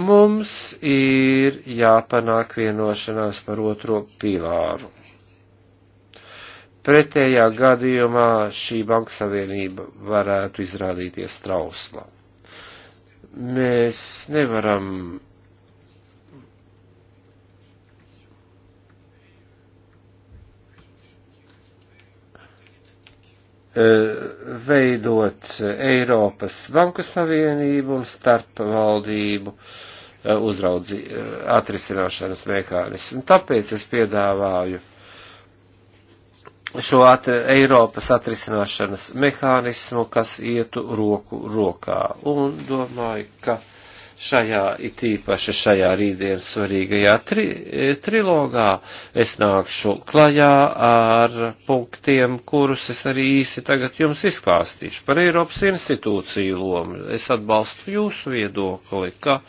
Mums ir jāpanāk vienošanās par otro pīlāru. Pretējā gadījumā šī banka savienība varētu izrādīties trausla. Mēs nevaram Eh, veidot Eiropas Banku Savienību un starpvaldību eh, uzraudzi, eh, atrisināšanas mehānismu. Tāpēc es piedāvāju šo at Eiropas atrisināšanas mehānismu, kas ietu roku rokā. Un domāju, ka šajā, it īpaši šajā rītdienas svarīgajā tri, e, trilogā, es nākšu klajā ar punktiem, kurus es arī īsi tagad jums izklāstīšu par Eiropas institūciju lomu. Es atbalstu jūsu viedokli, ka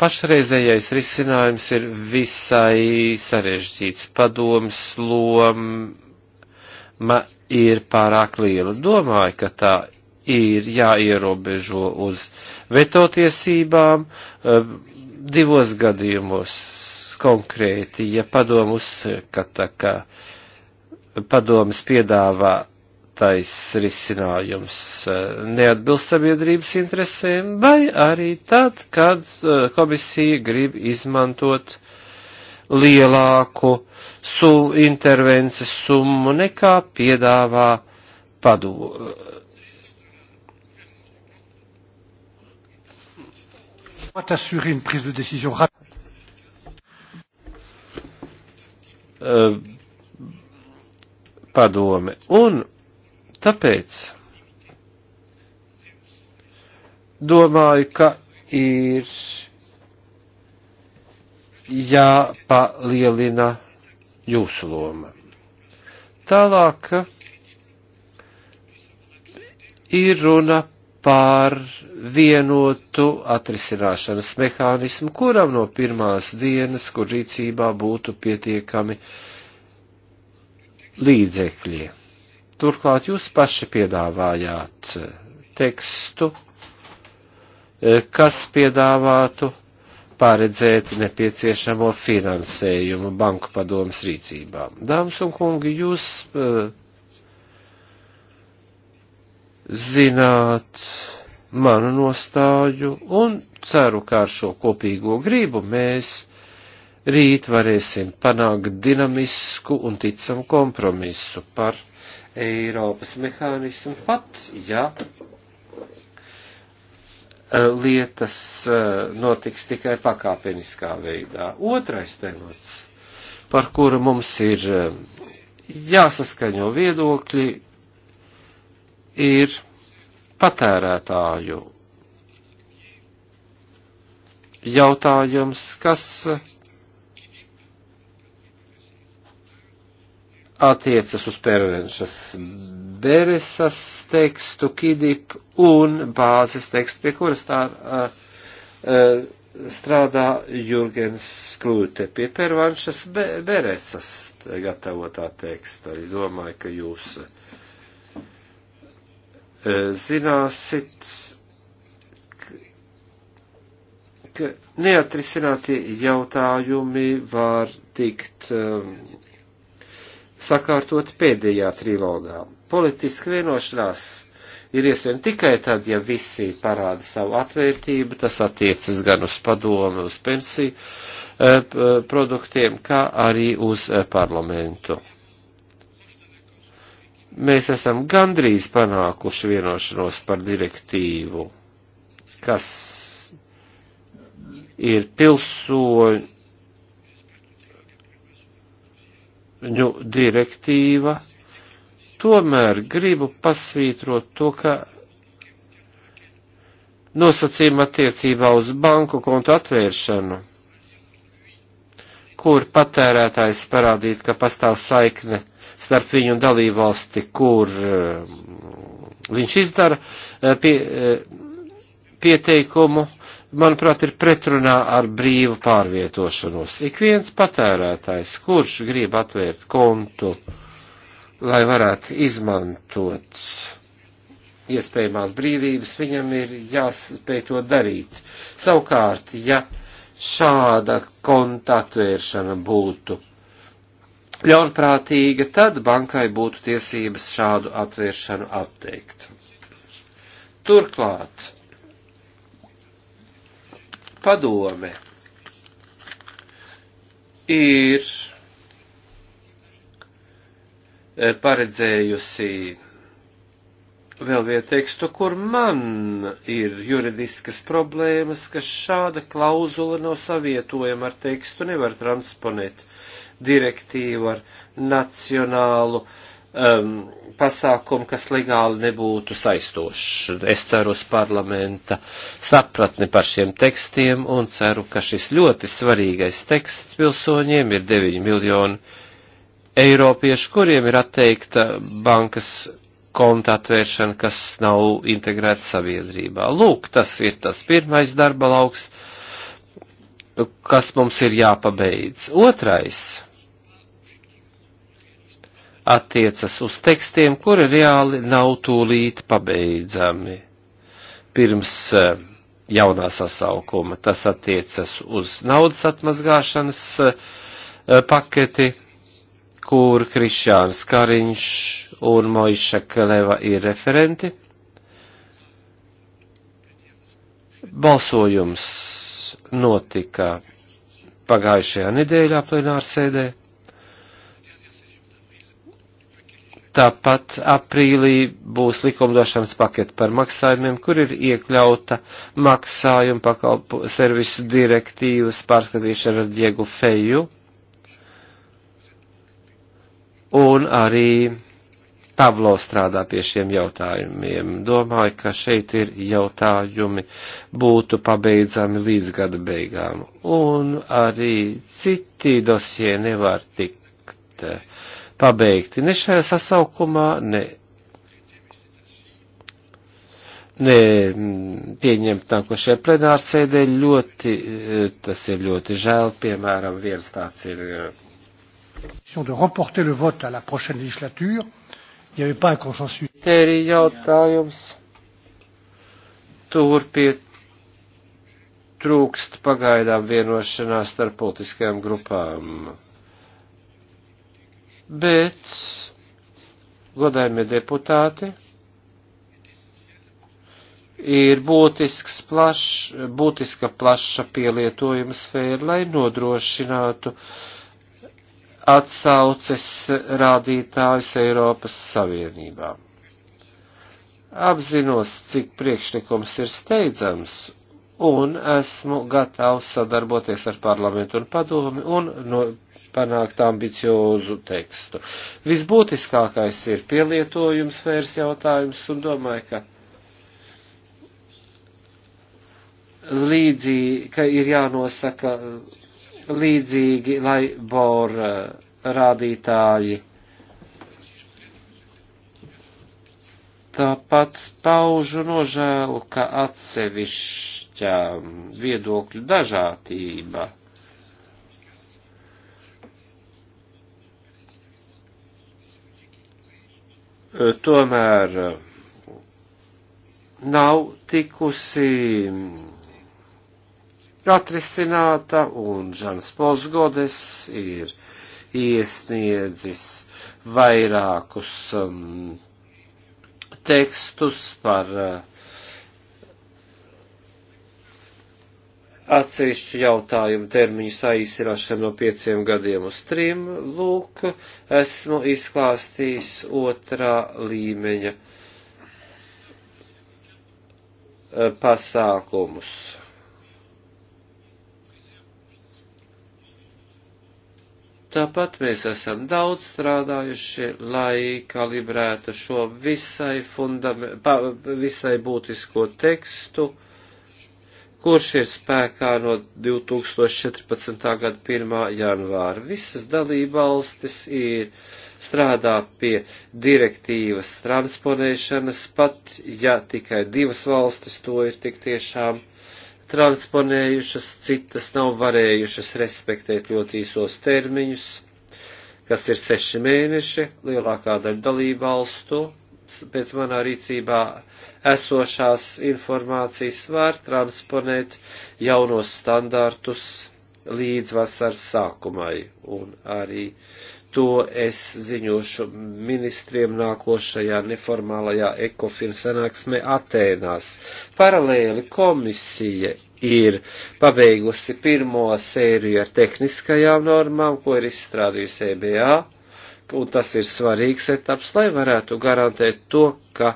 pašreizējais risinājums ir visai sarežģīts padoms loma. Ir pārāk liela. Domāju, ka tā ir jāierobežo uz veto tiesībām eh, divos gadījumos konkrēti, ja padomu uzskata, ka padomas piedāvātais risinājums eh, neatbilst sabiedrības interesēm, vai arī tad, kad eh, komisija grib izmantot lielāku summu, intervences summu nekā piedāvā padomu Euh, padome. Un tāpēc domāju, ka ir jāpalielina jūsu loma. Tālāk ir runa par vienotu atrisināšanas mehānismu, kuram no pirmās dienas, kur rīcībā būtu pietiekami līdzekļi. Turklāt jūs paši piedāvājāt tekstu, eh, kas piedāvātu paredzēt nepieciešamo finansējumu banku padomas rīcībā. Dāmas un kungi, jūs eh, zināt manu nostāju un ceru, ka ar šo kopīgo gribu mēs rīt varēsim panākt dinamisku un ticamu kompromisu par Eiropas mehānismu pat, ja eh, lietas eh, notiks tikai pakāpeniskā veidā. Otrais temats, par kuru mums ir eh, jāsaskaņo viedokļi, ir patērētāju jautājums, kas attiecas uz pervenšas beresas tekstu, kidip un bāzes tekstu, pie kuras tā uh, uh, strādā Jurgens Klūte. Pie pervenšas beresas gatavotā teksta. Domāju, ka jūs uh, zināsit, ka neatrisinātie jautājumi var tikt um, sakārtot pēdējā trilogā. Politiski vienošanās ir iespējama tikai tad, ja visi parāda savu atvērtību, tas attiecas gan uz padomu, uz pensiju produktiem, kā arī uz parlamentu. Mēs esam gandrīz panākuši vienošanos par direktīvu, kas ir pilsoņu direktīva, tomēr gribu pasvītrot to, ka nosacījuma attiecībā uz banku kontu atvēršanu, kur patērētājs parādīt, ka pastāv saikne starp viņu un dalībvalsti, kur eh, viņš izdara eh, pie, eh, pieteikumu, manuprāt, ir pretrunā ar brīvu pārvietošanos. Ik viens patērētājs, kurš grib atvērt kontu, lai varētu izmantot iespējamās brīvības, viņam ir jāspēj to darīt. Savukārt, ja šāda konta atvēršana būtu ļaunprātīga, tad bankai būtu tiesības šādu atvēršanu atteikt. Turklāt padome ir e, paredzējusi vēl vienu tekstu, kur man ir juridiskas problēmas, ka šāda klauzula nav savietojama ar tekstu, nevar transponēt. Uh, direktīvu, ar nacionālu um, pasākumu, kas legāli nebūtu saistošs. Es ceru uz parlamenta sapratni par šiem tekstiem un ceru, ka šis ļoti svarīgais teksts pilsoņiem ir 9 miljoni eiropiešu, kuriem ir atteikta bankas konta atvēršana, kas nav integrēta sabiedrībā. Lūk, tas ir tas pirmais darba lauks, kas mums ir jāpabeidz. Otrais attiecas uz tekstiem, kuri reāli nav tūlīt pabeidzami pirms eh, jaunā sasaukuma. Tas attiecas uz naudas atmazgāšanas eh, paketi, kur Krišāns Kariņš un Moiša Kaleva ir referenti. Balsojums notika pagājušajā nedēļā plenārsēdē. Tāpat aprīlī būs likumdošanas paketi par maksājumiem, kur ir iekļauta maksājuma pakalpu servisu direktīvas pārskatīšana ar Diegu Feju un arī Pavlo strādā pie šiem jautājumiem. Domāju, ka šeit ir jautājumi būtu pabeidzami līdz gada beigām. Un arī citi dosie nevar tikt uh, pabeigti ne šajā sasaukumā, ne, ne pieņemt nākošajā plenārsēdē. Ļoti, e, tas ir ļoti žēl, piemēram, viens tāds ir. E, de reporter le vote à la prochaine législature. Il n'y avait pas un consensus. Jautājums. Tur pie trūkst pagaidām vienošanās starp politiskajām grupām bet, godājumie deputāti, ir būtisks plaš, būtiska plaša pielietojuma sfēra, lai nodrošinātu atsauces rādītājus Eiropas Savienībā. Apzinos, cik priekšlikums ir steidzams un esmu gatavs sadarboties ar parlamentu un padomi un no, panākt ambiciozu tekstu. Visbūtiskākais ir pielietojums sfēras jautājums un domāju, ka līdzīgi, ka ir jānosaka līdzīgi, lai bor eh, rādītāji tāpat paužu nožēlu, ka atsevišķi mērķa, viedokļu dažādība. Tomēr nav tikusi atrisināta, un Žans Polsgodes ir iesniedzis vairākus um, tekstus par uh, atsevišķu jautājumu termiņu saīsināšanu no pieciem gadiem uz trim, lūk, esmu izklāstījis otrā līmeņa e, pasākumus. Tāpat mēs esam daudz strādājuši, lai kalibrētu šo visai, fundame, pa, visai būtisko tekstu, uh, kurš ir spēkā no 2014. gada 1. janvāra. Visas dalībvalstis ir strādā pie direktīvas transponēšanas, pat ja tikai divas valstis to ir tik tiešām transponējušas, citas nav varējušas respektēt ļoti īsos termiņus, kas ir seši mēneši, lielākā daļa dalībvalstu pēc manā rīcībā esošās informācijas var transponēt jaunos standartus līdz vasaras sākumai, un arī to es ziņošu ministriem nākošajā neformālajā ekofin sanāksmē Atēnās. Paralēli komisija ir pabeigusi pirmo sēriju ar tehniskajām normām, ko ir izstrādījusi EBA un tas ir svarīgs etaps, lai varētu garantēt to, ka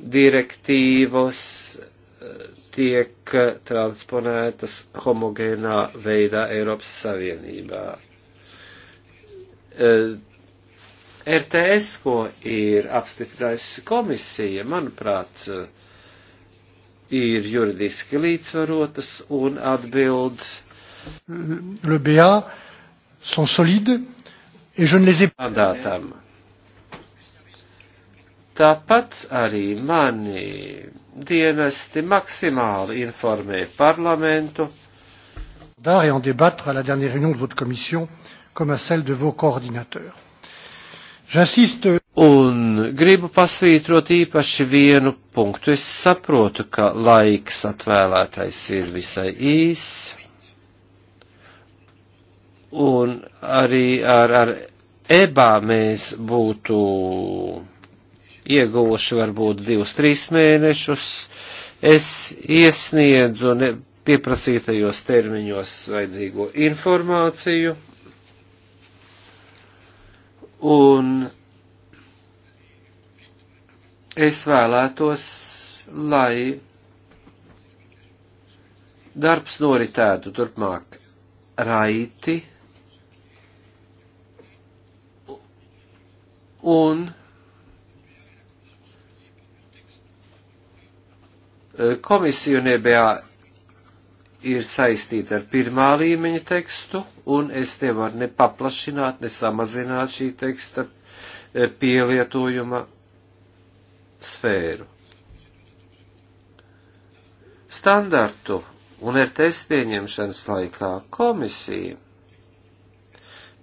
direktīvos eh, tiek transponētas homogēnā veidā Eiropas Savienībā. Eh, RTS, ko ir apstiprinājusi komisija, manuprāt, eh, ir juridiski līdzsvarotas un atbildes. Le BA sont solides Pārdātām. Tāpat arī mani dienesti maksimāli informē parlamentu. Et en débattre à la dernière réunion de votre commission comme à celle de vos coordinateurs. J'insiste. Un gribu pasvītrot īpaši vienu punktu. Es saprotu, ka laiks atvēlētais ir visai īss un arī ar, ar EBA mēs būtu ieguvuši varbūt divus, trīs mēnešus. Es iesniedzu pieprasītajos termiņos vajadzīgo informāciju. Un es vēlētos, lai darbs noritētu turpmāk raiti Un eh, komisija un EBA ir saistīta ar pirmā līmeņa tekstu, un es nevaru ne paplašināt, ne samazināt šī teksta eh, pielietojuma sfēru. Standartu un RTS pieņemšanas laikā komisija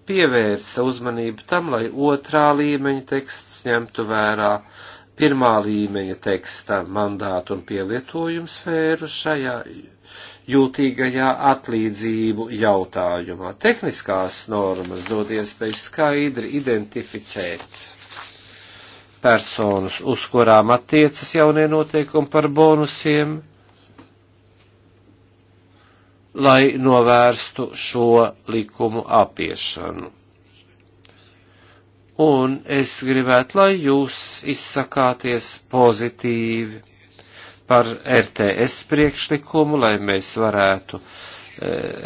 pievērsa uzmanību tam, lai otrā līmeņa teksts ņemtu vērā pirmā līmeņa teksta mandātu un pielietojumu sfēru šajā jūtīgajā atlīdzību jautājumā. Tehniskās normas dod iespēju skaidri identificēt personas, uz kurām attiecas jaunie noteikumi par bonusiem, lai novērstu šo likumu apiešanu. Un es gribētu, lai jūs izsakāties pozitīvi par RTS priekšlikumu, lai mēs varētu e,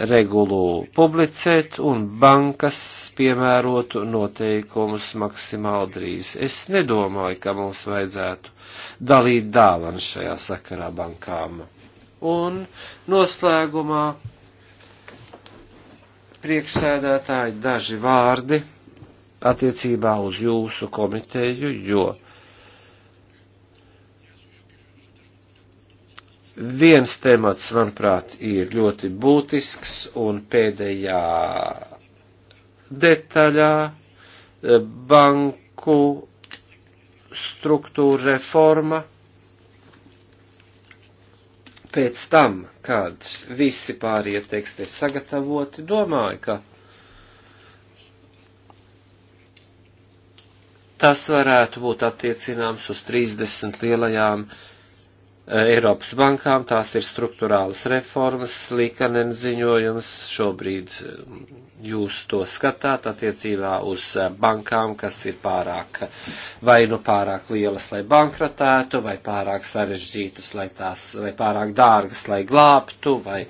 regulu publicēt un bankas piemērotu noteikumus maksimāli drīz. Es nedomāju, ka mums vajadzētu dalīt dāvanu šajā sakarā bankām. Un noslēgumā priekšsēdētāji daži vārdi attiecībā uz jūsu komiteju, jo viens temats, manuprāt, ir ļoti būtisks un pēdējā detaļā eh, banku struktūra reforma pēc tam, kad visi pārējie teksti ir sagatavoti, domāju, ka tas varētu būt attiecināms uz 30 lielajām uh, Eh, Eiropas bankām, tās ir struktūrālas reformas, Līkanen ziņojums, šobrīd eh, jūs to skatāt attiecībā uz eh, bankām, kas ir pārāk, vai nu pārāk lielas, lai bankratētu, vai pārāk sarežģītas, lai tās, vai pārāk dārgas, lai glābtu, vai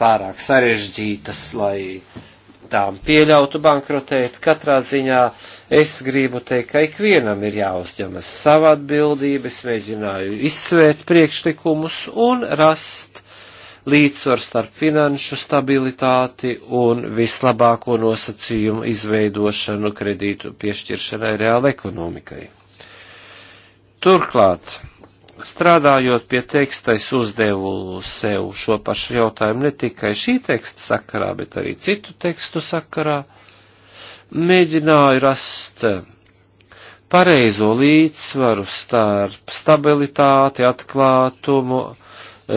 pārāk sarežģītas, lai tām pieļautu bankrotēt. Katrā ziņā es gribu teikt, ka ikvienam ir jāuzņemas sava atbildība. Es mēģināju izsvērt priekšlikumus un rast līdzsvaru starp finanšu stabilitāti un vislabāko nosacījumu izveidošanu kredītu piešķiršanai reāla ekonomikai. Turklāt, strādājot pie teksta, es uzdevu sev šo pašu jautājumu ne tikai šī teksta sakarā, bet arī citu tekstu sakarā. Mēģināju rast pareizo līdzsvaru starp stabilitāti, atklātumu,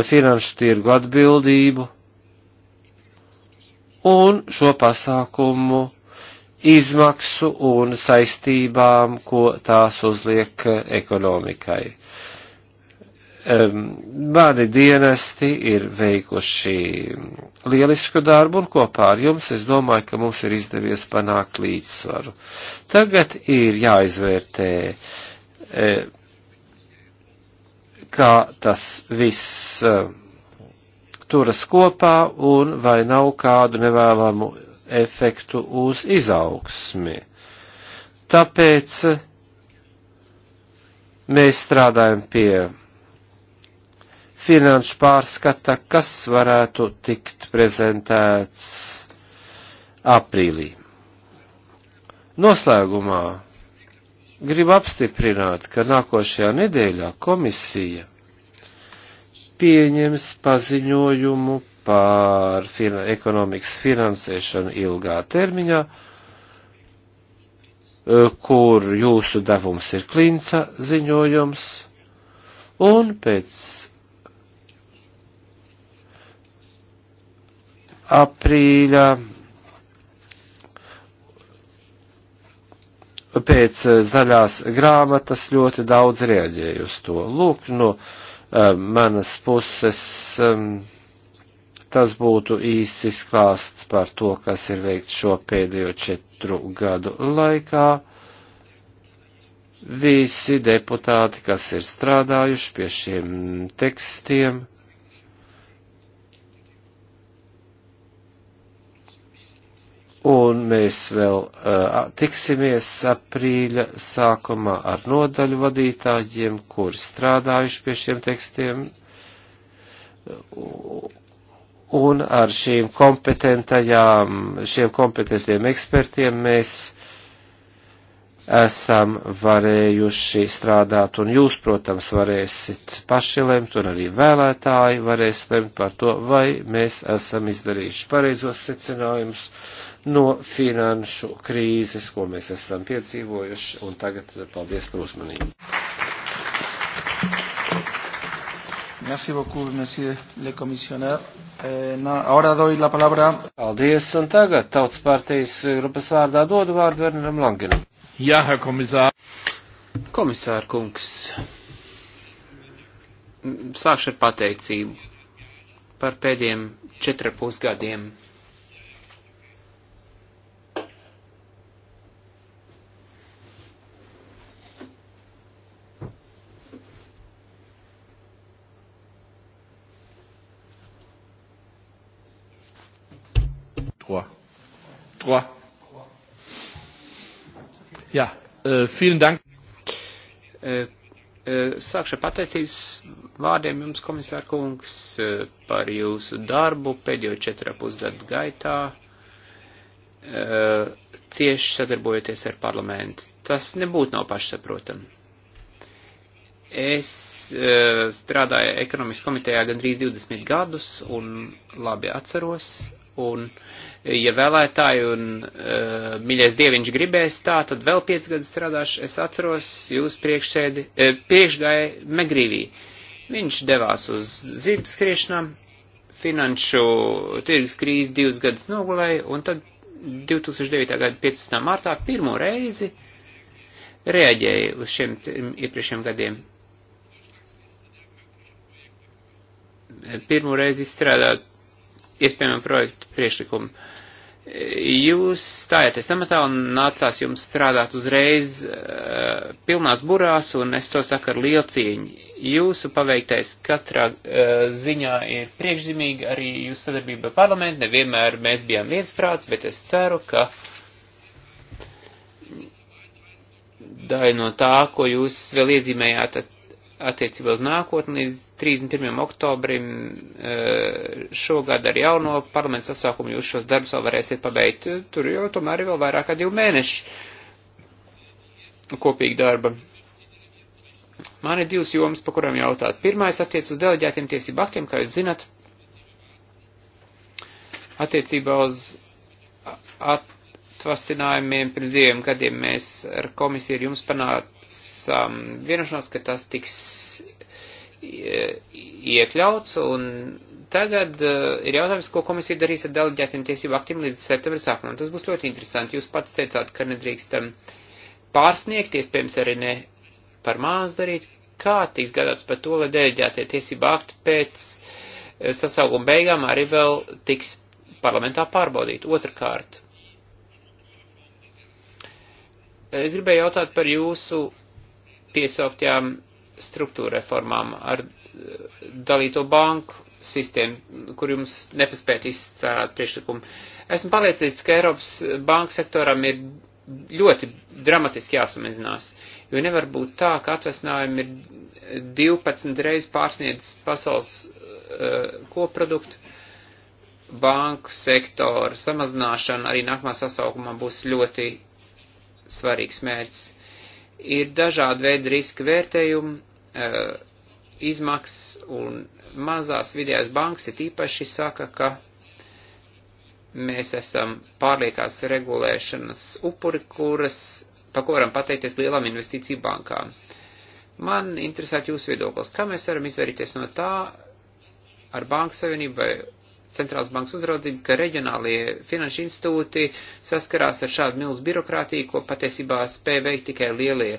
finanšu tirgu atbildību un šo pasākumu izmaksu un saistībām, ko tās uzliek ekonomikai Mani dienesti ir veikuši lielisku darbu un kopā ar jums es domāju, ka mums ir izdevies panākt līdzsvaru. Tagad ir jāizvērtē, e, kā tas viss e, turas kopā un vai nav kādu nevēlamu efektu uz izaugsmi. Tāpēc e, mēs strādājam pie finanšu pārskata, kas varētu tikt prezentēts aprīlī. Noslēgumā gribu apstiprināt, ka nākošajā nedēļā komisija pieņems paziņojumu par fin ekonomikas finansēšanu ilgā termiņā, e, kur jūsu devums ir klinca ziņojums, un pēc aprīļa pēc eh, zaļās grāmatas ļoti daudz reaģēju uz to. Lūk, no uh, manas puses um, tas būtu īsts izklāsts par to, kas ir veikts šo pēdējo četru gadu laikā. Visi deputāti, kas ir strādājuši pie šiem tekstiem, Un mēs vēl uh, tiksimies aprīļa sākumā ar nodaļu vadītājiem, kuri strādājuši pie šiem tekstiem, un ar šīm kompetentajām, šiem kompetentiem ekspertiem mēs esam varējuši strādāt, un jūs, protams, varēsit paši lemt, un arī vēlētāji varēs lemt par to, vai mēs esam izdarījuši pareizos secinājumus no finanšu krīzes, ko mēs esam piedzīvojuši, un tagad paldies par uzmanību. Merci beaucoup, monsieur le commissionnaire. Eh, no, ahora doy la palabra. Paldies, un tagad tautas partijas grupas vārdā dodu vārdu Verneram Langenam. Jā, ja, komisār. Komisār kungs. Sākšu ar pateicību par pēdējiem četrpus gadiem Trois. Jā, uh, vielen dank. Uh, Sākšu ar pateicības vārdiem jums, komisār kungs, par jūsu darbu pēdējo četrā pusgadu gaitā, cieši sadarbojoties ar parlamentu. Tas nebūtu nav pašsaprotam. Es strādāju ekonomikas komitejā gandrīz 20 gadus un labi atceros Un, ja vēlētāji un uh, mīļais dieviņš gribēs tā, tad vēl piec gadus strādāšu. Es atceros jūs priekšsēdi, uh, priekšgāja Megrīvī. Viņš devās uz zirgs skriešanām, finanšu tirgus krīzi divus gadus nogulēja, un tad 2009. gada 15. martā pirmo reizi reaģēja uz šiem iepriekšējiem gadiem. Pirmo reizi izstrādāt iespējamiem projektu priekšlikumu. Jūs stājāties amatā un nācās jums strādāt uzreiz uh, pilnās burās, un es to saku ar lielu cieņu. Jūsu paveiktais katrā uh, ziņā ir priekšzīmīgi, arī jūsu sadarbība ar parlamentu, nevienmēr mēs bijām viensprāts, bet es ceru, ka daļa no tā, ko jūs vēl iezīmējāt attiecībā uz nākotni līdz 31. oktobrim eh, šogad ar jauno parlamentu sasaukumu jūs šos darbus vēl varēsiet pabeigt. Tur jau tomēr ir vēl vairāk kā divi mēneši kopīgi darba. Man ir divas jomas, pa kurām jautāt. Pirmais attiec uz deleģētiem tiesību aktiem, kā jūs zinat, attiecībā uz atvasinājumiem pirms diviem gadiem mēs ar komisiju ir jums panākt um, vienošanos, ka tas tiks e, iekļauts, un tagad uh, ir jautājums, ko komisija darīs ar deleģētiem tiesību aktiem līdz septembra sākumam. Tas būs ļoti interesanti. Jūs pats teicāt, ka nedrīkstam pārsniegt, iespējams arī ne par māz darīt, kā tiks gadāts par to, lai deleģētie tiesību akti pēc e, sasauguma beigām arī vēl tiks parlamentā pārbaudīt. Otrakārt, es gribēju jautāt par jūsu piesauktajām struktūrreformām ar eh, dalīto banku sistēmu, kur jums nepaspēt izstrādāt priekšlikumu. Esmu pārliecināts, ka Eiropas banku sektoram ir ļoti dramatiski jāsamazinās, jo nevar būt tā, ka atvesinājumi ir 12 reizes pārsniedz pasaules uh, koproduktu. Banku sektora samazināšana arī nākamā sasaukumā būs ļoti svarīgs mērķis. Ir dažādi veidi riska vērtējumi, eh, izmaksas un mazās vidējās bankas ir īpaši saka, ka mēs esam pārliekās regulēšanas upuri, kuras, pa ko varam pateikties lielām investīciju bankām. Man interesētu jūsu viedoklis, kā mēs varam izvairīties no tā ar banku savienību vai centrālās bankas uzraudzību, ka reģionālie finanšu institūti saskarās ar šādu milzu birokrātiju, ko patiesībā spēja veikt tikai lielie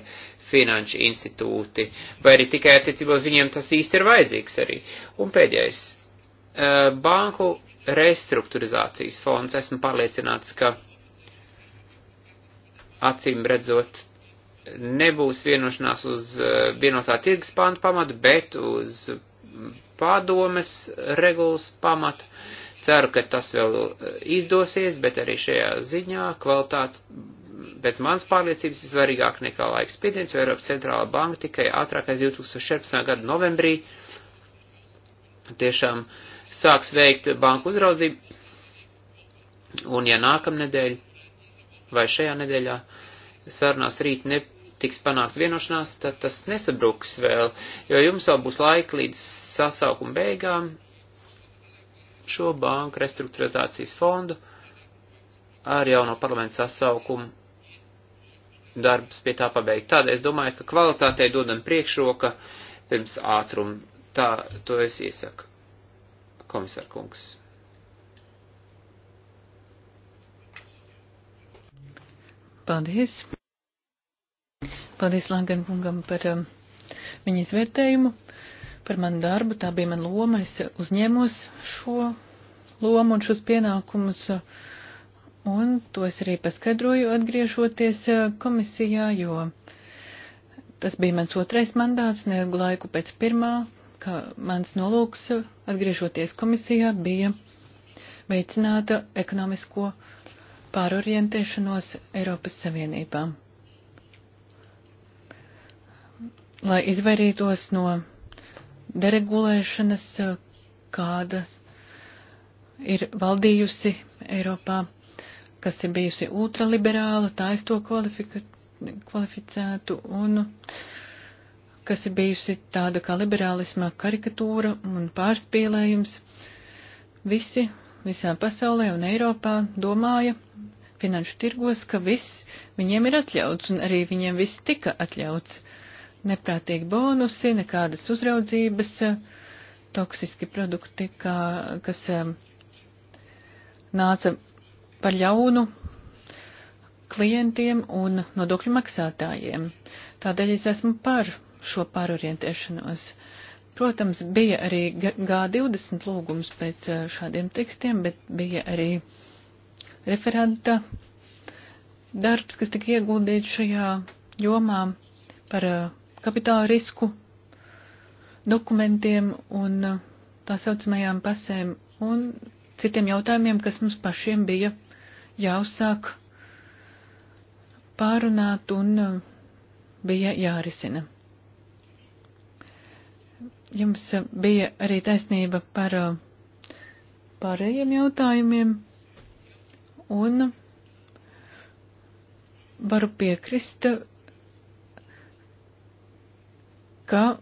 finanšu institūti, vai arī tikai attiecībā uz viņiem tas īsti ir vajadzīgs arī. Un pēdējais. Banku restruktūrizācijas fonds, esmu pārliecināts, ka acīm redzot nebūs vienošanās uz vienotā tirgus pānta pamatu, bet uz padomes regulas pamatu. Ceru, ka tas vēl e, izdosies, bet arī šajā ziņā kvalitāte pēc manas pārliecības ir svarīgāk nekā laiks spiediens, jo Eiropas centrālā banka tikai ātrākais 2014. gada novembrī tiešām sāks veikt banku uzraudzību. Un ja nākamnedēļ vai šajā nedēļā sarunās rīt ne, tiks panākt vienošanās, tad tas nesabruks vēl, jo jums vēl būs laika līdz sasaukuma beigām šo banku restruktūrizācijas fondu ar jauno parlamentu sasaukumu darbs pie tā pabeigt. Tādēļ es domāju, ka kvalitātei dodam priekšroka pirms ātruma. Tā, to es iesaku, komisār kungs. Paldies! Paldies Langan kungam par um, viņa izvērtējumu, par manu darbu. Tā bija mana loma. Es uzņēmos šo lomu un šos pienākumus. Un to es arī paskaidroju atgriežoties uh, komisijā, jo tas bija mans otrais mandāts, neilgu laiku pēc pirmā, ka mans nolūks uh, atgriežoties komisijā bija veicināt ekonomisko pārorientēšanos Eiropas Savienībām. lai izvairītos no deregulēšanas, eh, kādas ir valdījusi Eiropā, kas ir bijusi ultraliberāla, tā es to kvalificētu, un kas ir bijusi tāda kā liberālisma karikatūra un pārspīlējums. Visi visā pasaulē un Eiropā domāja finanšu tirgos, ka viss viņiem ir atļauts, un arī viņiem viss tika atļauts neprātīgi bonusi, nekādas uzraudzības, toksiski produkti, kā, kas um, nāca par ļaunu klientiem un nodokļu maksātājiem. Tādēļ es esmu par šo pārorientēšanos. Protams, bija arī G20 lūgums pēc uh, šādiem tekstiem, bet bija arī referenta darbs, kas tika ieguldīts šajā jomā par uh, kapitāla risku dokumentiem un uh, tā saucamajām pasēm un citiem jautājumiem, kas mums pašiem bija jāuzsāk pārunāt un uh, bija jārisina. Jums uh, bija arī taisnība par pārējiem jautājumiem un varu piekrist ka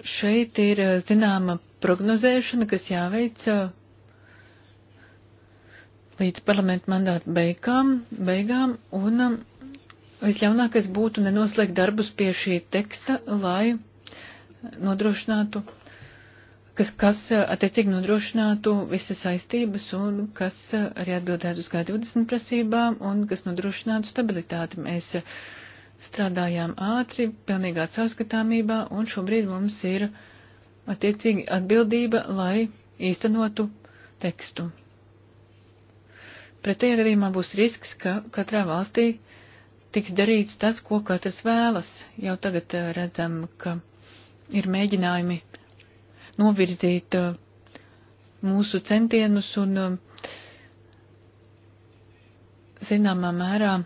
šeit ir eh, zināma prognozēšana, kas jāveic eh, līdz parlamentu mandātu beigām, beigām un eh, visļaunākais būtu nenoslēgt darbus pie šī teksta, lai nodrošinātu, kas, kas attiecīgi nodrošinātu visas saistības un kas arī atbildētu uz G20 prasībām un kas nodrošinātu stabilitāti. Mēs uh, strādājām ātri, pilnīgā caurskatāmībā, un šobrīd mums ir attiecīgi atbildība, lai īstenotu tekstu. Pretējā gadījumā būs risks, ka katrā valstī tiks darīts tas, ko katrs vēlas. Jau tagad eh, redzam, ka ir mēģinājumi novirzīt eh, mūsu centienus un eh, zināmā mērā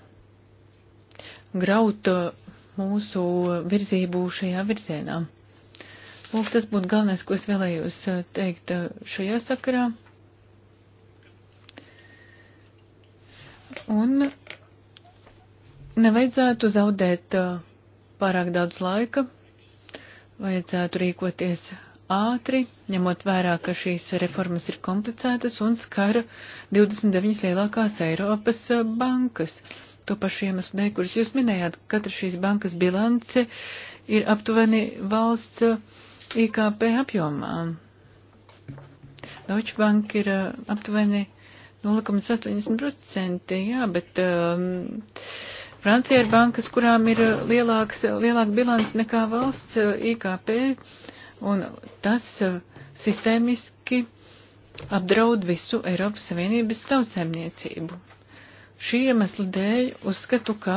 graut uh, mūsu virzību šajā virzienā. Lūk, tas būtu galvenais, ko es vēlējos uh, teikt uh, šajā sakarā. Un nevajadzētu zaudēt pārāk daudz laika, vajadzētu rīkoties ātri, ņemot vērā, ka šīs reformas ir komplicētas un skara 29 lielākās Eiropas bankas. Uh, to pašu iemeslu dēļ, kurus jūs minējāt. Katra šīs bankas bilance ir aptuveni valsts uh, IKP apjomā. Deutsche Bank ir uh, aptuveni 0,80%, jā, bet um, Francija ir bankas, kurām ir uh, lielāks, lielāka bilance nekā valsts IKP, un tas sistēmiski apdraud visu Eiropas Savienības tautsēmniecību. Šī iemesla dēļ uzskatu, ka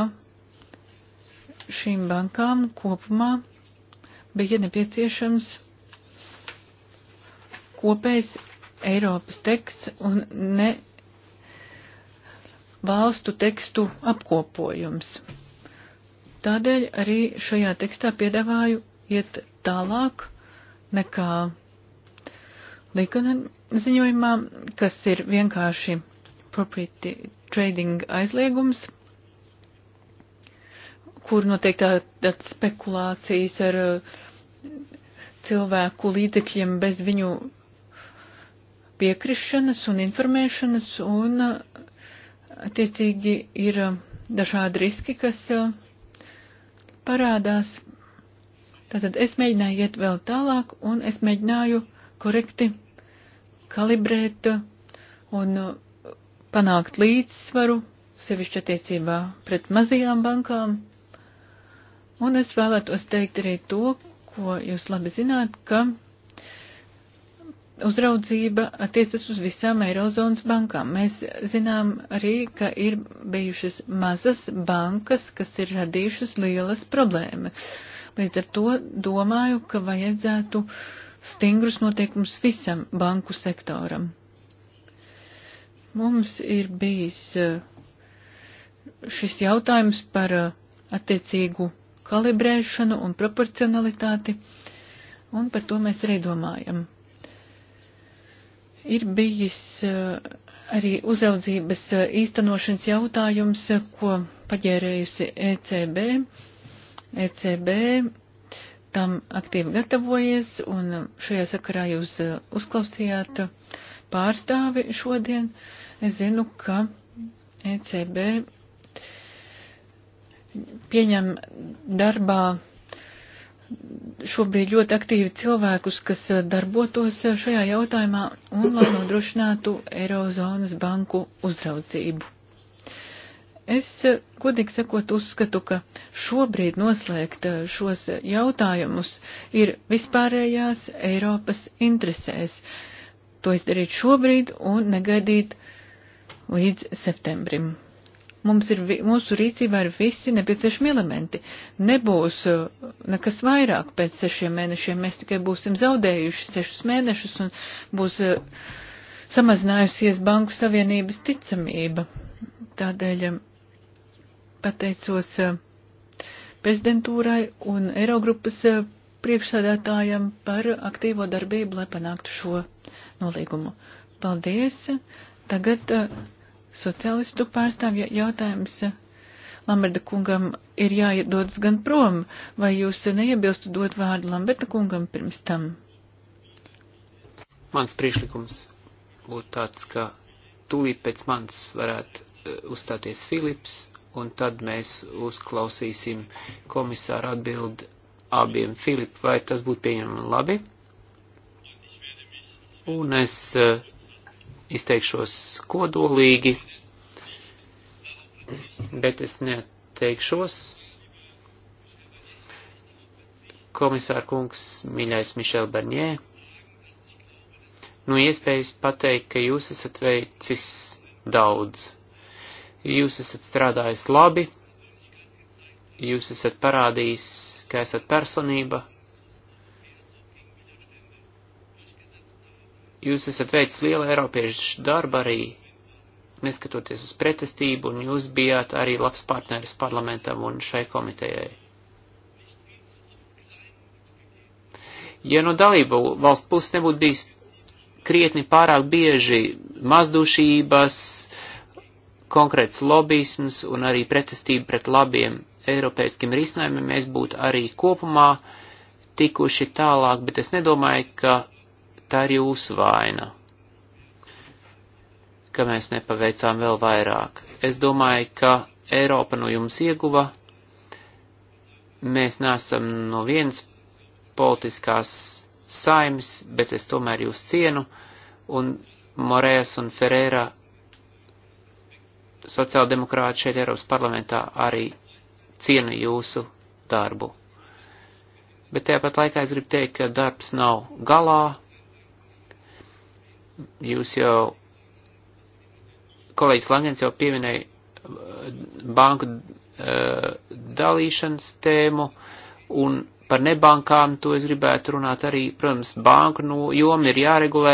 šīm bankām kopumā bija nepieciešams kopējs Eiropas teksts un ne valstu tekstu apkopojums. Tādēļ arī šajā tekstā piedāvāju iet tālāk nekā likuma ziņojumā, kas ir vienkārši propriety trading aizliegums, kur notiek tā, tāds spekulācijas ar uh, cilvēku līdzekļiem bez viņu piekrišanas un informēšanas, un uh, attiecīgi ir uh, dažādi riski, kas parādās. Tātad es mēģināju iet vēl tālāk, un es mēģināju korekti kalibrēt un panākt līdzsvaru, sevišķi attiecībā pret mazajām bankām. Un es vēlētos teikt arī to, ko jūs labi zināt, ka uzraudzība attiecas uz visām Eirozonas bankām. Mēs zinām arī, ka ir bijušas mazas bankas, kas ir radījušas lielas problēmas. Līdz ar to domāju, ka vajadzētu stingrus noteikumus visam banku sektoram. Mums ir bijis eh, šis jautājums par eh, attiecīgu kalibrēšanu un proporcionalitāti, un par to mēs arī domājam. Ir bijis eh, arī uzraudzības īstenošanas jautājums, ko paģērējusi ECB. ECB tam aktīvi gatavojies, un šajā sakarā jūs uzklausījāt pārstāvi šodien. Uh, Es zinu, ka ECB pieņem darbā šobrīd ļoti aktīvi cilvēkus, kas darbotos šajā jautājumā un lai nodrošinātu Eirozonas banku uzraudzību. Es, godīgi sakot, uzskatu, ka šobrīd noslēgt šos jautājumus ir vispārējās Eiropas interesēs. To izdarīt šobrīd un negaidīt uh, līdz septembrim. Mums ir, mūsu rīcībā ir visi nepieciešami elementi. Nebūs uh, nekas vairāk pēc sešiem mēnešiem. Mēs tikai būsim zaudējuši sešus mēnešus un būs uh, samazinājusies Banku Savienības ticamība. Tādēļ um, pateicos uh, prezidentūrai un Eirogrupas priekšsādātājam par aktīvo darbību, lai panāktu šo nolīgumu. Paldies! Tagad socialistu pārstāvja jautājums. Eh, Lamberta kungam ir jāiedodas gan prom, vai jūs eh, neiebilstu dot vārdu Lamberta kungam pirms tam? Mans priekšlikums būtu tāds, ka tūlīt pēc manis varētu eh, uzstāties Filips, un tad mēs uzklausīsim komisāru atbildi abiem Filipu, vai tas būtu pieņemami labi. Un es uh, izteikšos kodolīgi, bet es neteikšos. Komisāra kungs, mīļais Mišel Barņē, no iespējas pateikt, ka jūs esat veicis daudz. Jūs esat strādājis labi, jūs esat parādījis, ka esat personība, Jūs esat veicis lielu eiropiešu darbu arī, neskatoties uz pretestību, un jūs bijāt arī labs partneris parlamentam un šai komitejai. Ja no dalību valstu puses nebūtu bijis krietni pārāk bieži mazdušības, konkrēts lobisms un arī pretestība pret labiem eiropeiskiem risinājumiem, mēs būtu arī kopumā tikuši tālāk, bet es nedomāju, ka tā ir jūsu vaina, ka mēs nepaveicām vēl vairāk. Es domāju, ka Eiropa no jums ieguva, mēs nesam no vienas politiskās saimes, bet es tomēr jūs cienu, un Morēs un Ferēra sociāldemokrāti šeit Eiropas parlamentā arī cienu jūsu darbu. Bet tāpat laikā es gribu teikt, ka darbs nav galā, Jūs jau, kolēģis Langens jau pieminēja eh, banku eh, dalīšanas tēmu un par nebankām to es gribētu runāt arī, protams, banku no nu, joma ir jāregulē,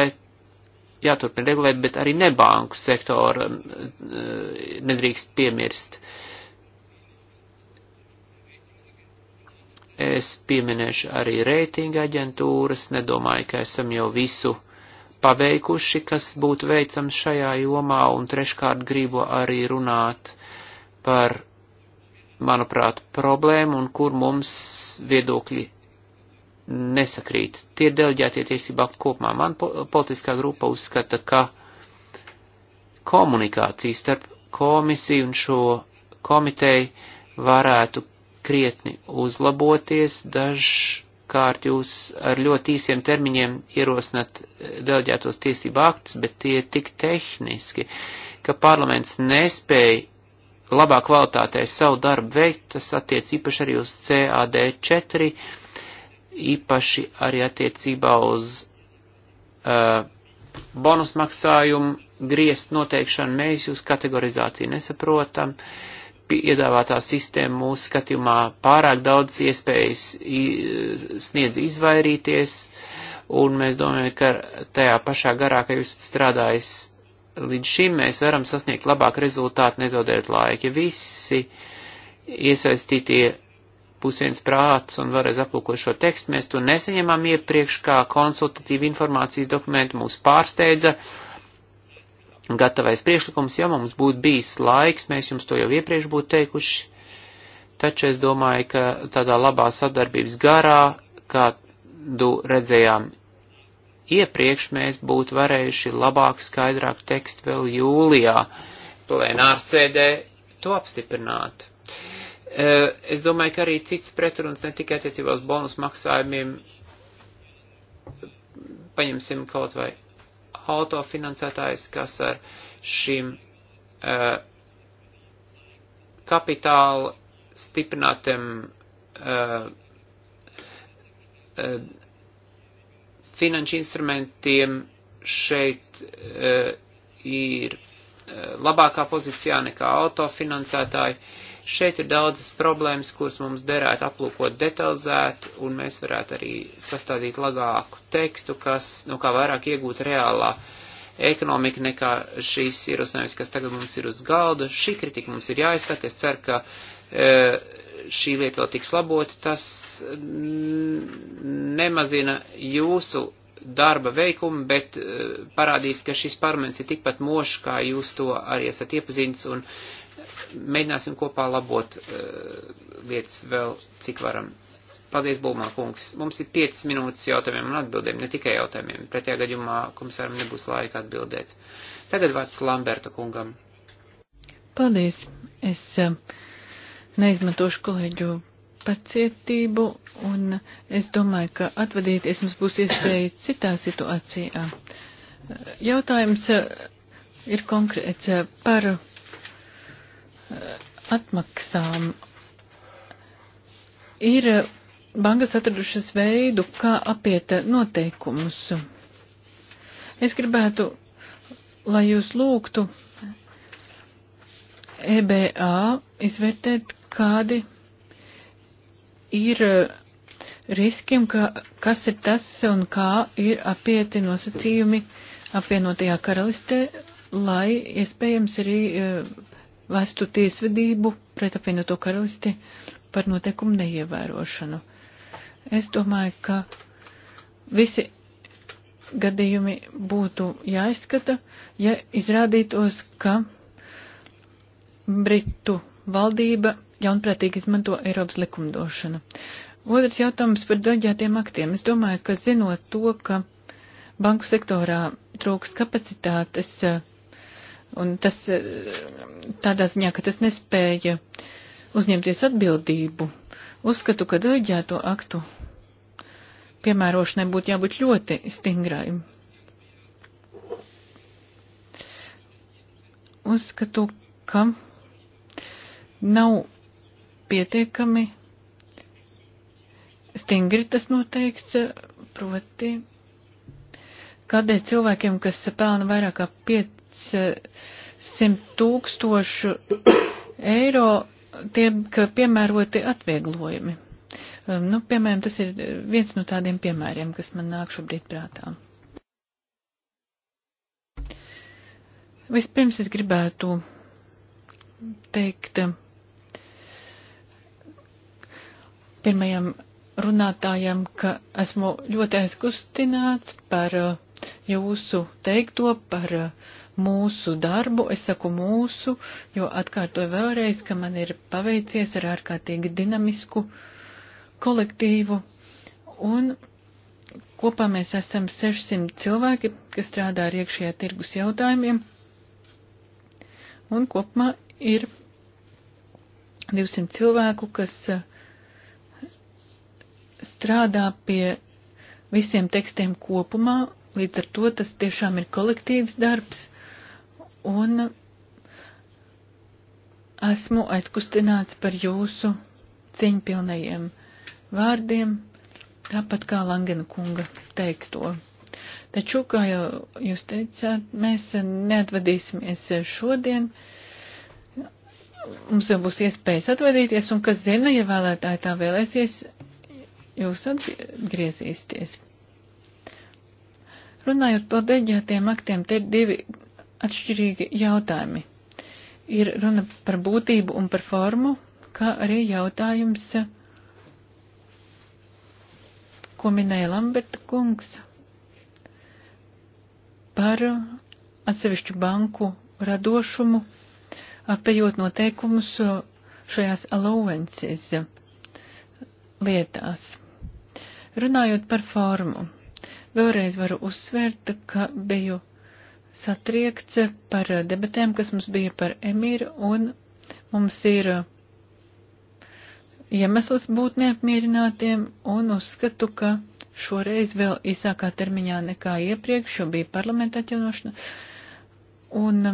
jāturpina regulēt, bet arī nebanku sektora eh, nedrīkst piemirst. Es pieminēšu arī reitinga aģentūras, nedomāju, ka esam jau visu paveikuši, kas būtu veicams šajā jomā, un treškārt gribu arī runāt par, manuprāt, problēmu un kur mums viedokļi nesakrīt. Tie ir deleģētie tiesībā kopumā. Man politiskā grupa uzskata, ka komunikācija starp komisiju un šo komiteju varētu krietni uzlaboties, dažs kārt jūs ar ļoti īsiem termiņiem ierosināt eh, deleģētos tiesību aktus, bet tie ir tik tehniski, ka parlaments nespēja labā kvalitātē savu darbu veikt, tas attiec īpaši arī uz CAD4, īpaši arī attiecībā uz uh, bonusmaksājumu griezt noteikšanu, mēs jūs kategorizāciju nesaprotam. Uh, piedāvātā sistēma mūsu skatījumā pārāk daudz iespējas sniedz izvairīties, un mēs domājam, ka tajā pašā garā, ka jūs strādājis līdz šim, mēs varam sasniegt labāku rezultātu, nezaudēt laiku. Ja visi iesaistītie būs viens prāts un varēs aplūkot šo tekstu, mēs to nesaņemam iepriekš kā konsultatīvu informācijas dokumentu, mūs pārsteidza. Uh, gatavais priekšlikums, ja mums būtu bijis laiks, mēs jums to jau iepriekš būtu teikuši, taču es domāju, ka tādā labā sadarbības garā, kādu redzējām iepriekš, mēs būtu varējuši labāk, skaidrāk tekstu vēl jūlijā plenārsēdē to apstiprināt. E, es domāju, ka arī cits pretruns ne tikai attiecībā uz bonus maksājumiem, paņemsim kaut vai autofinansētājs, kas ar šim uh, kapitāla stiprinātiem uh, uh, finanšu instrumentiem šeit uh, ir uh, labākā pozīcijā nekā autofinansētāji. Uh, Šeit ir daudzas problēmas, kuras mums derētu aplūkot detalizēt, un mēs varētu arī sastādīt labāku tekstu, kas, nu, kā vairāk iegūt reālā ekonomika nekā šīs ierosinājums, kas tagad mums ir uz galda. Šī kritika mums ir jāizsaka. Es ceru, ka e, šī lieta vēl tiks labota. Tas mm, nemazina jūsu darba veikumu, bet e, parādīs, ka šis parlaments ir tikpat mošs, kā jūs to arī esat iepazīstis, un mēģināsim kopā labot e, lietas vēl, cik varam. Paldies, Bulmā kungs. Mums ir 5 minūtes jautājumiem un atbildēm, ne tikai jautājumiem. Pretējā gadījumā komisāram nebūs laika atbildēt. Tagad vārds Lamberta kungam. Paldies. Es e, neizmantošu kolēģu pacietību un es domāju, ka atvadīties mums būs iespēja citā situācijā. Jautājums e, ir konkrēts par atmaksām, ir bankas atradušas veidu, kā apiet noteikumus. Es gribētu, lai jūs lūgtu EBA izvērtēt, kādi ir riskiem, ka, kas ir tas un kā ir apieti nosacījumi apvienotajā karalistē, lai iespējams arī uh, vestu tiesvedību pret apvienoto karalisti par notekumu neievērošanu. Es domāju, ka visi gadījumi būtu jāizskata, ja izrādītos, ka Britu valdība jaunprātīgi izmanto Eiropas likumdošanu. Otrs jautājums par daļģētiem aktiem. Es domāju, ka zinot to, ka banku sektorā trūkst kapacitātes Un tas eh, tādā ziņā, ka tas nespēja uzņemties atbildību. Uzskatu, ka deleģēto aktu piemērošanai būtu jābūt ļoti stingrai. Uzskatu, ka nav pietiekami stingri tas noteikts, proti, kādēļ cilvēkiem, kas pelna vairāk kā 5 simt tūkstošu eiro tiek piemēroti atvieglojumi. Um, nu, piemēram, tas ir viens no tādiem piemēriem, kas man nāk šobrīd prātā. Vispirms es gribētu teikt pirmajam runātājam, ka esmu ļoti aizkustināts par uh, jūsu teikto, par uh, mūsu darbu. Es saku mūsu, jo atkārtoju vēlreiz, ka man ir paveicies ar ārkārtīgi dinamisku kolektīvu. Un kopā mēs esam 600 cilvēki, kas strādā ar iekšējā tirgus jautājumiem. Un kopumā ir 200 cilvēku, kas eh, strādā pie visiem tekstiem kopumā, līdz ar to tas tiešām ir kolektīvs darbs un esmu aizkustināts par jūsu cieņpilnajiem vārdiem, tāpat kā Langena kunga teikto. Taču, kā jau jūs teicāt, mēs neatvadīsimies šodien. Mums jau būs iespējas atvadīties, un kas zina, ja vēlētāji tā vēlēsies, jūs atgriezīsieties. Runājot par deģētiem aktiem, te ir divi atšķirīgi jautājumi. Ir runa par būtību un par formu, kā arī jautājums, ko minēja Lamberta kungs par atsevišķu banku radošumu, apējot noteikumus šajās allowances lietās. Runājot par formu, vēlreiz varu uzsvērt, ka biju satriekts par eh, debatēm, kas mums bija par emīru, un mums ir eh, iemesls būt neapmierinātiem, un uzskatu, ka šoreiz vēl īsākā termiņā nekā iepriekš, jo bija parlamenta atjaunošana. Un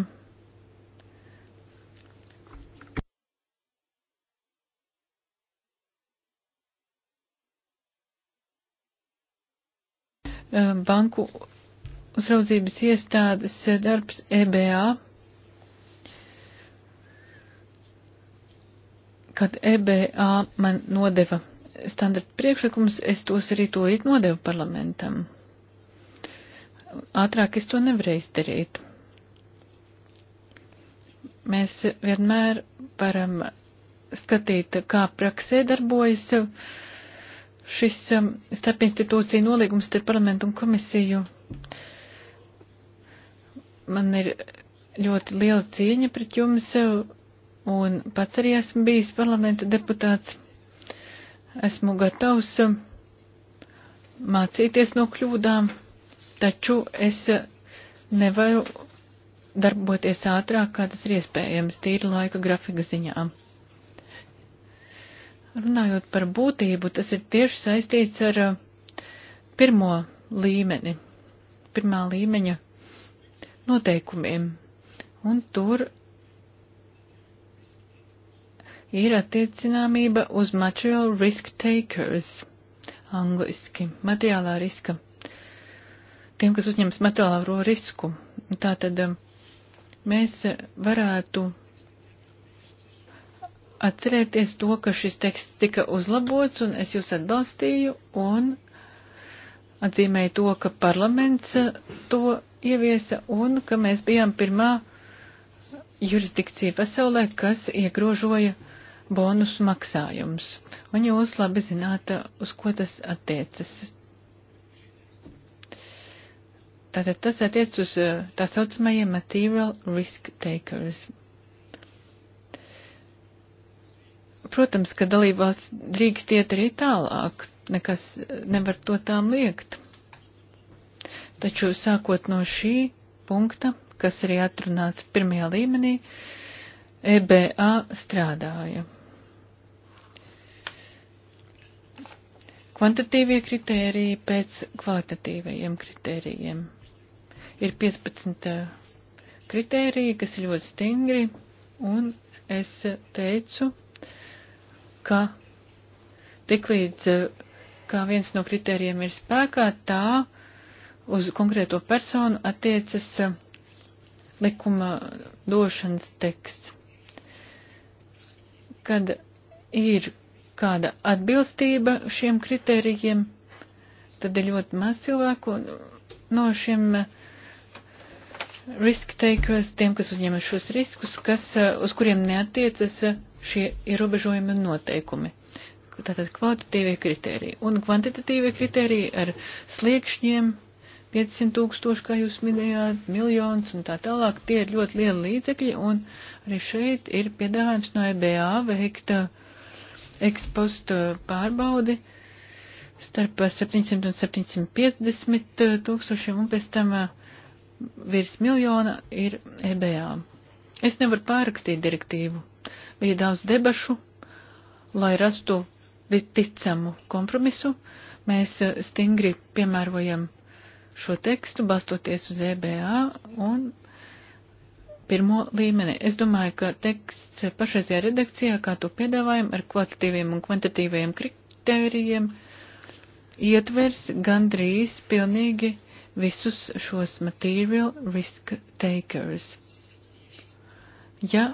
eh, banku uzraudzības iestādes eh, darbs EBA, kad EBA man nodeva standarta priekšlikumus, es tos arī tūlīt nodevu parlamentam. Ātrāk es to nevarēju izdarīt. Mēs vienmēr varam skatīt, kā praksē darbojas šis um, starpinstitūcija nolīgums starp parlamentu un komisiju. Uh, man ir ļoti liela cieņa pret jums, un pats arī esmu bijis parlamenta deputāts. Esmu gatavs um, mācīties no kļūdām, taču es uh, nevaru darboties ātrāk, kā tas ir iespējams, tīri laika grafika ziņā. Runājot par būtību, tas ir tieši saistīts ar uh, pirmo līmeni, pirmā līmeņa noteikumiem. Un tur ir attiecināmība uz material risk takers, angliski, materiālā riska, tiem, kas uzņems materiālo risku. Tātad um, mēs varētu atcerēties to, ka šis teksts tika uzlabots un es jūs atbalstīju un atzīmēju to, ka parlaments to ieviesa un ka mēs bijām pirmā jurisdikcija pasaulē, kas iegrožoja bonus maksājumus. Un jūs labi zināt, uz ko tas attiecas. Tātad tas attiec uz eh, tā saucamajiem material risk takers. Protams, ka dalībvalsts drīkst iet arī tālāk, nekas nevar to tām liekt. Taču sākot no šī punkta, kas arī atrunāts pirmajā līmenī, EBA strādāja. Kvantitīvie kritēriji pēc kvalitatīvajiem kritērijiem. Ir 15 e, kritēriji, kas ir ļoti stingri, un es teicu, ka tiklīdz e, kā viens no kritērijiem ir spēkā, tā uz konkrēto personu attiecas eh, likuma došanas teksts. Kad ir kāda atbilstība šiem kritērijiem, tad ir ļoti maz cilvēku no šiem eh, risk takers, tiem, kas uzņemas šos riskus, kas, eh, uz kuriem neatiecas šie ierobežojumi un noteikumi. Tātad kvalitatīvie kritēriji un kvantitatīvie kritēriji ar sliekšņiem, 500 tūkstoši, kā jūs minējāt, miljonus un tā tālāk. Tie ir ļoti lieli līdzekļi, un arī šeit ir piedāvājums no EBA veikt uh, ekspostu pārbaudi starp 700 un 750 uh, tūkstošiem, un pēc tam uh, virs miljona ir EBA. Es nevaru pārrakstīt direktīvu. Bija daudz debašu, lai rastu ticamu kompromisu. Mēs stingri piemērojam šo tekstu, balstoties uz EBA un pirmo līmeni. Es domāju, ka teksts pašreizajā redakcijā, kā to piedāvājam, ar kvalitatīviem un kvantitīviem kritērijiem, ietvers gandrīz pilnīgi visus šos material risk takers. Ja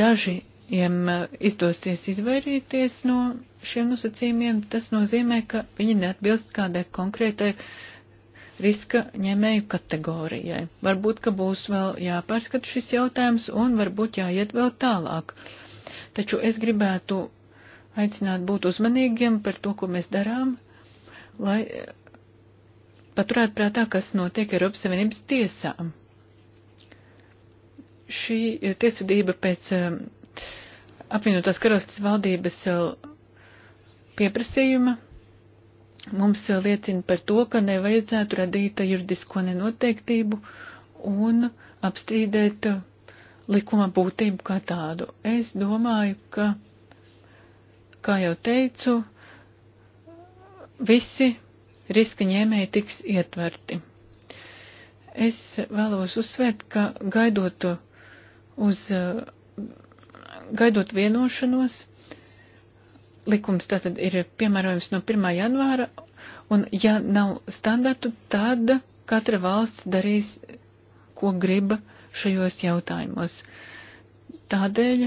dažiem eh, izdosies izvairīties no šiem nosacījumiem, tas nozīmē, ka viņi neatbilst kādai konkrētai uh, riska ņēmēju kategorijai. Varbūt, ka būs vēl jāpārskat šis jautājums un varbūt jāiet vēl tālāk. Taču es gribētu aicināt būt uzmanīgiem par to, ko mēs darām, lai eh, paturētu prātā, kas notiek Eiropas Savienības tiesām. Šī eh, tiesvedība pēc eh, apvienotās karalistas valdības pieprasījuma mums liecina par to, ka nevajadzētu radīt juridisko nenoteiktību un apstrīdēt likuma būtību kā tādu. Es domāju, ka, kā jau teicu, visi riska ņēmēji tiks ietverti. Es vēlos uzsvērt, ka gaidot uz, gaidot vienošanos, likums tātad ir piemērojams no 1. janvāra, un ja nav standartu, tad katra valsts darīs, ko grib šajos jautājumos. Tādēļ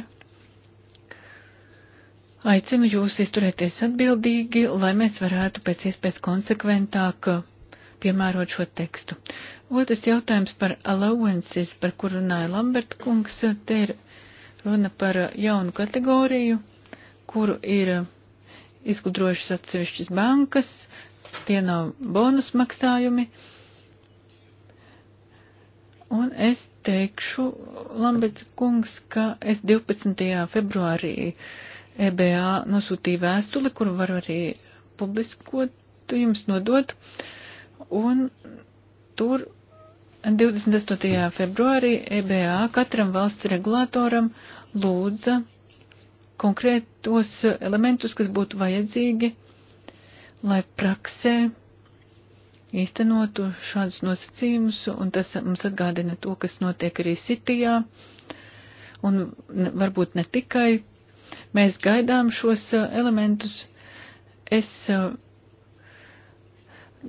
aicinu jūs izturēties atbildīgi, lai mēs varētu pēc iespējas konsekventāk piemērot šo tekstu. Otrs jautājums par allowances, par kur runāja Lambert kungs, te ir runa par jaunu kategoriju kuru ir izgudrojušas atsevišķas bankas, tie nav bonus maksājumi. Un es teikšu, Lambets kungs, ka es 12. februārī EBA nosūtīju vēstuli, kuru varu arī publiskot, jums nodot. Un tur 28. februārī EBA katram valsts regulātoram lūdza konkrētos elementus, kas būtu vajadzīgi, lai praksē īstenotu šādus nosacījumus, un tas mums atgādina to, kas notiek arī Sitijā, un varbūt ne tikai. Mēs gaidām šos uh, elementus. Es uh,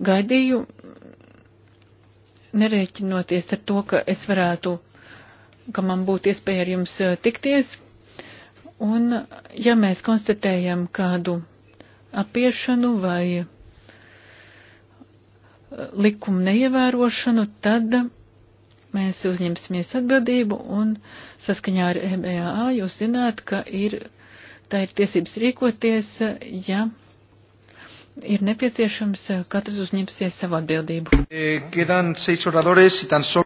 gaidīju, nerēķinoties ar to, ka es varētu, ka man būtu iespēja ar jums uh, tikties, Un, ja mēs konstatējam kādu apiešanu vai eh, likumu neievērošanu, tad mēs uzņemsimies atbildību un saskaņā ar EBA jūs zināt, ka ir, tā ir tiesības rīkoties, ja ir nepieciešams, katrs uzņemsies savu atbildību. Eh,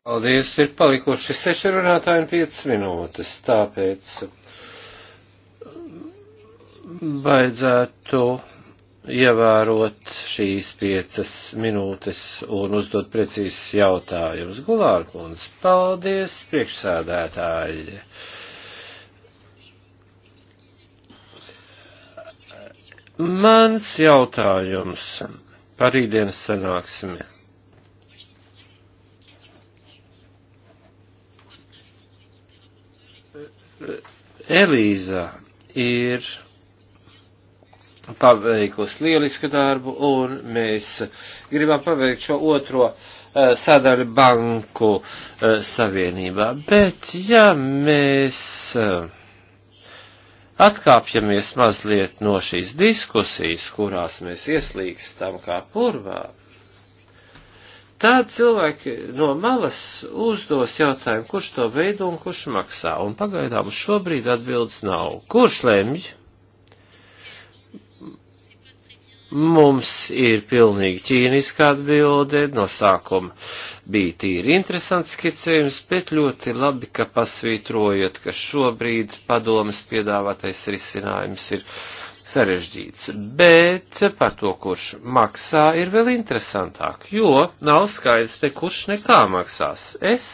Paldies, ir palikuši seši runātāji un piecas minūtes, tāpēc vajadzētu ievērot šīs piecas minūtes un uzdot precīzus jautājumus. Gulārkundz, paldies, priekšsēdētāji! Mans jautājums par rītdienas sanāksmi. Elīza ir paveikusi lielisku darbu, un mēs gribam paveikt šo otro eh, sadaļu banku eh, savienībā. Bet, ja mēs eh, atkāpjamies mazliet no šīs diskusijas, kurās mēs ieslīgstam kā purvā, tad cilvēki no malas uzdos jautājumu, kurš to veido un kurš maksā, un pagaidām šobrīd atbildes nav. Kurš lemj? Mums ir pilnīgi ķīniska atbilde, no sākuma bija tīri interesants skicējums, bet ļoti labi, ka pasvītrojat, ka šobrīd padomas piedāvātais risinājums ir sarežģīts. Bet par to, kurš maksā, ir vēl interesantāk, jo nav skaidrs, ne kurš nekā maksās. Es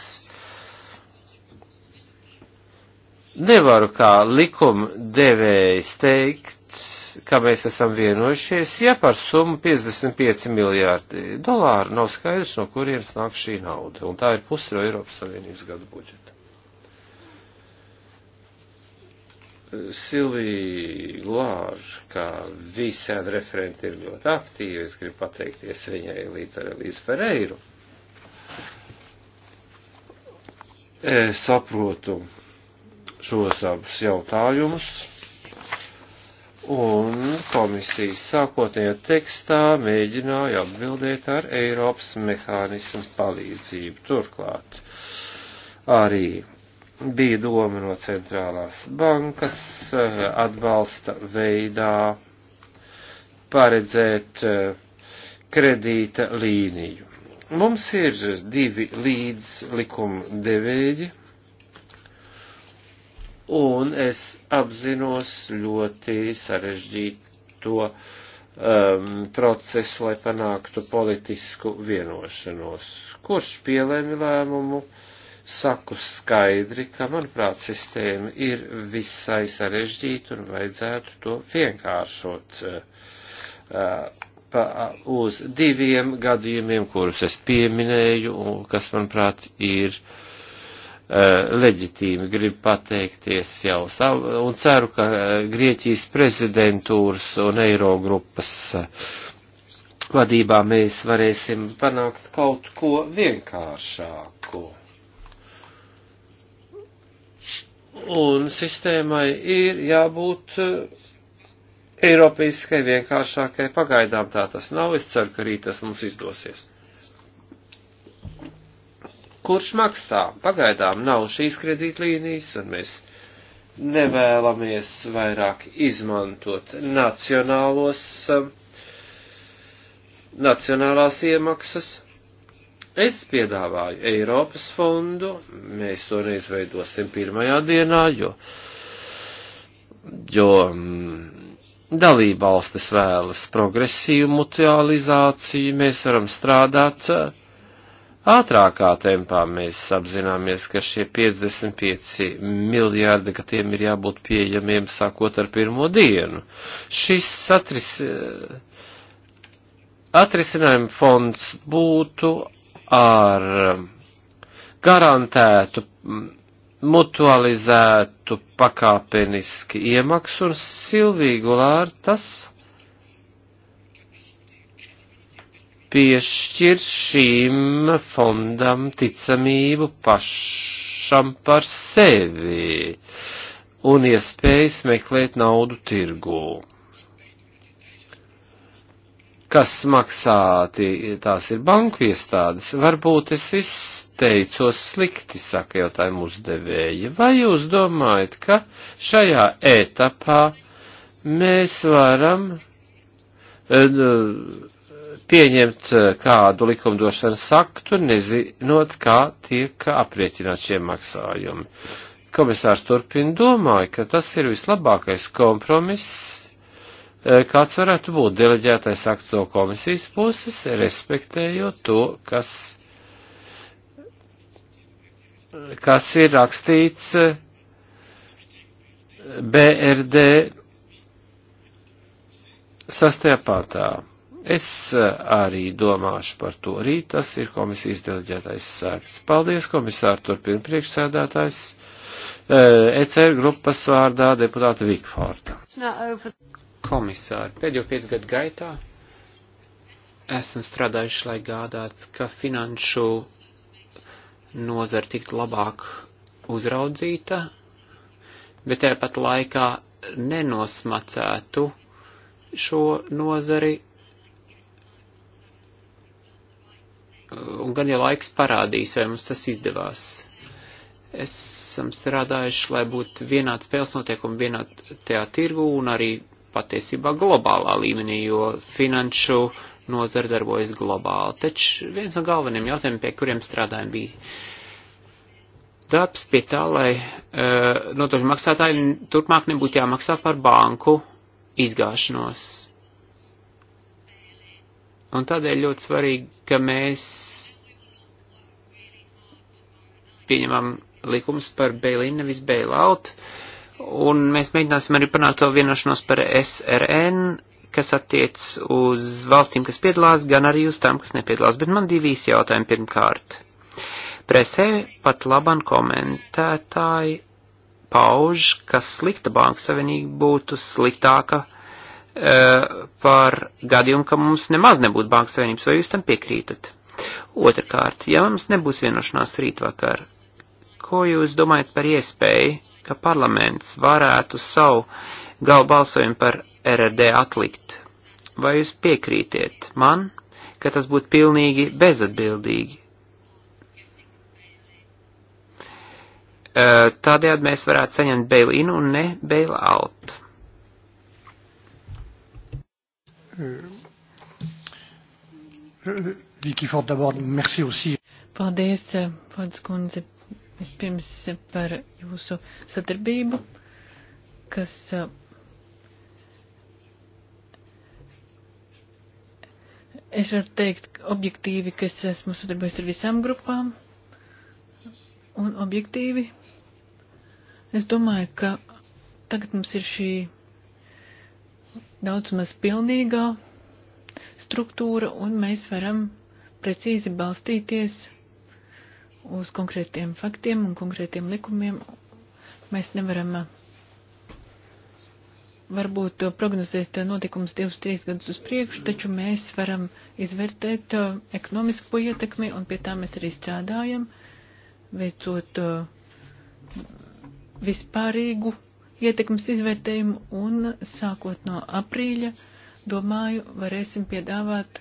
nevaru kā likuma devējs teikt, ka mēs esam vienojušies, ja par summu 55 miljārdi dolāru nav skaidrs, no kurienes nāk šī nauda. Un tā ir puse no Eiropas Savienības gada budžeta. Silvija Glāra, kā visiem referenti ir ļoti aktīvi, es gribu pateikties viņai līdz ar Elīzu Ferreiru. E, saprotu, šos abus jautājumus. Un komisijas sākotnējā tekstā mēģināja atbildēt ar Eiropas mehānismu palīdzību. Turklāt arī bija doma no centrālās bankas eh, atbalsta veidā paredzēt eh, kredīta līniju. Mums ir divi līdz likuma devēji un es apzinos ļoti sarežģīto um, procesu, lai panāktu politisku vienošanos. Kurš pielēma lēmumu? Saku skaidri, ka, manuprāt, sistēma ir visai sarežģīta un vajadzētu to vienkāršot. Uh, pa, uz diviem gadījumiem, kurus es pieminēju, un kas, manuprāt, ir uh, Eh, leģitīmi grib pateikties jau savu, un ceru, ka eh, Grieķijas prezidentūras un Eirogrupas eh, vadībā mēs varēsim panākt kaut ko vienkāršāku. Un sistēmai ir jābūt Eiropiskai vienkāršākai. Pagaidām tā tas nav. Es ceru, ka arī tas mums izdosies kurš maksā. Pagaidām nav šīs kredītlīnijas, un mēs nevēlamies vairāk izmantot nacionālos, um, nacionālās iemaksas. Es piedāvāju Eiropas fondu, mēs to neizveidosim pirmajā dienā, jo, jo um, dalībvalstis vēlas progresīvu mutualizāciju, mēs varam strādāt uh, ātrākā tempā mēs apzināmies, ka šie 55 miljārdi, ka tiem ir jābūt pieejamiem sākot ar pirmo dienu. Šis atris, eh, atrisinājuma fonds būtu ar eh, garantētu, mm, mutualizētu pakāpeniski iemaksu un Silvīgu lār tas piešķir šīm fondam ticamību pašam par sevi un iespējas meklēt naudu tirgū. Kas maksā, tie, tās ir banku iestādes. Varbūt es izteicos slikti, saka jautājumu uzdevēja. Vai jūs domājat, ka šajā etapā mēs varam uh, pieņemt eh, kādu likumdošanas aktu, nezinot, kā tiek aprieķināt šie maksājumi. Komisārs turpina domāja, ka tas ir vislabākais kompromiss, eh, kāds varētu būt deleģētais akts no komisijas puses, respektējot to, kas, kas ir rakstīts eh, BRD sastajā pātā. Es eh, arī domāšu par to rīt, tas ir komisijas deleģētais sākts. Paldies, komisāri, turpina priekšsēdētājs. Eh, ECR grupas vārdā deputāta Vikforta. Komisāri, pēdējo piecu gadu gaitā esam strādājuši, lai gādātu, ka finanšu nozara tikt labāk uzraudzīta, bet tāpat laikā nenosmacētu šo nozari un gan jau laiks parādīs, vai mums tas izdevās. Esam strādājuši, lai būtu vienāds spēles notiekumi vienātajā tirgu un arī patiesībā globālā līmenī, jo finanšu nozara darbojas globāli. Taču viens no galveniem jautājumiem, pie kuriem strādājam, bija darbs pie tā, lai uh, nodokļu maksātāji turpmāk nebūtu jāmaksā par banku izgāšanos Un tādēļ ļoti svarīgi, ka mēs pieņemam likums par bail-in, nevis bail-out, un mēs mēģināsim arī panākt to vienošanos par SRN, kas attiec uz valstīm, kas piedalās, gan arī uz tām, kas nepiedalās. Bet man divi īsi jautājumi pirmkārt. Presē pat laban komentētāji pauž, ka slikta banka savienība būtu sliktāka uh, E, par gadījumu, ka mums nemaz nebūtu bankas savienības, vai jūs tam piekrītat? Otrakārt, ja mums nebūs vienošanās rītvakar, ko jūs domājat par iespēju, ka parlaments varētu savu galvu balsojumu par RRD atlikt? Vai jūs piekrītiet man, ka tas būtu pilnīgi bezatbildīgi? E, tādējādi mēs varētu saņemt bail-in un ne bail-out. Euh, Viki Ford, d'abord, merci aussi. Paldies, eh, Fords kundze, vispirms eh, par jūsu sadarbību, kas eh, Es varu teikt objektīvi, ka es esmu sadarbojies ar visām grupām un objektīvi. Es domāju, ka tagad mums ir šī daudz maz pilnīgā struktūra, un mēs varam precīzi balstīties uz konkrētiem faktiem un konkrētiem likumiem. Mēs nevaram varbūt prognozēt notikumus divus, trīs gadus uz priekšu, taču mēs varam izvērtēt uh, ekonomisko ietekmi, un pie tā mēs arī strādājam, veicot uh, vispārīgu ietekmes izvērtējumu un sākot no aprīļa, domāju, varēsim piedāvāt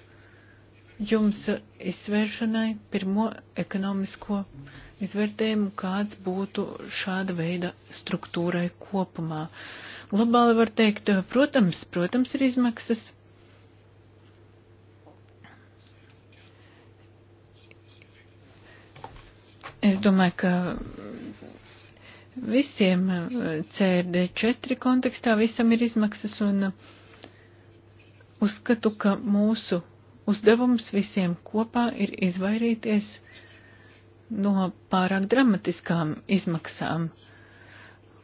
jums izsvēršanai pirmo ekonomisko izvērtējumu, kāds būtu šāda veida struktūrai kopumā. Globāli var teikt, protams, protams ir izmaksas. Es domāju, ka visiem eh, CRD4 kontekstā visam ir izmaksas un eh, uzskatu, ka mūsu uzdevums visiem kopā ir izvairīties no pārāk dramatiskām izmaksām,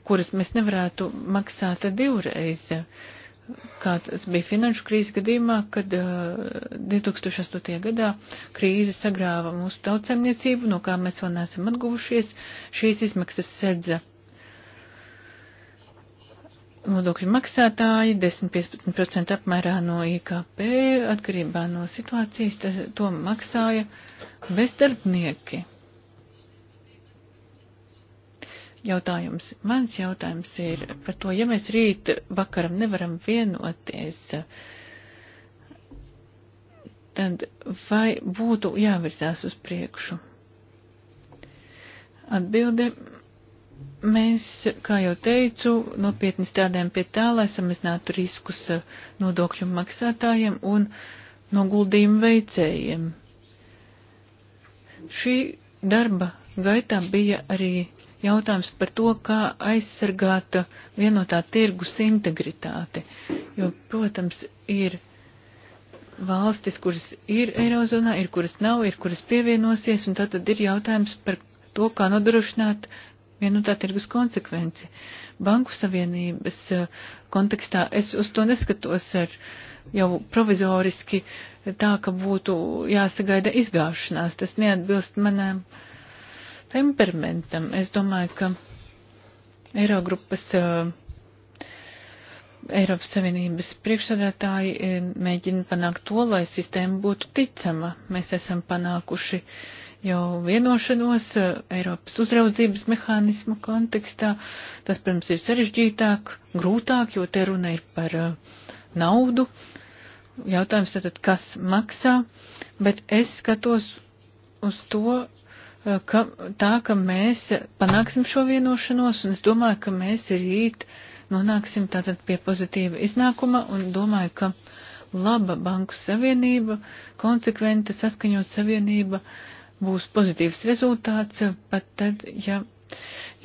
kuras mēs nevarētu maksāt divreiz. Uh, kā tas bija finanšu krīzes gadījumā, kad uh, 2008. gadā krīze sagrāva mūsu tautsemniecību, no kā mēs vēl neesam atguvušies, šīs izmaksas sedza nodokļu maksātāji 10-15% apmērā no IKP, atkarībā no situācijas, tas, to maksāja bezdarbnieki jautājums. Mans jautājums ir par to, ja mēs rīt vakaram nevaram vienoties, tad vai būtu jāvirzās uz priekšu? Atbilde. Mēs, kā jau teicu, nopietni strādājam pie tā, lai samazinātu riskus nodokļu maksātājiem un noguldījumu veicējiem. Šī darba gaitā bija arī jautājums par to, kā aizsargāt vienotā tirgus integritāti. Jo, protams, ir valstis, kuras ir Eirozonā, ir kuras nav, ir kuras pievienosies, un tātad ir jautājums par to, kā nodrošināt vienotā tirgus konsekvenci. Banku savienības eh, kontekstā es uz to neskatos ar jau provizoriski tā, ka būtu jāsagaida izgāšanās. Tas neatbilst manām. Uh, temperamentam. Es domāju, ka Eirogrupas, eh, Eiropas Savienības priekšsādātāji eh, mēģina panākt to, lai sistēma būtu ticama. Mēs esam panākuši jau vienošanos eh, Eiropas uzraudzības mehānismu kontekstā. Tas, protams, ir sarežģītāk, grūtāk, jo te runa ir par naudu. Jautājums tātad, kas maksā, bet es skatos uz to, Eh, ka, tā, ka mēs panāksim šo vienošanos, un es domāju, ka mēs rīt nonāksim tātad pie pozitīva iznākuma, un domāju, ka laba banku savienība, konsekventa saskaņot savienība būs pozitīvs rezultāts, pat tad, ja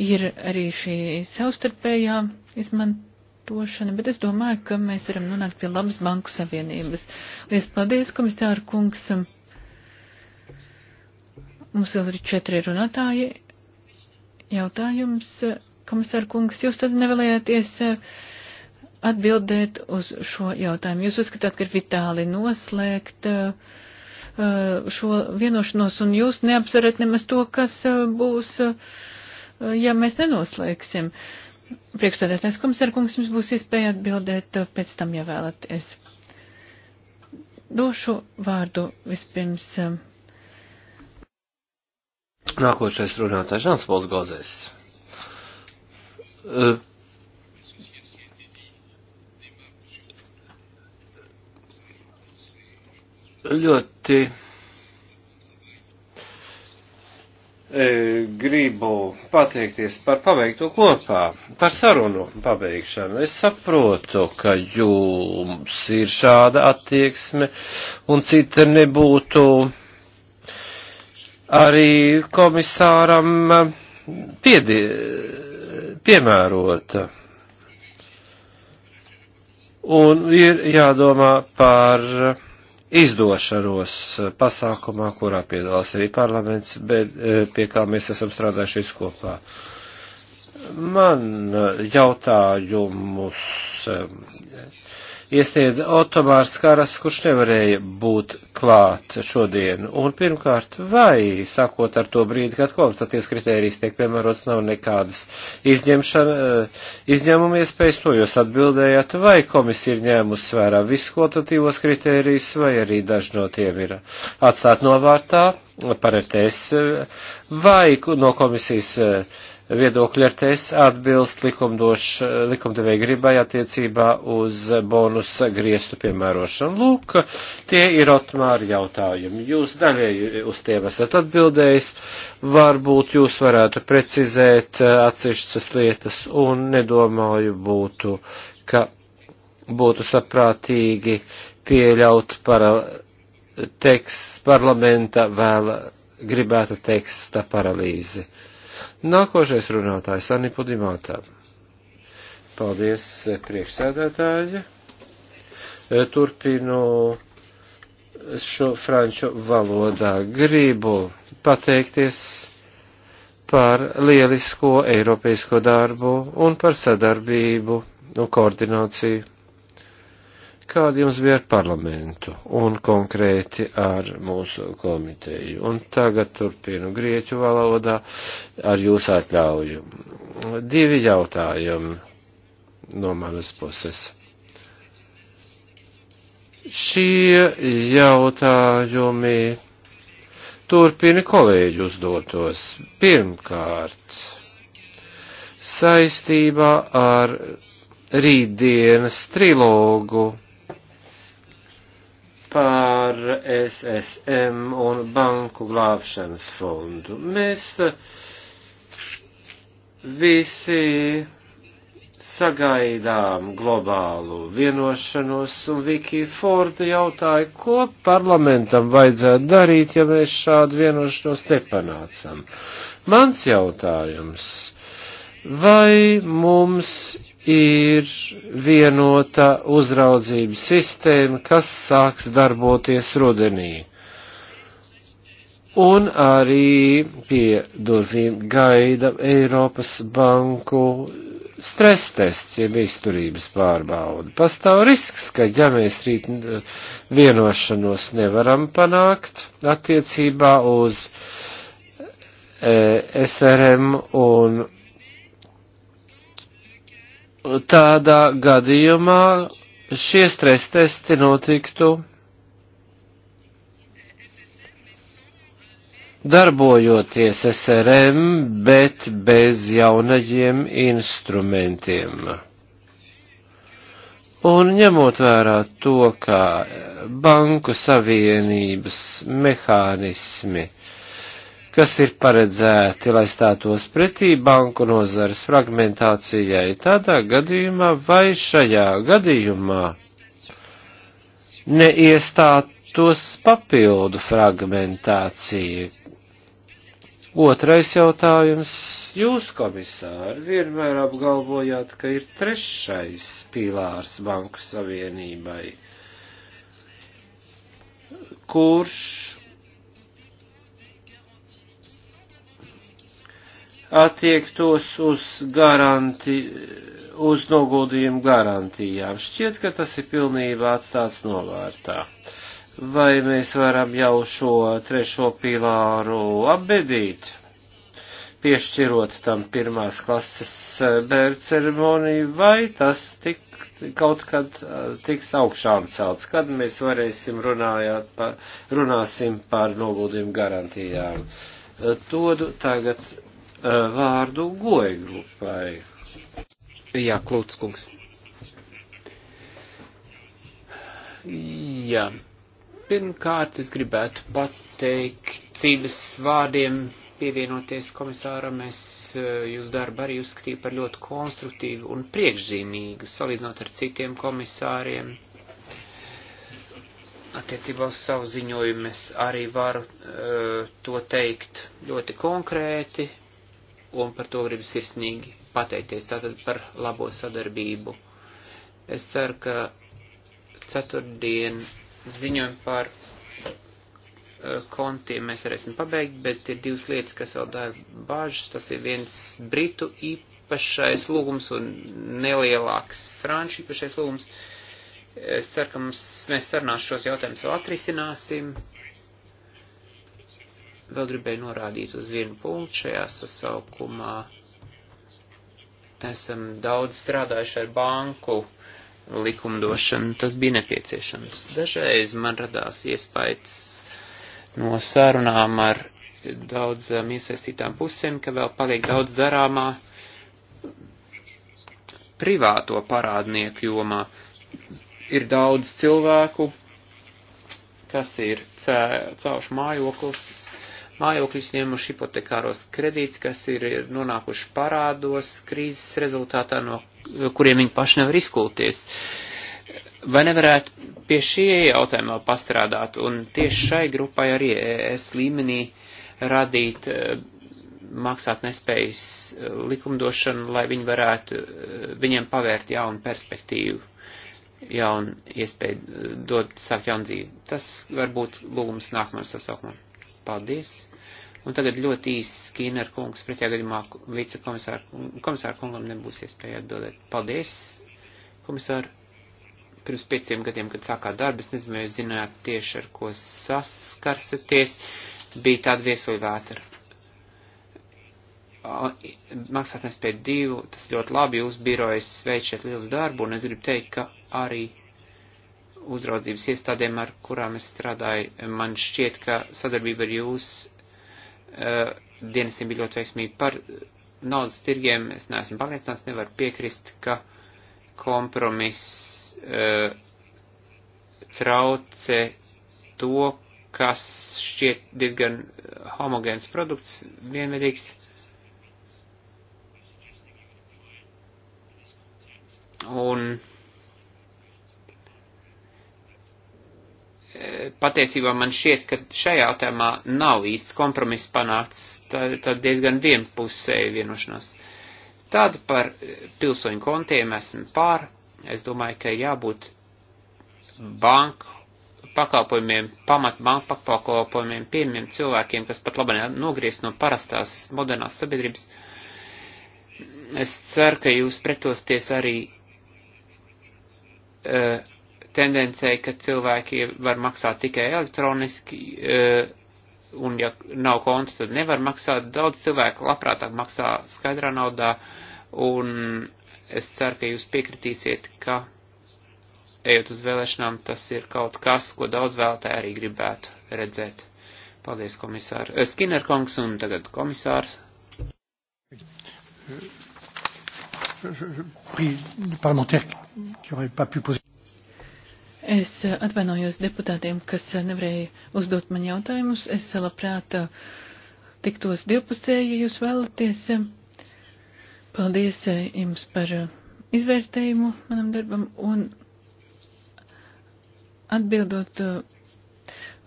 ir arī šī savstarpējā izmantošana, bet es domāju, ka mēs varam nonākt pie labas banku savienības. Lies paldies, komisāra kungs! Mums vēl ir četri runātāji. Jautājums, komisār kungs, jūs tad nevēlējāties eh, atbildēt uz šo jautājumu. Jūs uzskatāt, ka ir vitāli noslēgt eh, šo vienošanos, un jūs neapsverat nemaz to, kas eh, būs, ja mēs nenoslēgsim. Priekšstādētais komisār kungs, jums būs iespēja atbildēt pēc tam, ja vēlaties. Došu vārdu vispirms Nākošais runātājs Žants Pols Gozēs. Uh, ļoti e, gribu pateikties par paveikto kopā, par sarunu pabeigšanu. Es saprotu, ka jums ir šāda attieksme un cita nebūtu arī komisāram eh, piedi, piemērota. Un ir jādomā par izdošanos pasākumā, kurā piedalās arī parlaments, bet eh, pie kā mēs esam strādājušies kopā. Man jautājumus eh, iesniedza Otomārs Karas, kurš nevarēja būt klāt šodien. Un pirmkārt, vai, sakot ar to brīdi, kad kvalitatīvs kritērijs tiek piemērots, nav nekādas eh, izņēmuma iespējas, to jūs atbildējāt, vai komisija ir ņēmusi vērā visus kvalitatīvos kritērijus, vai arī daži no tiem ir atstāt novārtā par RTS, eh, vai no komisijas eh, viedokļi ar tēs atbilst likumdevēja gribai attiecībā uz bonusa griestu piemērošanu. Lūk, tie ir Otmāra jautājumi. Jūs daļēji uz tiem esat atbildējis. Varbūt jūs varētu precizēt atsevišķas lietas un nedomāju būtu, ka būtu saprātīgi pieļaut para teksts parlamenta vēl gribēta teksta paralīzi. Nākošais runātājs Anipudimātā. Paldies, eh, priekšsēdētāji. Eh, turpinu šo franču valodā. Gribu pateikties par lielisko eiropeisko darbu un par sadarbību un koordināciju kāda jums bija ar parlamentu un konkrēti ar mūsu komiteju. Un tagad turpinu grieķu valodā ar jūs atļauju. Divi jautājumi no manas puses. Šie jautājumi turpina kolēģi uzdotos. Pirmkārt, saistībā ar rītdienas trilogu par SSM un banku glābšanas fondu. Mēs eh, visi sagaidām globālu vienošanos, un Viki Forda jautāja, ko parlamentam vajadzētu darīt, ja mēs šādu vienošanos nepanācam. Mans jautājums Vai mums ir vienota uzraudzības sistēma, kas sāks darboties rudenī? Un arī pie durvīm gaida Eiropas banku stres tests, jeb izturības pārbauda. Pastāv risks, ka ja mēs rīt eh, vienošanos nevaram panākt attiecībā uz e, eh, SRM un tādā gadījumā šie stres testi notiktu darbojoties SRM, bet bez jaunajiem instrumentiem. Un ņemot vērā to, ka banku savienības mehānismi uh, kas ir paredzēti, lai stātos pretī banku nozares fragmentācijai tādā gadījumā vai šajā gadījumā neiestātos papildu fragmentācija. Otrais jautājums. Jūs, komisāri, vienmēr apgalvojāt, ka ir trešais pīlārs Banku Savienībai, kurš attiektos uz, garanti, uz noguldījumu garantijām. Šķiet, ka tas ir pilnībā atstāts novārtā. Vai mēs varam jau šo trešo pilāru apbedīt, piešķirot tam pirmās klases eh, bērnu ceremoniju, vai tas tik kaut kad eh, tiks augšām celts, kad mēs varēsim runājāt par, runāsim par noguldījumu garantijām. Eh, Dodu tagad Uh, vārdu goja grupai. Jā, Klūts kungs. Jā. Pirmkārt, es gribētu pateikt cīdas vārdiem pievienoties komisāram, es uh, jūs darbu arī uzskatīju par ļoti konstruktīvu un priekšzīmīgu, salīdzinot ar citiem komisāriem. Attiecībā uz savu ziņojumu es arī varu uh, to teikt ļoti konkrēti, un par to gribu sirsnīgi pateikties, tātad par labo sadarbību. Es ceru, ka ceturtdien ziņojumu par eh, kontiem mēs varēsim pabeigt, bet ir divas lietas, kas vēl dara bāžas. Tas ir viens britu īpašais lūgums un nelielāks franču īpašais lūgums. Es ceru, ka mums, mēs sarunās šos jautājumus vēl atrisināsim. Vēl gribēju norādīt uz vienu punktu šajā sasaukumā. Esam daudz strādājuši ar banku likumdošanu, tas bija nepieciešams. Dažreiz man radās iespējas no sarunām ar daudzām iesaistītām pusēm, ka vēl paliek daudz darāmā privāto parādnieku jomā. Ir daudz cilvēku, kas ir caušu mājoklis, mājokļus ņēmuši hipotekāros kredīts, kas ir, ir nonākuši parādos krīzes rezultātā, no kuriem viņi paši nevar izkulties. Vai nevarētu pie šie jautājuma pastrādāt un tieši šai grupai arī ES līmenī radīt e, maksāt nespējas e, likumdošanu, lai viņi varētu e, viņiem pavērt jaunu perspektīvu, jaunu iespēju dot sākt jaunu dzīvi. Tas varbūt lūgums nākamajam sasaukumam. Paldies! Un tagad ļoti īsi Skinner kungs, pretējā gadījumā vicekomisāra kungam nebūs iespēja atbildēt. Paldies, komisāra! Pirms pieciem gadiem, kad sākāt darbu, es nezinu, vai jūs zināt tieši, ar ko saskarsaties, bija tāda viesuļvētra maksāt nespēju divu, tas ļoti labi, jūs birojas veic šeit liels darbu, un es gribu teikt, ka arī uzraudzības iestādēm, ar kurām es strādāju, man šķiet, ka sadarbība ar jūs Eh, dienestiem bija ļoti veiksmīgi par naudas tirgiem. Es neesmu pārliecināts, nevaru piekrist, ka kompromiss eh, traucē to, kas šķiet diezgan homogēns produkts, vienveidīgs. Un patiesībā man šķiet, ka šajā tēmā nav īsts kompromiss panācis, tad diezgan vienpusēja vienošanās. Tad par pilsoņu kontiem esmu pār. Es domāju, ka jābūt banku pakalpojumiem, pamat banku pakalpojumiem, piemiem cilvēkiem, kas pat labi nogriezt no parastās modernās sabiedrības. Es ceru, ka jūs pretosties arī uh, tendencei, ka cilvēki var maksāt tikai elektroniski, eh, un ja nav konta, tad nevar maksāt. Daudz cilvēku labprātāk maksā skaidrā naudā, un es ceru, ka jūs piekritīsiet, ka ejot uz vēlēšanām, tas ir kaut kas, ko daudz vēlētāji arī gribētu redzēt. Paldies, komisār. Eh, Skinner kungs un tagad komisārs. Parlementaire qui n'aurait pas pu poser. Es atvainojos deputātiem, kas nevarēja uzdot man jautājumus. Es labprāt uh, tiktos divpusēji, ja jūs vēlaties. Paldies uh, jums par uh, izvērtējumu manam darbam un atbildot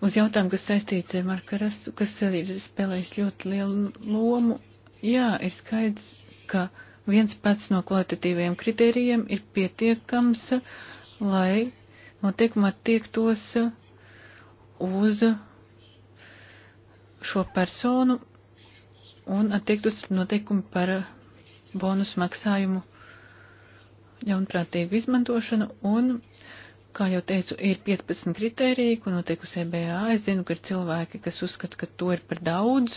uz jautājumu, kas saistīts ar Marka Rasu, kas ir spēlējis ļoti lielu lomu. Jā, ir skaidrs, ka viens pats no kvalitatīviem kritērijiem ir pietiekams, lai noteikumi attiektos uz šo personu un attiektos noteikumi par bonus maksājumu ļaunprātīgu izmantošanu un, kā jau teicu, ir 15 kritērija, ko noteikusi EBA. Es zinu, ka ir cilvēki, kas uzskata, ka to ir par daudz.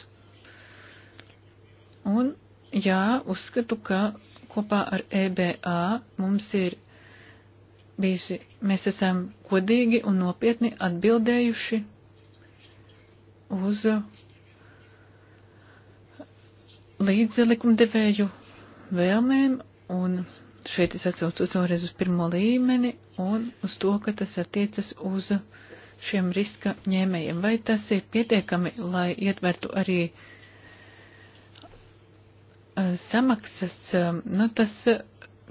Un jā, uzskatu, ka kopā ar EBA mums ir bijusi, mēs esam godīgi un nopietni atbildējuši uz līdzlikumdevēju vēlmēm, un šeit es atsaucu toreiz uz pirmo līmeni un uz to, ka tas attiecas uz šiem riska ņēmējiem. Vai tas ir pietiekami, lai ietvertu arī eh, samaksas? Eh, nu, tas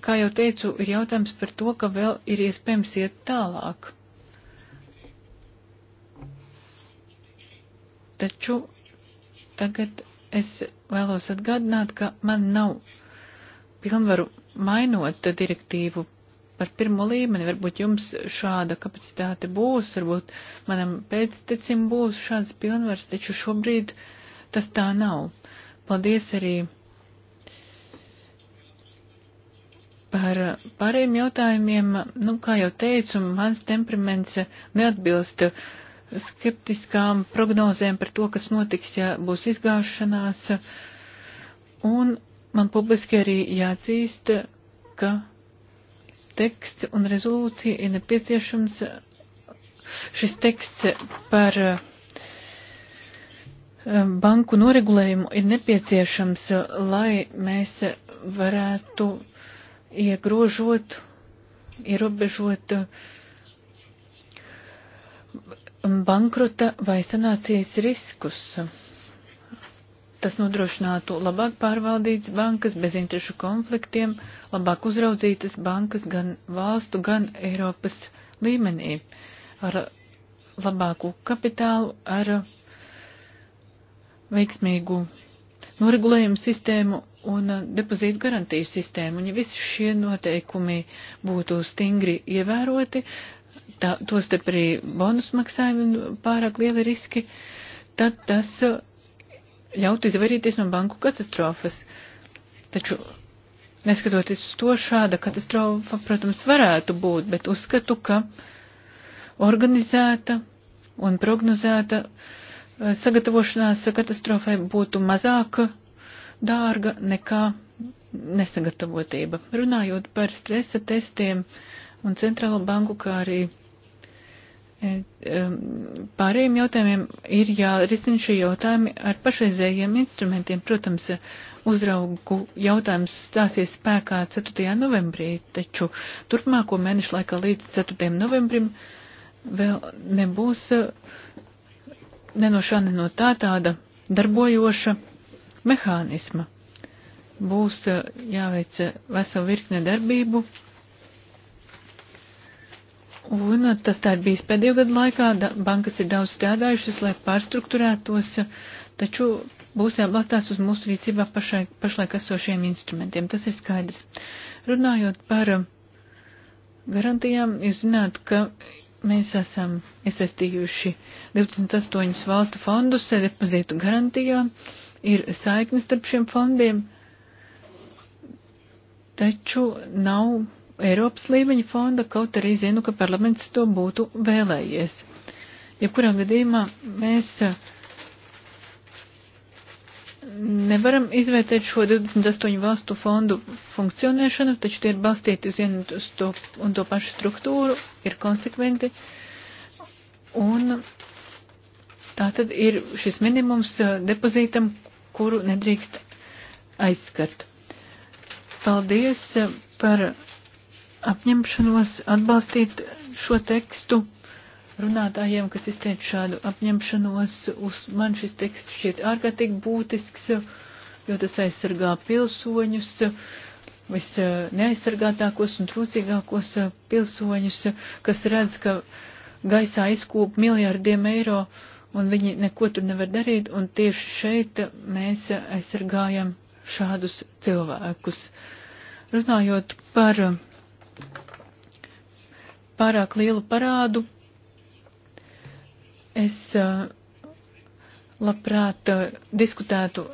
kā jau teicu, ir jautājums par to, ka vēl ir iespējams iet tālāk. Taču tagad es vēlos atgādināt, ka man nav pilnvaru mainot direktīvu par pirmo līmeni. Varbūt jums šāda kapacitāte būs, varbūt manam pēctecim būs šāds pilnvars, taču šobrīd tas tā nav. Paldies arī Par pārējiem jautājumiem, nu, kā jau teicu, mans temperaments neatbilst skeptiskām prognozēm par to, kas notiks, ja būs izgāšanās. Un man publiski arī jāatzīst, ka teksts un rezolūcija ir nepieciešams. Šis teksts par eh, banku noregulējumu ir nepieciešams, lai mēs varētu iegrožot, ierobežot um, bankrota vai sanācijas riskus. Tas nodrošinātu labāk pārvaldītas bankas bez interešu konfliktiem, labāk uzraudzītas bankas gan valstu, gan Eiropas līmenī, ar labāku kapitālu, ar veiksmīgu noregulējumu sistēmu un uh, depozītu garantiju sistēmu. Un ja visi šie noteikumi būtu stingri ievēroti, tā, tos te arī bonus maksājumi un pārāk lieli riski, tad tas uh, ļautu izvairīties no banku katastrofas. Taču, neskatoties uz to, šāda katastrofa, protams, varētu būt, bet uzskatu, ka organizēta un prognozēta uh, sagatavošanās katastrofai būtu mazāka dārga nekā nesagatavotība. Runājot par stresa testiem un centrālo banku, kā arī e, um, pārējiem jautājumiem, ir jārisina šie jautājumi ar pašreizējiem instrumentiem. Protams, uzraugu jautājums stāsies spēkā 4. novembrī, taču turpmāko mēnešu laikā līdz 4. novembrim vēl nebūs e, ne no šā, ne no tā tāda darbojoša mehānisma. Būs eh, jāveic eh, vesela virkne darbību. Un eh, tas tā ir bijis pēdējo gadu laikā. Da, bankas ir daudz strādājušas, lai pārstruktūrētos, taču būs jābalstās uz mūsu rīcībā pašai, pašlaik esošiem instrumentiem. Tas ir skaidrs. Runājot par garantijām, jūs zināt, ka mēs esam iesaistījuši 28 valstu fondus depozītu garantijām. Uh, ir saiknes starp šiem fondiem, taču nav Eiropas līmeņa fonda, kaut arī zinu, ka parlaments to būtu vēlējies. Jebkurā gadījumā mēs eh, nevaram izvērtēt šo 28 valstu fondu funkcionēšanu, taču tie ir balstīti uz vienu to, un to pašu struktūru, ir konsekventi. Un tā tad ir šis minimums eh, depozītam, kuru nedrīkst aizskart. Paldies par apņemšanos atbalstīt šo tekstu runātājiem, kas izteica šādu apņemšanos. Uz man šis teksts šķiet ārkārtīgi būtisks, jo tas aizsargā pilsoņus, visneaizsargātākos un trūcīgākos pilsoņus, kas redz, ka gaisā izkūp miljardiem eiro uh, un viņi neko tur nevar darīt, un tieši šeit mēs aizsargājam šādus cilvēkus. Runājot par pārāk lielu parādu, es labprāt diskutētu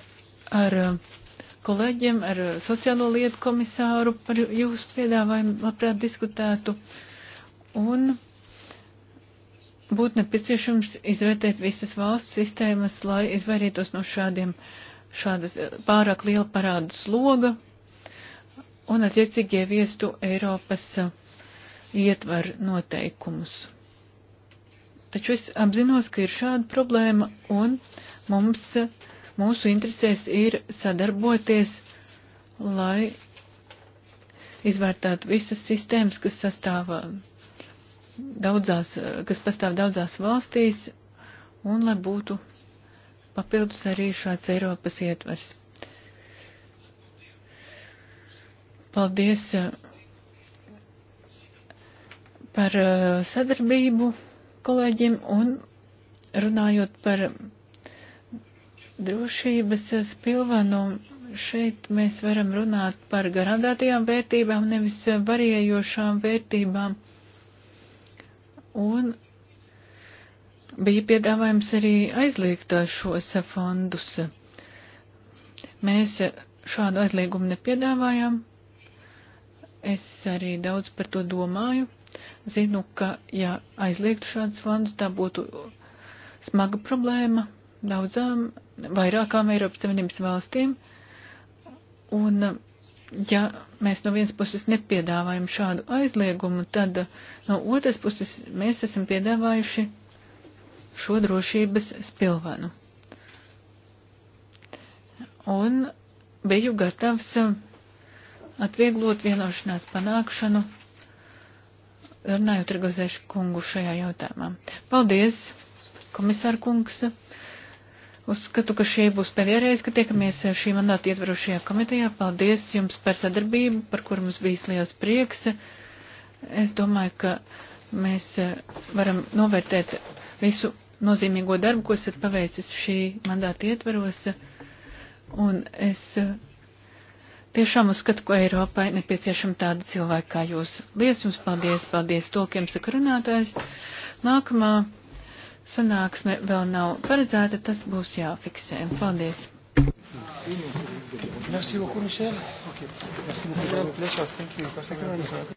ar kolēģiem, ar sociālo lietu komisāru par jūsu piedāvājumu, labprāt diskutētu. Un būtu nepieciešams izvērtēt visas valstu sistēmas, lai izvairītos no šādiem, šādas eh, pārāk liela parādu sloga un attiecīgi ieviestu Eiropas eh, ietvaru noteikumus. Taču es apzinos, ka ir šāda problēma un mums, mūsu interesēs ir sadarboties, lai izvērtētu visas sistēmas, kas sastāvā daudzās, eh, kas pastāv daudzās valstīs, un lai būtu papildus arī šāds Eiropas ietvers. Paldies eh, par eh, sadarbību kolēģiem un runājot par drošības spilvenu, šeit mēs varam runāt par garantētajām vērtībām, nevis varējošām vērtībām un bija piedāvājums arī aizliegt šos fondus. Mēs šādu aizliegumu nepiedāvājām. Es arī daudz par to domāju. Zinu, ka, ja aizliegtu šādus fondus, tā būtu smaga problēma daudzām, vairākām Eiropas Savienības valstīm. Un ja mēs no vienas puses nepiedāvājam šādu aizliegumu, tad no otras puses mēs esam piedāvājuši šo drošības spilvenu. Un biju gatavs atvieglot vienošanās panākšanu, runājot ar Gazēšu kungu šajā jautājumā. Paldies, komisāra kungs! Uzskatu, ka šī būs pēdējā reize, kad tiekamies šī mandāta ietverošajā komitejā. Paldies jums par sadarbību, par kuru mums bijis liels prieks. Es domāju, ka mēs eh, varam novērtēt visu nozīmīgo darbu, ko esat paveicis šī mandāta ietveros. Un es eh, tiešām uzskatu, ka Eiropai nepieciešama tāda cilvēka kā jūs. Lies jums paldies, paldies to, kiem sakarunātājs. Nākamā sanāksme vēl nav paredzēta, tas būs jāfiksē. Paldies! Merci beaucoup, Michel. Okay. Merci beaucoup. Pleasure. Thank you. Thank you very much.